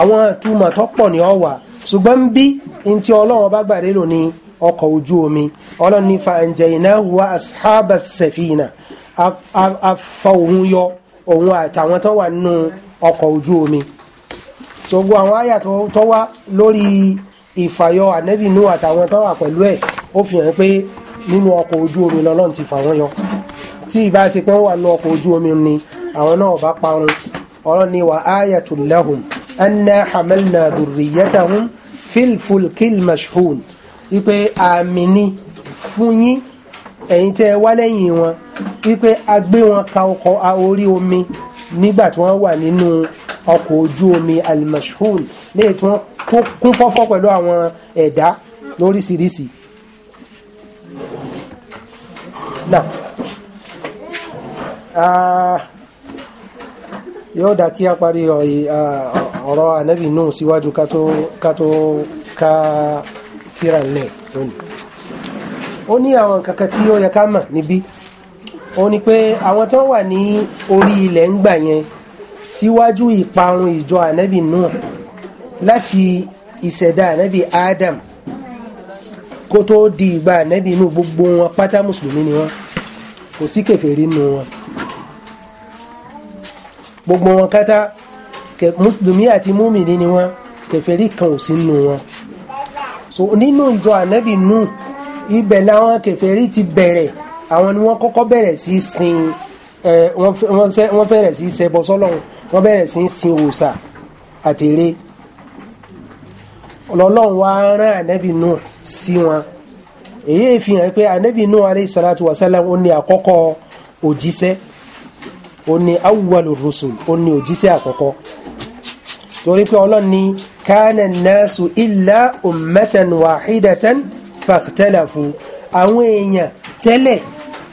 àwọn ìtumọ̀ tó pọ̀ ní ọ̀wà ṣùgbọ́n bí n ti ọlọ́run bá gbàdé lò ní ọkọ̀ ojú omi ọlọ́run ní fa ǹjẹ́ iná wa ashab sẹ̀fìnà afa òun yọ òun àtàwọn tó wà nínú ọkọ̀ ojú omi ṣògbó àwọn àyà tó wá lórí ìfàyọ ànẹ́bì nù àtàwọn tó wà pẹ̀lú ẹ̀ ó fi hàn pé nínú ọkọ̀ ojú omi lọ́lọ́run ti fà wọ́n yọ tí ìbá ṣe pé wọ́n wà nínú ọkọ̀ ojú omi ni àwọn náà bá parun ọlọ́run ní wa ayatul anna hamalna dhurriyatahum fil fulkil mashhun wípé àmì ni fún yín ẹ̀yin tẹ́ wá lẹ́yìn wọn wípé a gbé wọn ka ọkọ̀ orí omi nígbà tí wọ́n wà nínú ọkọ̀ ojú omi al-mashhun tí wọ́n kún fọ́fọ́ pẹ̀lú àwọn ẹ̀dá lóríṣiríṣi. Ah, yóò dà kí a parí ọ̀rọ̀ ah, ọ̀rọ̀ ànábì Nuhu síwájú ká tó ká tíra lẹ̀ lónìí ó ní àwọn kankan tí ó yẹ ká mọ̀ níbí ó ní pé àwọn tó wà ní orí ilẹ̀ ń gbà yẹn síwájú ìparun ìjọ ànábì Nuhu láti ìṣẹ̀dá ànábì Adam kó tó di ìgbà ànábì Nuhu gbogbo wọn pátá mùsùlùmí ni wọn kò sí kèfèrí nínú wọn gbogbo wọn kátá mùsùlùmí àti múmìnì ni wọ́n kèfèrí kan ò sí nù wọn so nínú ìjọ ànábì nù ibẹ̀ làwọn kèfèrí ti bẹ̀rẹ̀ àwọn ni wọ́n kọ́kọ́ bẹ̀rẹ̀ sí sin ẹ wọ́n bẹ̀rẹ̀ sí ṣẹbọ sọ́lọ́run wọ́n bẹ̀rẹ̀ sí sin òòṣà àtẹ̀rẹ́ ọlọ́run wa rán ànábì nù sí wọn èyí fi hàn pé ànábì nù alayhi salatu wa ó ní àkọ́kọ́ òjíṣẹ́ ó ní awwalu rusul ó ní òjíṣẹ́ àkọ́kọ́ torí pé ọlọ́run ní kana nasu illa ummatan wahidatan fakhtalafu àwọn èèyàn tẹ́lẹ̀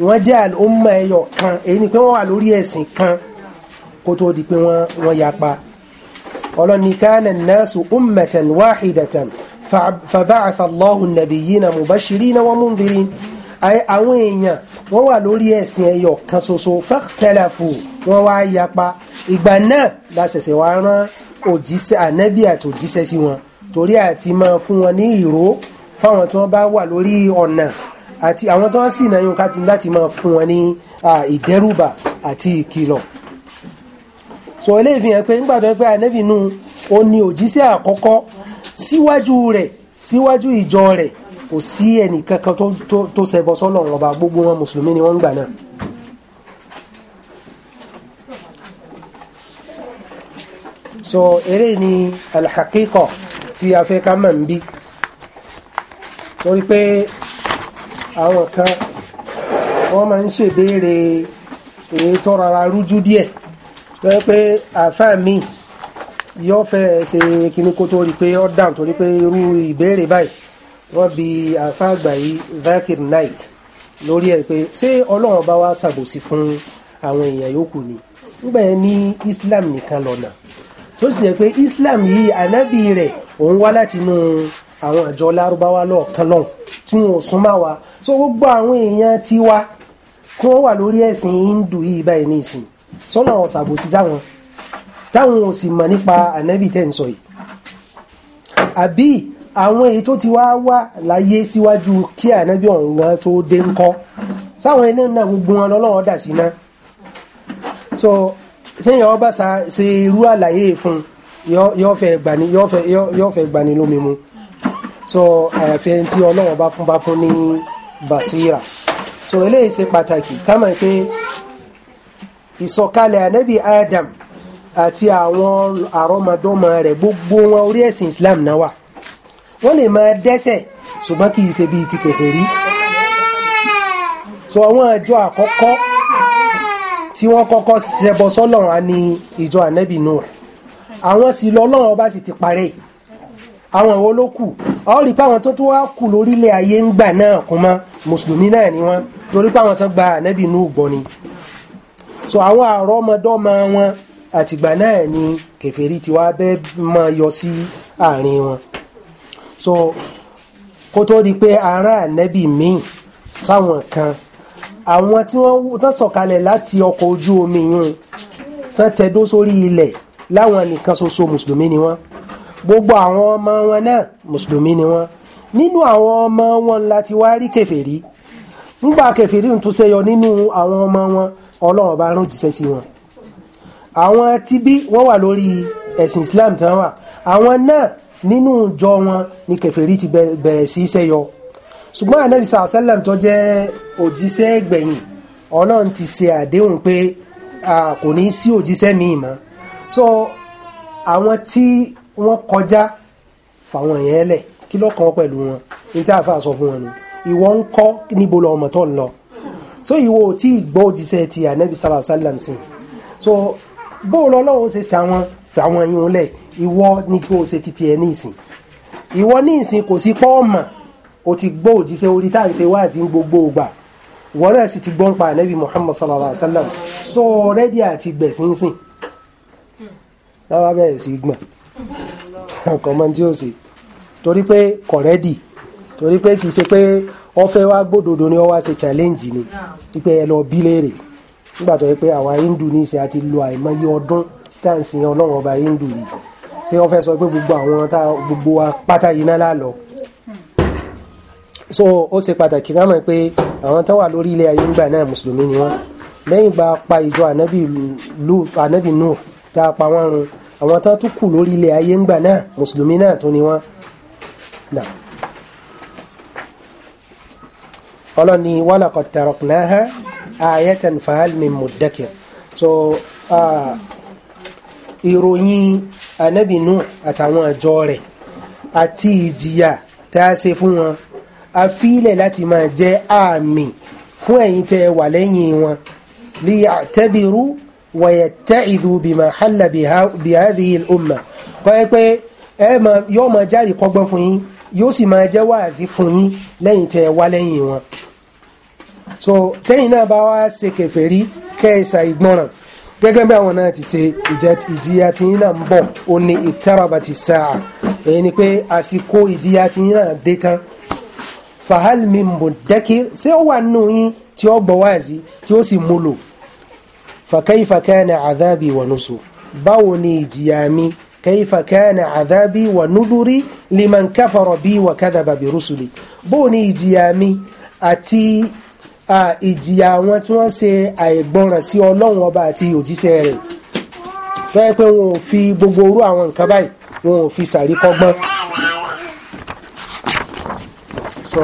wọ́n jẹ́ àlùmọ̀ ẹyọ kan èyí ni pé wọ́n wà lórí ẹ̀sìn kan kó tó di pé wọ́n yapa ọlọ́run ní kana nasu ummatan wahidatan faba'atha Allahu an-nabiyyina mubashirina wa mundhirin àwọn èèyàn wọ́n wà lórí ẹ̀sìn ẹyọ kan ṣoṣo fẹ́tẹ̀lẹ̀fù wọ́n wá yapa ìgbà náà la ṣẹ̀ṣẹ̀ wá rán òjíṣẹ́ ànábì àti òjíṣẹ́ sí wọn torí àti máa fún wọn ní ìró fáwọn tí wọ́n bá wà lórí ọ̀nà àti àwọn tí wọ́n sì náà yún káàtì láti máa fún wọn ní ìdẹ́rùbà àti ìkìlọ̀ so eléyìí fi pé nígbà tó pé ànábì nù ó ní òjíṣẹ́ àkọ́kọ́ síwájú rẹ̀ síwájú ìjọ rẹ̀ kò sí ẹnìkankan tó ṣẹbọ sọ́lọ́run ọba gbogbo wọn mùsùlùmí ni wọ́n ń gbà náà so eré ni alhakíkọ tí a fẹ́ ká mọ̀ ń bí torí pé àwọn kan wọ́n máa ń ṣèbéèrè èyí tó rárá rújú díẹ̀ tó yẹ pé àáfàá mi yóò fẹ́ ṣe kíní kó tó rí pé ó dáhùn torí pé irú ìbéèrè báyìí wọ́n bi àfa àgbà yìí Zakir Naik lórí ẹ̀ pé ṣé ọlọ́run bá wá ṣàbòsí fún àwọn èèyàn yòókù ni nígbà yẹn ní Islam nìkan lọ́nà tó sì yẹ pé Islam yìí ànábì rẹ̀ òun wá láti inú àwọn àjọ lárúbáwá lọ́ọ̀kan lọ́hùn tí wọn ò súnmọ́ wa tó gbogbo àwọn èèyàn tiwa tí wọ́n wà lórí ẹ̀sìn Hindu yìí báyìí ní ìsìn sọ́nà ọ̀sàbòsí sáwọn táwọn ò sì mọ̀ nípa ànábì tẹ̀ ń sọ yìí àbí àwọn èyí tó ti wá wá láyé síwájú kí ànábì ọ̀hún gan tó dé ń kọ́ sáwọn ilé náà gbogbo wọn lọ́lọ́wọ́ dà sí ná so téèyàn ọba sa ṣe irú àlàyé fún yọ fẹ́ gbani yọ fẹ́ gbani lómi mu so àyàfi ẹni tí ọlọ́wọ́n bá fún bá fún ní basira so eléyìí ṣe pàtàkì táwọn pé ìsọ̀kalẹ̀ ànábì Adam àti àwọn àrọ́mọdọ́mọ rẹ̀ gbogbo wọn orí ẹ̀sìn Islam náà wà wọ́n lè máa dẹ́sẹ̀ ṣùgbọ́n kì í ṣe bíi ti kèfèrí so àwọn àjọ àkọ́kọ́ tí wọ́n kọ́kọ́ ṣẹbọ sọ́lọ́run á ní ìjọ ànẹ́bì Nuh àwọn sì lọ ọlọ́run ọba sì ti parẹ́ àwọn ìwọ ló kù ọ rí i pé àwọn tó tó wá kù lórílẹ̀ ayé ń gbà náà kún mọ́ mùsùlùmí náà ni wọ́n torí pé àwọn tó gba ànẹ́bì Nuh gbọ́ ni so àwọn àrọ́mọdọ́mọ wọn àtìgbà náà ni kèfèrí ti wá bẹ́ẹ̀ máa yọ sí àárín wọn so kó tó di pé ará ànẹ́bì míì sáwọn kan àwọn tí wọ́n tán sọ̀kalẹ̀ láti ọkọ̀ ojú omi yún tán tẹ̀dó sórí ilẹ̀ láwọn nìkan ṣoṣo mùsùlùmí ni wọ́n gbogbo àwọn ọmọ wọn náà mùsùlùmí ni wọ́n nínú àwọn ọmọ wọn láti wá rí kèfèrí ńgbà kèfèrí ń túnṣe yọ nínú àwọn ọmọ wọn ọlọ́run bá rún jíṣẹ́ sí wọn àwọn tí wọ́n wà lórí ẹ̀sìn Islam tí wọ́n wà àwọn náà nínú ìjọ wọn ni kèfèrí ti bẹ̀rẹ̀ sí í ṣẹ́yọ ṣùgbọ́n anabi sàlá sálàm tó jẹ́ òjíṣẹ́ gbẹ̀yìn ọlọ́run ti ṣe àdéhùn pé kò ní sí òjíṣẹ́ míì mọ́ so àwọn tí wọ́n kọjá fàwọn yẹn lẹ̀ kí ló kàn pẹ̀lú wọn ní tí àáfàá sọ fún wọn nu ìwọ ń kọ́ níbo lọ ọmọ tó ń lọ so ìwọ ò tí ì gbọ́ òjíṣẹ́ ti anabi sàlá sálàm sí so bóòlù ọlọ́run ṣe ṣe àwọn fàwọn ìwọn lẹ̀ ìwọ ní kí o ṣe títí ẹ ní ìsìn ìwọ ní ìsìn kò sí pọ́ọ̀mà o ti gbọ́ òjíṣẹ́ orí tá à ń ṣe wáàsí gbogbo ògbà ìwọ náà sì ti gbọ́n pa ànábì Muhammad sallallahu alayhi wa sallam so rẹ́dí àti gbẹ̀sínsìn láwọn abẹ́rẹ́ sí gbọ̀n ọkọ̀ mọ́ tí ó ṣe torí pé kò rẹ́dí torí pé kì í ṣe pé ọfẹ́ wa gbódòdó ni ọ wá ṣe challenge ni wípé ẹ lọ bí léèrè nígbà tó yẹ pé àwa hindu ní ìsìn àti lo àìmọye ọdún tá à ń sin ọlọ́run ọba hindu yìí ṣé wọ́n fẹ́ sọ pé gbogbo àwọn tá gbogbo wa pátá yìí náà lálọ́ so ó ṣe pàtàkì ká mọ̀ pé àwọn tó wà lórí ilé ayé ńgbà náà mùsùlùmí ni wọ́n lẹ́yìn gba pa ìjọ ànábì nù tá a pa wọ́n run àwọn tó tún kù lórí ilé ayé ńgbà náà mùsùlùmí náà tún ni wọ́n. Nah. ọlọ́ni wàlàkọ̀ tàrọ̀kùnà ha ayẹ́tẹ̀ nfàálmi mùdẹ́kẹ̀ so. Uh, ìròyìn anabi nuh àtàwọn àjọ rẹ̀ àti ìjìyà tá a ṣe fún wọn a fílẹ̀ láti máa jẹ́ àmì fún ẹ̀yin tẹ́ ẹ wà lẹ́yìn wọn liya'tabiru wa yatta'idhu bima halla bihadhihi al-umma kọ́ ẹ pé yóò máa járe kọ́gbọ́n fún yín yóò sì máa jẹ́ wáàzí fún yín lẹ́yìn tẹ́ ẹ lẹ́yìn wọn so tẹ́yìn náà bá wá ṣe kèfèrí kẹ́ ẹ ṣàìgbọràn gẹ́gẹ́ bí àwọn náà ti ṣe ìjìyà tí yín náà ń bọ̀ ó ní ìtàràbàtì sáà èyí ni pé àsìkò ìjìyà tí yín náà dé tán fahal min mudakir ṣé ó wà nù yín tí ó gbọ́ wáàzí tí ó sì múlò fa kayfa àdábì wa báwo ni ìjìyà mi kayfa kana àdábì wa nuduri liman kafara bí wa kadhaba bi rusuli ìjìyà àwọn tí wọ́n ṣe àìgbọràn sí ọlọ́run ọba àti òjíṣẹ́ rẹ̀ bẹ́ẹ̀ pé wọn ò fi gbogbo orú àwọn nǹkan báyìí wọn ò fi ṣàríkọ́gbọ́n. so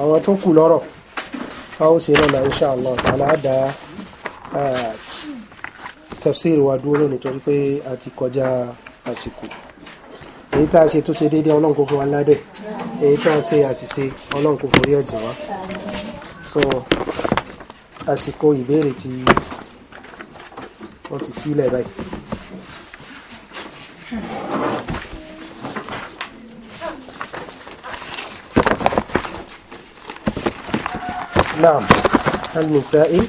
àwọn tó kù lọ́rọ̀ a ó ṣe lọ́la insha Allah ta'ala dá tafsir wa dúró lónìí torí pé a ti kọjá àsìkò èyí tá a ṣe tó ṣe déédéé ọlọ́run kò fún wa ládẹ̀ èyí tá a ṣe àṣìṣe ọlọ́run kò forí ẹ̀jẹ̀ wa so àsìkò ìbéèrè tí wọ́n ti sílẹ̀ báyìí. نعم هل من سائل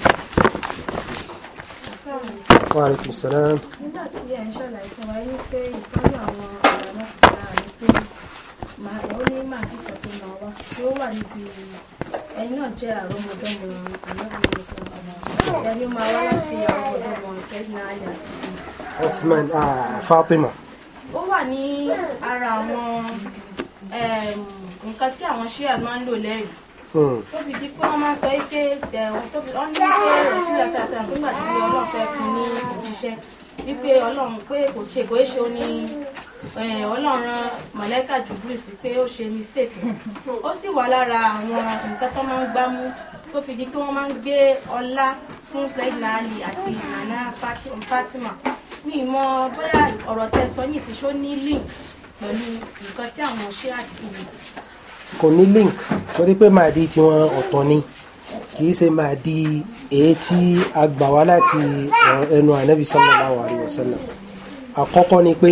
وعليكم السلام wà níbi ẹ̀yin náà jẹ́ àrọ́mọdọ́mọ anábìyẹn sọ̀rọ̀ ẹni máa wá láti àrọ́mọdọ́mọ sẹ́yìn àyà àti. Osman ah, Fatima. ó wà ní ara àwọn nǹkan tí àwọn ṣíà máa ń lò lẹ́yìn hmm. tó fi di pé wọ́n máa sọ pé tẹ̀wọ́n eh, tó fi wọ́n ní pé òṣìlẹ̀ ṣàṣà nígbà tí ọlọ́run fẹ́ fún ní òṣìṣẹ́ wípé ọlọ́run pé kò ṣe kò ṣe ó ní eh, ọlọ́run mọ̀lẹ́kà jubilee sí pé ó ṣe mistake ó sì wà lára àwọn nǹkan tó máa ń gbámú tó fi di pé wọ́n máa ń gbé ọlá fún Sayyidina Ali àti Nana Fatima mi mọ bóyá ọ̀rọ̀ tẹ sọ yìí sí ṣó ní link pẹ̀lú nǹkan tí àwọn ṣe àdìyẹ. kò ní link torí pé màá di tiwọn ọ̀tọ̀ ni kì í ṣe màá di èyí tí a gbà wá láti ẹnu ànábì sallallahu alaihi wasallam àkọ́kọ́ ni pé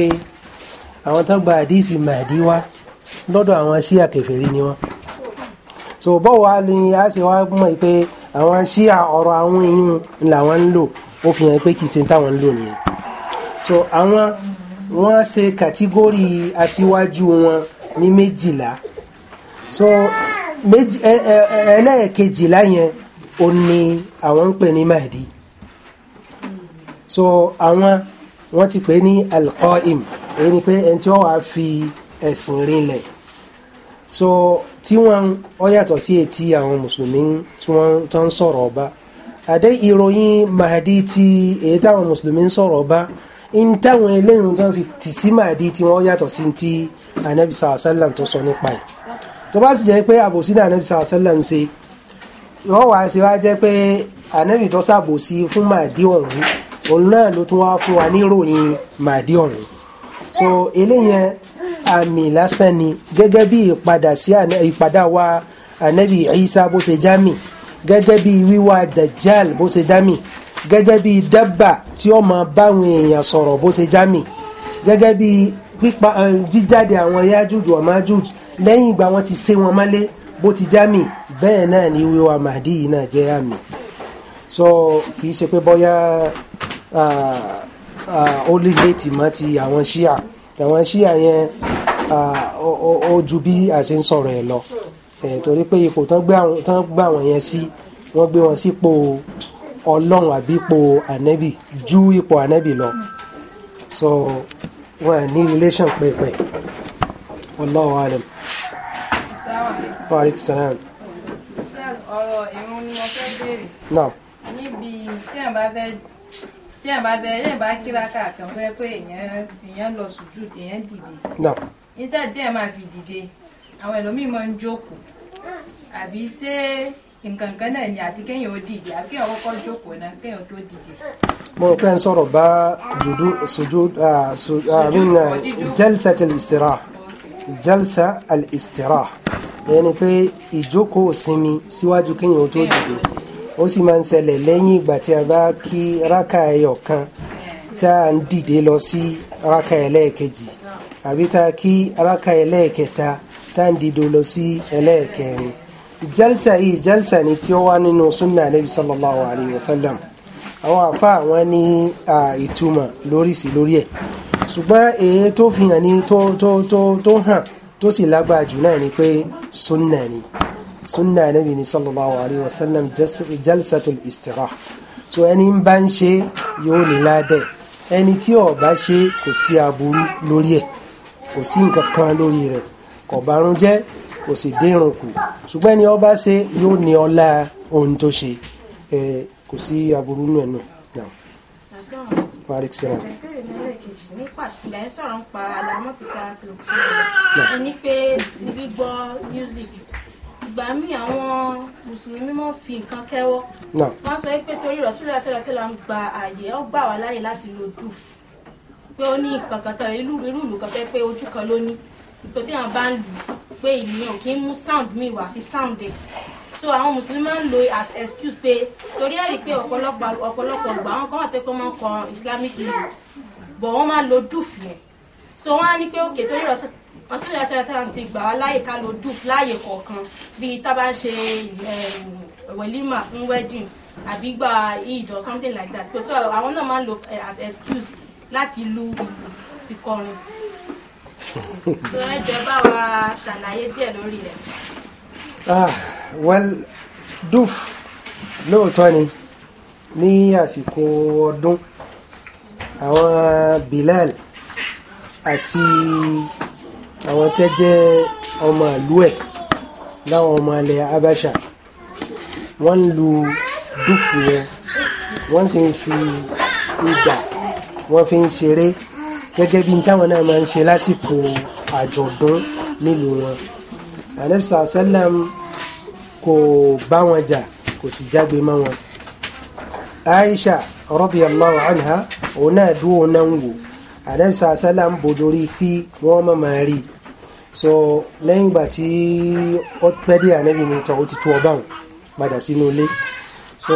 àwọn tó gba àdísì Mahdi wá lọ́dọ̀ àwọn ṣíà kèfèrí ni wọ́n so bọ́wọ́ a lè a ṣe wá mọ̀ pé àwọn ṣíà ọ̀rọ̀ àwọn èèyàn làwọn ń lò ó fi hàn pé kì í ṣe táwọn ń lò nìyẹn so àwọn wọ́n ṣe kàtígórì aṣíwájú wọn ní méjìlá so ẹlẹ́ẹ̀kejìlá yẹn ó ní àwọn ń pè ní Mahdi so àwọn wọ́n ti pè ní Al-Qaim. al al èyí ni pé ẹni tí wọ́n wá fi ẹ̀sìn rinlẹ̀ so tí wọ́n ọ yàtọ̀ sí etí àwọn mùsùlùmí tí wọ́n tó ń sọ̀rọ̀ ọba àdé ìròyìn mahadi ti èyí táwọn mùsùlùmí ń sọ̀rọ̀ ọba ń táwọn eléyìí tó ń fi tì sí mahadi tí wọ́n yàtọ̀ sí ti anabi sàlám tó sọ nípa ẹ̀ tó bá sì jẹ́ pé àbòsí náà anabi sàlám ṣe yóò wá sí wá jẹ́ pé anabi tó ṣàbòsí fún mahadi ọ̀hún òun náà ló tún wá fún wa ní ìròyìn mahadi ọ̀hún so eléyẹn àmì lásán ni gẹ́gẹ́ bí ìpadà sí ìpadà wa ànábì Isa bó ṣe jámì gẹ́gẹ́ bí wíwá Dajjal bó ṣe jámì gẹ́gẹ́ bí dábà tí ó máa báwọn èèyàn sọ̀rọ̀ bó ṣe jámì gẹ́gẹ́ bí pípa jíjáde àwọn Yájújù wa lẹ́yìn ìgbà wọn ti sé wọn mọ́lé bó ti jámì bẹ́ẹ̀ náà ni wíwá Mahdi yìí náà jẹ́ àmì so kì í ṣe pé bóyá. Ah, ó líléètì ti àwọn ṣíà àwọn ṣíà yẹn ah, ó ju bí a ṣe ń sọ̀rọ̀ ẹ̀ lọ eh, torí pé ipò tán gbà wọ́n yẹn sí wọ́n gbé wọn sípò ọlọ́run àbí ipò ànẹ́bì ju ipò ànẹ́bì lọ so wọn ní relation pẹpẹ Allahu alam. wa alaikum ọ̀rọ̀ ìrún ni mo fẹ́ béèrè. níbi tí èèyàn bá fẹ́ tí ẹ̀ bá bẹ ẹ̀ bá kíra káàkan fẹ́ pé èèyàn èèyàn lọ sùdù èèyàn dìde níta tí ẹ̀ máa fi dìde àwọn ẹlòmíì máa ń jókòó àbí ṣé nǹkan kan náà ni àti kéèyàn ó dìde àbí kéèyàn kọ́kọ́ jókòó náà kéèyàn tó dìde. mo rò pé n sọ̀rọ̀ bá jùdú sujud àmín uh, jalsat al-istirah jalsa al-istirah ẹni pé ìjókòó sinmi síwájú kéèyàn ó tó dìde ó sì máa ń ṣẹlẹ̀ lẹ́yìn ìgbà tí a bá kí rákà ẹyọ kan tá à ń dìde lọ sí rákà ẹlẹ́ẹ̀kejì àbí tá a kí rákà ẹlẹ́ẹ̀kẹta tá à ń dìde lọ sí ẹlẹ́ẹ̀kẹrin jalsa yìí jalsa ni tí ó wá nínú sunna nabi sallallahu alayhi wa sallam àwọn àfa àwọn ní ìtumọ̀ lórí sí lórí ẹ̀ ṣùgbọ́n èyí tó fi hàn ní tó tó tó tó hàn tó sì lágbára jù náà ni pé sunna ni sunna nabi ni sallallahu alayhi wa sallam jalsatul istiraha so ẹni ń bá ń ṣe yóò ní ládẹ̀ ẹni tí ó bá ṣe kò sí aburú lórí ẹ̀ kò sí nǹkan kan lórí rẹ̀ kò bàrún jẹ́ kò sì dérun kù ṣùgbọ́n ẹni ó ṣe yóò ní ọlá ohun tó ṣe kò sí aburú nù ẹ̀nu náà. Malik ìgbà míì àwọn mùsùlùmí mọ́ fi nǹkan kẹ́wọ́ wọ́n sọ pé torí rọ̀súlẹ̀ ṣẹlẹ̀ ń gba àyè ó gbà wá láàyè láti lo dùf pé ó ní nǹkan kan tán irú ìlú kan fẹ́ pé ojú kan ló ní ìtò tí wọn bá ń lù pé ìyẹn ò kí ń mú sound mi wá fi sound ẹ̀ so àwọn mùsùlùmí máa ń lo as excuse pé torí ẹ̀rí pé ọ̀pọ̀lọpọ̀ ọ̀pọ̀lọpọ̀ ìgbà àwọn kan wà tẹ́ pé wọ́n máa ń kọ islamic music but wọ́n máa ń lo dùf yẹn so wọ́n á ní pé òkè torí rọ̀súlẹ̀ ọ̀ṣun ìyàsẹ́sẹ́ ti gbà wá láyè ká lọ dùn láyè kọ̀ọ̀kan bíi tá a bá ń ṣe wẹ̀límà fún wedding àbí gba eid something like that so àwọn náà máa ń lo eh, as excuse láti lu ìlú so ẹ jẹ́ bá wa ṣàlàyé díẹ̀ lórí rẹ̀. ah well duf lóòótọ́ ni ní àsìkò ọdún àwọn Bilal àti àwọn tẹ́ jẹ́ ọmọ ìlú ẹ̀ láwọn ọmọ ilẹ̀ Habasha wọ́n ń lu dúfù yẹn wọ́n sì ń fi idà wọ́n fi ń ṣeré gẹ́gẹ́ bí táwọn náà máa ń ṣe lásìkò àjọ̀dún nílùú wọn anabisa sallam kò bá wọn jà kò sì jágbe mọ́ wọn Aisha radiyallahu anha òun náà dúró náà ń wò ànábì sàásálà ń bòdórí pí wọ́n má máa rí so lẹ́yìn ìgbà tí ó pẹ́ dé ànábì ní tọ́ ó ti tú ọba hàn padà sínú ilé so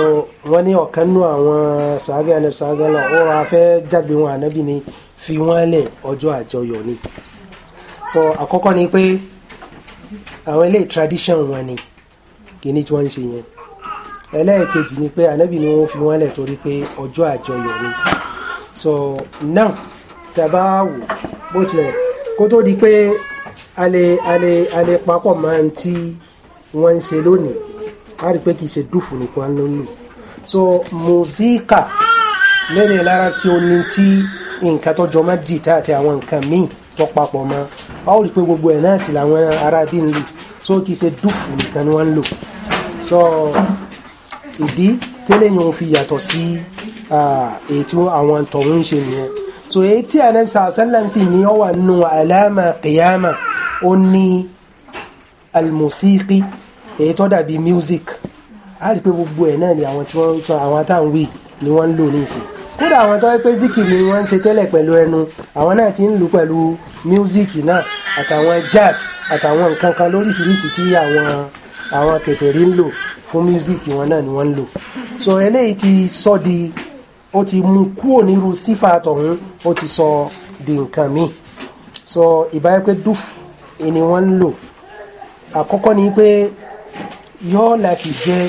wọ́n ní ọ̀kan nú àwọn sàábì ànábì sàásálà ó wàá fẹ́ jágbe wọn ànábì ní fi wọ́n lẹ̀ ọjọ́ àjọyọ̀ ni so àkọ́kọ́ ni pé àwọn ilé tradition wọn ni kìíní tí wọ́n ń ṣe yẹn ẹlẹ́ẹ̀kejì ni pé ànábì ni wọ́n fi wọ́n lẹ̀ torí pé ọjọ́ àjọyọ̀ ni so now tàbá wò bó tilẹ̀ kó tó di pé a lè a lè a lè papọ̀ máa ń tí wọ́n ń ṣe lónìí a rí i pé kì í ṣe dùfù nìkan lónìí so mùsíkà lẹ́yìn lára tí ó ní tí nǹkan tó jọ máa dìtà àti àwọn nǹkan míì tó papọ̀ mọ́ a ó rí i pé gbogbo ẹ̀ náà sì làwọn ará ń lò so kì í ṣe dùfù nìkan ni wọ́n ń lò so ìdí tẹ́lẹ̀ yìí wọ́n fi yàtọ̀ sí èyí tí àwọn tọ̀hún ń ṣe nìyẹn so èyí tí anabi sàlám sì ní ọ wà nù àlámà kìyàmà ó ní almusiki èyí tó dàbí music a rí pé gbogbo ẹ̀ náà ni àwọn tí wọ́n sọ àwọn táwọn wí ni wọ́n ń lò nísìn kódà àwọn tó wá pé zikiri ni wọ́n ń ṣe tẹ́lẹ̀ pẹ̀lú ẹnu àwọn náà ti ń lù pẹ̀lú míúsíkì náà àtàwọn jazz àtàwọn nǹkan kan lóríṣiríṣi tí àwọn àwọn kèfèrí ń lò fún míúsíkì wọn náà ni wọ́n ń lò so eléyìí ti sọ di ó ti mú kúrò nírú sífà tọ̀hún ó ti sọ di nǹkan míì so ìbáyé pé dúf ni wọ́n ń lò àkọ́kọ́ ni pé yọ láti jẹ́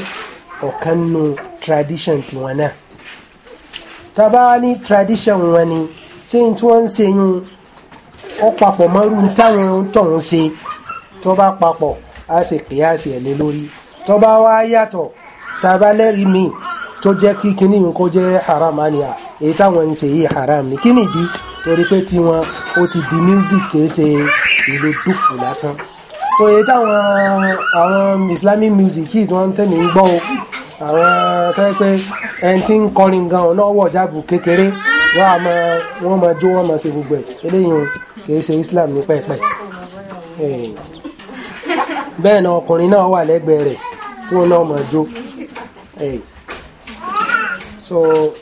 ọ̀kan nu tradition tiwọn náà tábà ní tradition wọn ni ṣé tí wọ́n ń ṣe yún ó papọ̀ mọ́rú táwọn tọ̀hún ṣe tó bá papọ̀ á ṣe kìí á ṣe ẹ̀lẹ́ lórí tó wá yàtọ̀ tábà lẹ́rìí míì tó jẹ́ kí kíní yìí kó jẹ́ haram ni à èyí táwọn ń ṣe yìí haram ni kí nìdí torí pé tiwọn ó ti di music kìí ṣe ìlú dùfù lásán so èyí táwọn àwọn islamic music yìí tí wọ́n ń tẹ̀lé ń gbọ́ o àwọn tó yẹ pé ẹni tí ń kọrin gan ọ̀nà ọwọ́ jáàbù kékeré wọ́n á máa wọ́n máa jó wọ́n máa ṣe gbogbo ẹ̀ eléyìí kìí ṣe islam ní pẹ́ẹ́pẹ́ bẹ́ẹ̀ náà ọkùnrin náà wà lẹ́gbẹ̀ẹ́ rẹ̀ tí wọ́n náà máa jó so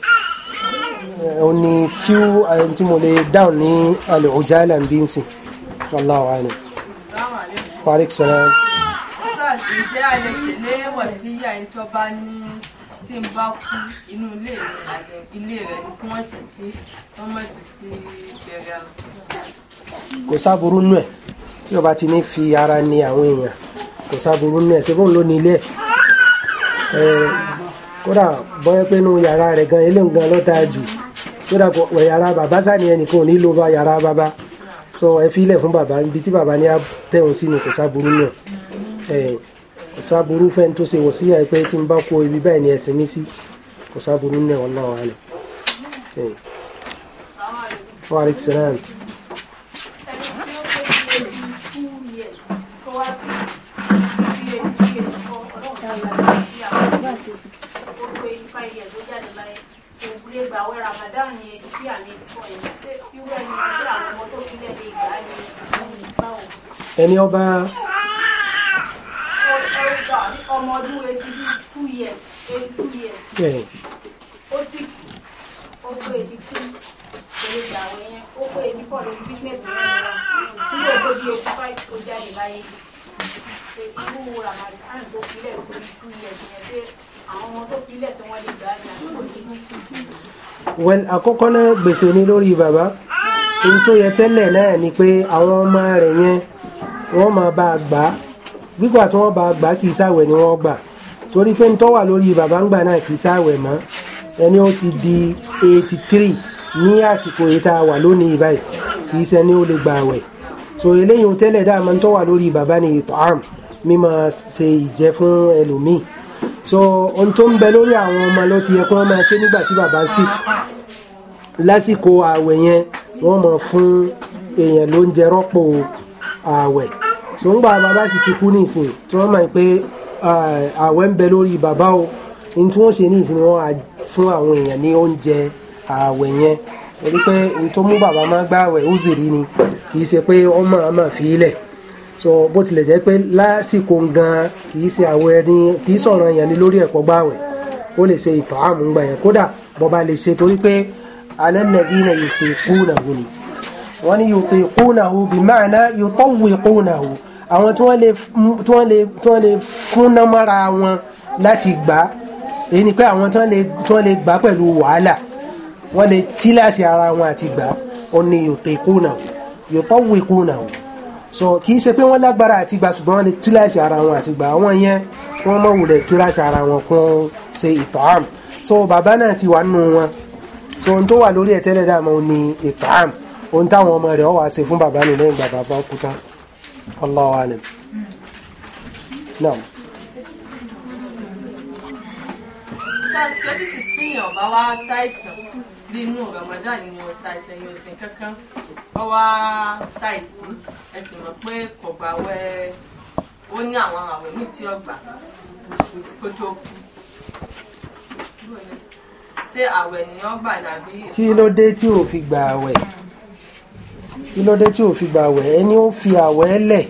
eh, ó ní few ayọ̀ eh, tí mo lè dáhùn ní al-ujala ń bí ń sìn Allahu a'lam. Farik salam. Ǹjẹ́ a lè tẹ̀lé wọ̀síyà ẹni tó bá ní tí n bá kú inú ilé rẹ̀ ilé kí wọ́n sì sí wọ́n mọ̀ sí sí bẹ̀rẹ̀ àlọ́. Kò sáburú nù ẹ̀ tí o bá ti ní fi ara ni àwọn èèyàn kò sáburú nù ẹ̀ ṣé fóun ló ní ilé ẹ̀. Eh, kódà bọ́yẹ́ pé inú yàrá rẹ̀ gan eléyìí gan ló dáa jù kódà wọ̀ yàrá bàbá sani ẹnìkan ò ní lo yàrá bàbá sọ ẹ fi ilẹ̀ fún bàbá ibi tí bàbá ní á tẹ̀wọ̀n sínú kò kò tó ṣe wọ̀ sí ẹ pé tí n bá kó ibi báyìí mi sí kò ọ̀gá ni tí àmì ìtọ́ ẹ̀ irú ẹni tí àwọn ọmọ tó fi lẹ́lẹ̀ ìgbà ni àwọn ìgbà ò. ẹni ọba. ọmọ ọdún eighty two years eighty two years. ó sì ó pé eighty two pẹ̀lú ìgbà àwọn yẹn ó pé eighty four lórí business náà lọ́wọ́ tó di eighty five ó jáde láyé irú ramadan tó fi lẹ́lẹ̀ two years yẹn pé well àkọ́kọ́ náà gbèsè ni lórí bàbá ohun tó yẹ tẹ́lẹ̀ náà ni pé àwọn ọmọ rẹ̀ yẹn wọ́n máa bá a gbà á gbígbà tí wọ́n bá a gbà á kì í sáwẹ̀ ni wọ́n gbà torí pé ń tó wà lórí bàbá ń gbà náà kì í sáwẹ̀ mọ́ ẹni ó ti di eighty three ní àsìkò yìí tá a wà lónìí báyìí kì í ṣẹni ó lè gba àwẹ̀ so eléyìí tẹ́lẹ̀ dáa máa ń tó wà lórí bàbá ni ìtọ́ àrùn mímọ ṣe ìjẹ fún ẹlòmíì so ohun tó ń bẹ lórí àwọn ọmọ ló ti yẹ kí wọ́n máa ṣe nígbà tí bàbá sì lásìkò ààwẹ̀ yẹn wọ́n máa fún èèyàn lóúnjẹ rọ́pò ààwẹ̀ so ń gbà bàbá sì ti kú nísìn tí wọ́n máa pé ààwẹ̀ ń bẹ lórí bàbá o ohun tí wọ́n ṣe ní ìsinmi wọn fún àwọn èèyàn ní oúnjẹ ààwẹ̀ yẹn torí pé ohun tó mú bàbá máa gbààwẹ̀ ó sì rí ni kì í ṣe pé ọmọ àmà fi í lẹ̀ so bó tilẹ̀ jẹ́ pé lásìkò gan kìí ṣe àwẹ̀ ẹni kìí sọ̀rọ̀ yẹn ni lórí ẹ̀kọ́ gbàwẹ̀ ó lè ṣe ìtọ̀ àmúgbà yẹn kódà bọ́ba lè ṣe torí pé alẹ́lẹ́bínà yutiqunahu ni wọ́n ní yutiqunahu bí ma'na yutawwiqunahu àwọn tí wọ́n lè tí wọ́n lè tí wọ́n lè fúnná mọ́ra wọn láti gbà èyí ni pé àwọn tí wọ́n lè gbà pẹ̀lú wàhálà wọ́n lè tíláàsì ara wọn àti gbà ó ní yutiqunahu yutawwiqunahu so kì í ṣe pé wọ́n lágbára àti gbà ṣùgbọ́n wọ́n lè túláṣì ara wọn àti gbà àwọn yẹn wọ́n mọ̀ wùlẹ̀ túláṣì ara wọn kún ṣe ìtọ́àm so bàbá náà ti wà nù wọn so ohun tó wà lórí ẹ̀ tẹ́lẹ̀ dààmú ni ìtọ́àm ohun táwọn ọmọ rẹ̀ wà ṣe fún bàbá nù lẹ́yìn bàbá bá kú tán Allahu alim náà. sars twenty sixteen ọba wa ṣàìsàn bí inú Ramadan ni wọ́n sa ìṣẹ̀yìn òsìn kankan wọ́n wá ṣàìsí ẹ sì mọ̀ pé kò gbà wẹ̀ ó ní àwọn àwẹ̀ mí tí ó gbà kó tó kú ṣé àwẹ̀ nìyẹn gbà dàbí. kí ló dé tí ò fi gba àwẹ̀ kí ló dé tí o fi gba àwẹ̀ ẹni ó fi àwẹ̀ lẹ̀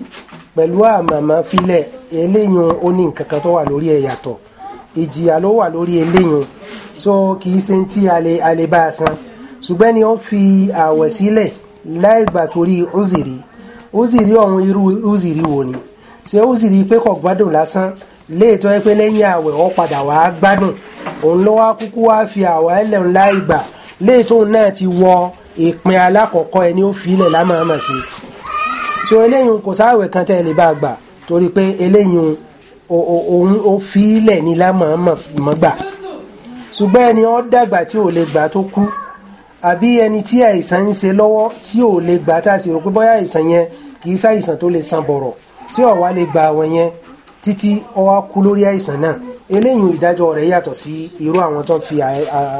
pẹ̀lú àmàmà filẹ̀ eléyìí ó ní tó wà lórí ẹ̀ yàtọ̀ ìjìyà ló wà lórí eléyìn so kì í ṣe tí a lè bá a san ṣùgbọ́n ni ó fi àwẹ̀ sílẹ̀ láì gbà torí uziri uziri ọ̀hún irú uziri wò ni ṣé uziri pé kò gbádùn lásán léètọ́ pé lẹ́yìn àwẹ̀ ó padà wàá gbádùn òun ló wá kúkú wá fi àwẹ̀ ẹlẹ́run láì gbà léètọ́ náà ti wọ ìpín alákọ̀ọ́kọ́ ẹni ó fi ilẹ̀ lámàmà sí i tí kò sáwẹ̀ kan tẹ́ ẹ lè bá a gbà torí pé eléyìí òun ó fi ilẹ̀ ní lámàmọ́ gbà ṣùgbọ́n ẹni ó dàgbà tí ò lè gbà tó kú àbí ẹni tí àìsàn ń ṣe lọ́wọ́ tí ò lè gbà tá a sì rò pé bóyá àìsàn yẹn kì í ṣàìsàn tó lè san bọ̀rọ̀ tí ó wá lè gba àwọn yẹn títí ó wá kú lórí àìsàn náà eléyìí ìdájọ́ rẹ̀ yàtọ̀ sí irú àwọn tó ń fi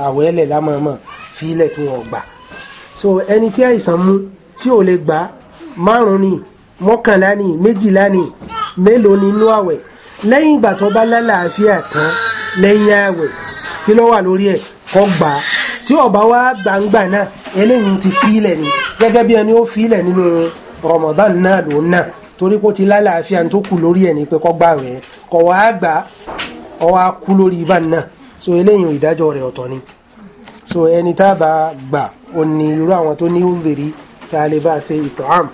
àwẹ́lẹ̀ lámọ̀ọ́mọ̀ fi ilẹ̀ tó wọ́n gbà so ẹni tí àìsàn mú tí ò lè gbà márùn-ún ni mọ́kànlá ni méjìlá ni mélòó ni inú àwẹ̀ lẹ́yìn ìgbà tó bá lálàáfíà tán lẹ́yìn ààwẹ̀ kí ló wà lórí ẹ̀ kọ́ gbà á tí ó bá wá gbangba náà eléyìí ti fílẹ̀ ni gẹ́gẹ́ bí ẹni ó fílẹ̀ nínú Ramadan náà lòun náà torí kó ti lálàáfíà tó kù lórí ẹ̀ ní pé kọ́ gbà rẹ̀ kọ́ wá gbà ọ wá kú lórí ibà náà so eléyìí ìdájọ́ rẹ̀ ọ̀tọ̀ ni so ẹni tá a bá gbà ó ní irú àwọn tó ní òvèrè tá a lè bá a ṣe ìtọ̀ àm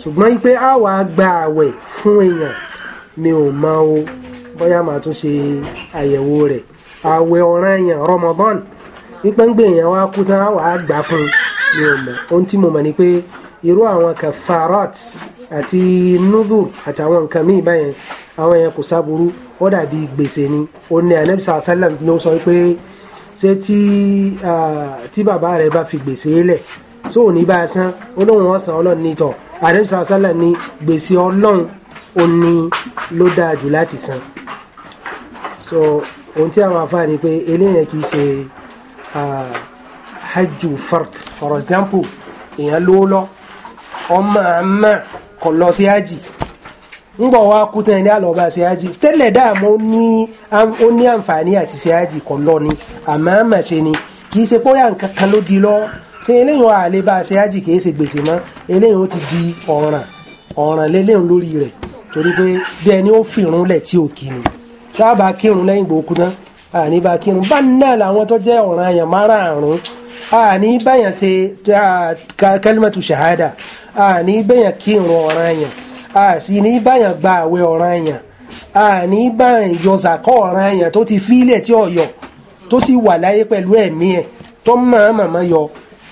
ṣùgbọ́n pé a gba àwẹ̀ fún èèyàn mi ò mọ o bóyá màá tún ṣe àyẹ̀wò rẹ̀ àwẹ̀ ọ̀ranyàn Ramadan wípé ń gbé èèyàn wá kú tán á wàá gbà fún mi ò mọ̀ ohun tí mo mọ̀ ni pé irú àwọn kafarat àti nudhur àtàwọn nǹkan míì báyẹn àwọn yẹn kò sábúrú ó dàbí gbèsè ni ó ní anabisa asálàm ló sọ pé ṣé tí tí bàbá rẹ bá fi gbèsè lẹ̀ sóò ní bá a san ó lóun ọ̀sán ọlọ́run anabisa asálàm ní gbèsè ọlọ́run ó ní ló dáa jù láti san so ohun tí àwọn afa ni pé eléyàn kì í ṣe hajj for example èèyàn ló lọ ọmọ àmà kò lọ sí hajj ngbọ wa kú tán ní àlọba hajj tẹ́lẹ̀ dáàmú ó ní àǹfààní àti ni àmọ́ àmà ṣe ni kì í ṣe pé ó nǹkan ló di lọ́wọ́ ṣe gbèsè ó ti di ọ̀ràn lélẹ́yìn lórí rẹ̀ torí pé bí ẹni ó fìrun lẹ̀ tí ò kí ni sábà kírun lẹ́yìn gbòókù náà àní bá kírun bá náà làwọn tó jẹ́ ọ̀ràn àyàn márààrún àní báyàn ṣe kálímàtù ṣàhádà àní báyàn kírun ọ̀ràn àyàn àsì ní báyàn gba àwẹ̀ ọ̀ràn àyàn àní báyàn yọzàkọ́ ọ̀ràn àyàn tó ti fílẹ̀ tí ọ̀yọ̀ tó sì wà láyé pẹ̀lú ẹ̀mí ẹ̀ tó máa màmá yọ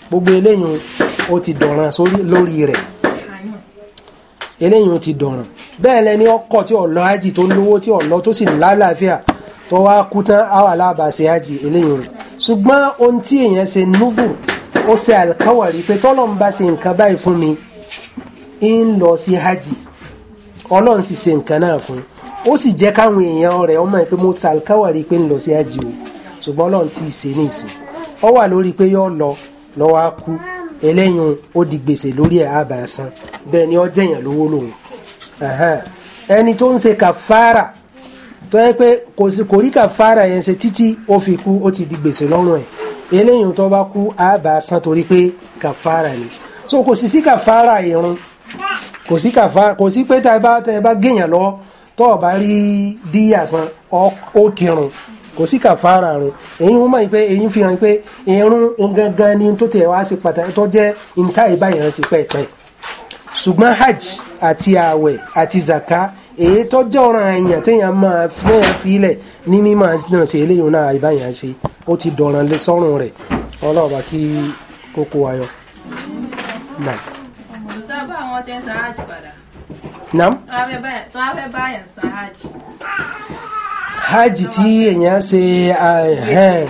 gbogbo eléyìí ó ti dọ̀ràn lórí rẹ̀ eléyìí ti dọ̀ràn bẹ́ẹ̀ lẹni ọkọ tí ó lọ hajj tó lówó tí ó lọ tó sì lálàáfíà tó wá kú tán àwa lábàáṣe hajj eléyìí rẹ̀ ṣùgbọ́n ohun tí èèyàn ṣe núvù ó ṣe àkàwárí pé tọ́lọ́run bá ṣe nǹkan báyìí fún mi ń lọ sí hajj ọlọ́run sì ṣe nǹkan náà fún ó sì jẹ́ káwọn èèyàn rẹ̀ ọmọ ẹ̀ pé mo ṣe àkàwárí pé ń lọ sí hajj o ṣùgbọ́n ọlọ́run ti ṣe ní ìsìn ọ wà lórí pé yóò lọ lọ́wọ́ á kú eléyìí ó di gbèsè lórí ẹ̀ àbá san bẹ́ẹ̀ ni ó jẹ̀yàn lówó lòun ẹni tó ń ṣe kàfàrà tó yẹ pé kò sí kò rí kàfàrà yẹn ṣe títí ó fi kú ó ti di gbèsè lọ́rùn ẹ̀ eléyìí tó bá kú àbá san torí pé kàfàrà ni so kò sí sí kàfàrà irun kò sí kàfàrà kò sí pé tá ẹ bá tá ẹ bá gèèyàn lọ tó o bá rí díyà san ó kírun. kò sí fara rùn èyí wọ́n máa ń pé èyí fi hàn pé irun gangan ni tó tiẹ̀ wá pàtàkì tó jẹ́ níta ìbáyàn pẹ́ẹ́pẹ́ hajj àti ààwẹ̀ àti zaka èyí tó jẹ́ ọ̀ràn èèyàn téèyàn máa fẹ́ẹ́ filẹ̀ ní náà ṣe eléyìí náà ṣe ó ti dọ̀ràn rẹ̀ kí kókó ayọ̀ nam. a fẹ́ hajj. ha ti tiye ya se ahe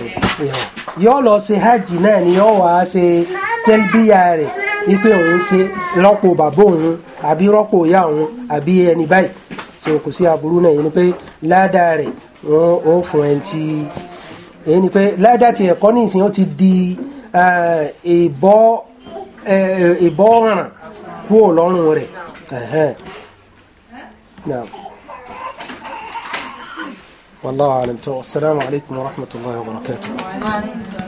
yo lo se ha ji ni o wa se ten biare ipe o se lopo babo un abi ropo ya un abi eni bayi so ko si aburu na yin pe ladare o o fun enti eni pe lada ti e ko o ti di eh ibo eh ibo ran ku olorun re ehe والله أعلم والسلام عليكم ورحمة الله وبركاته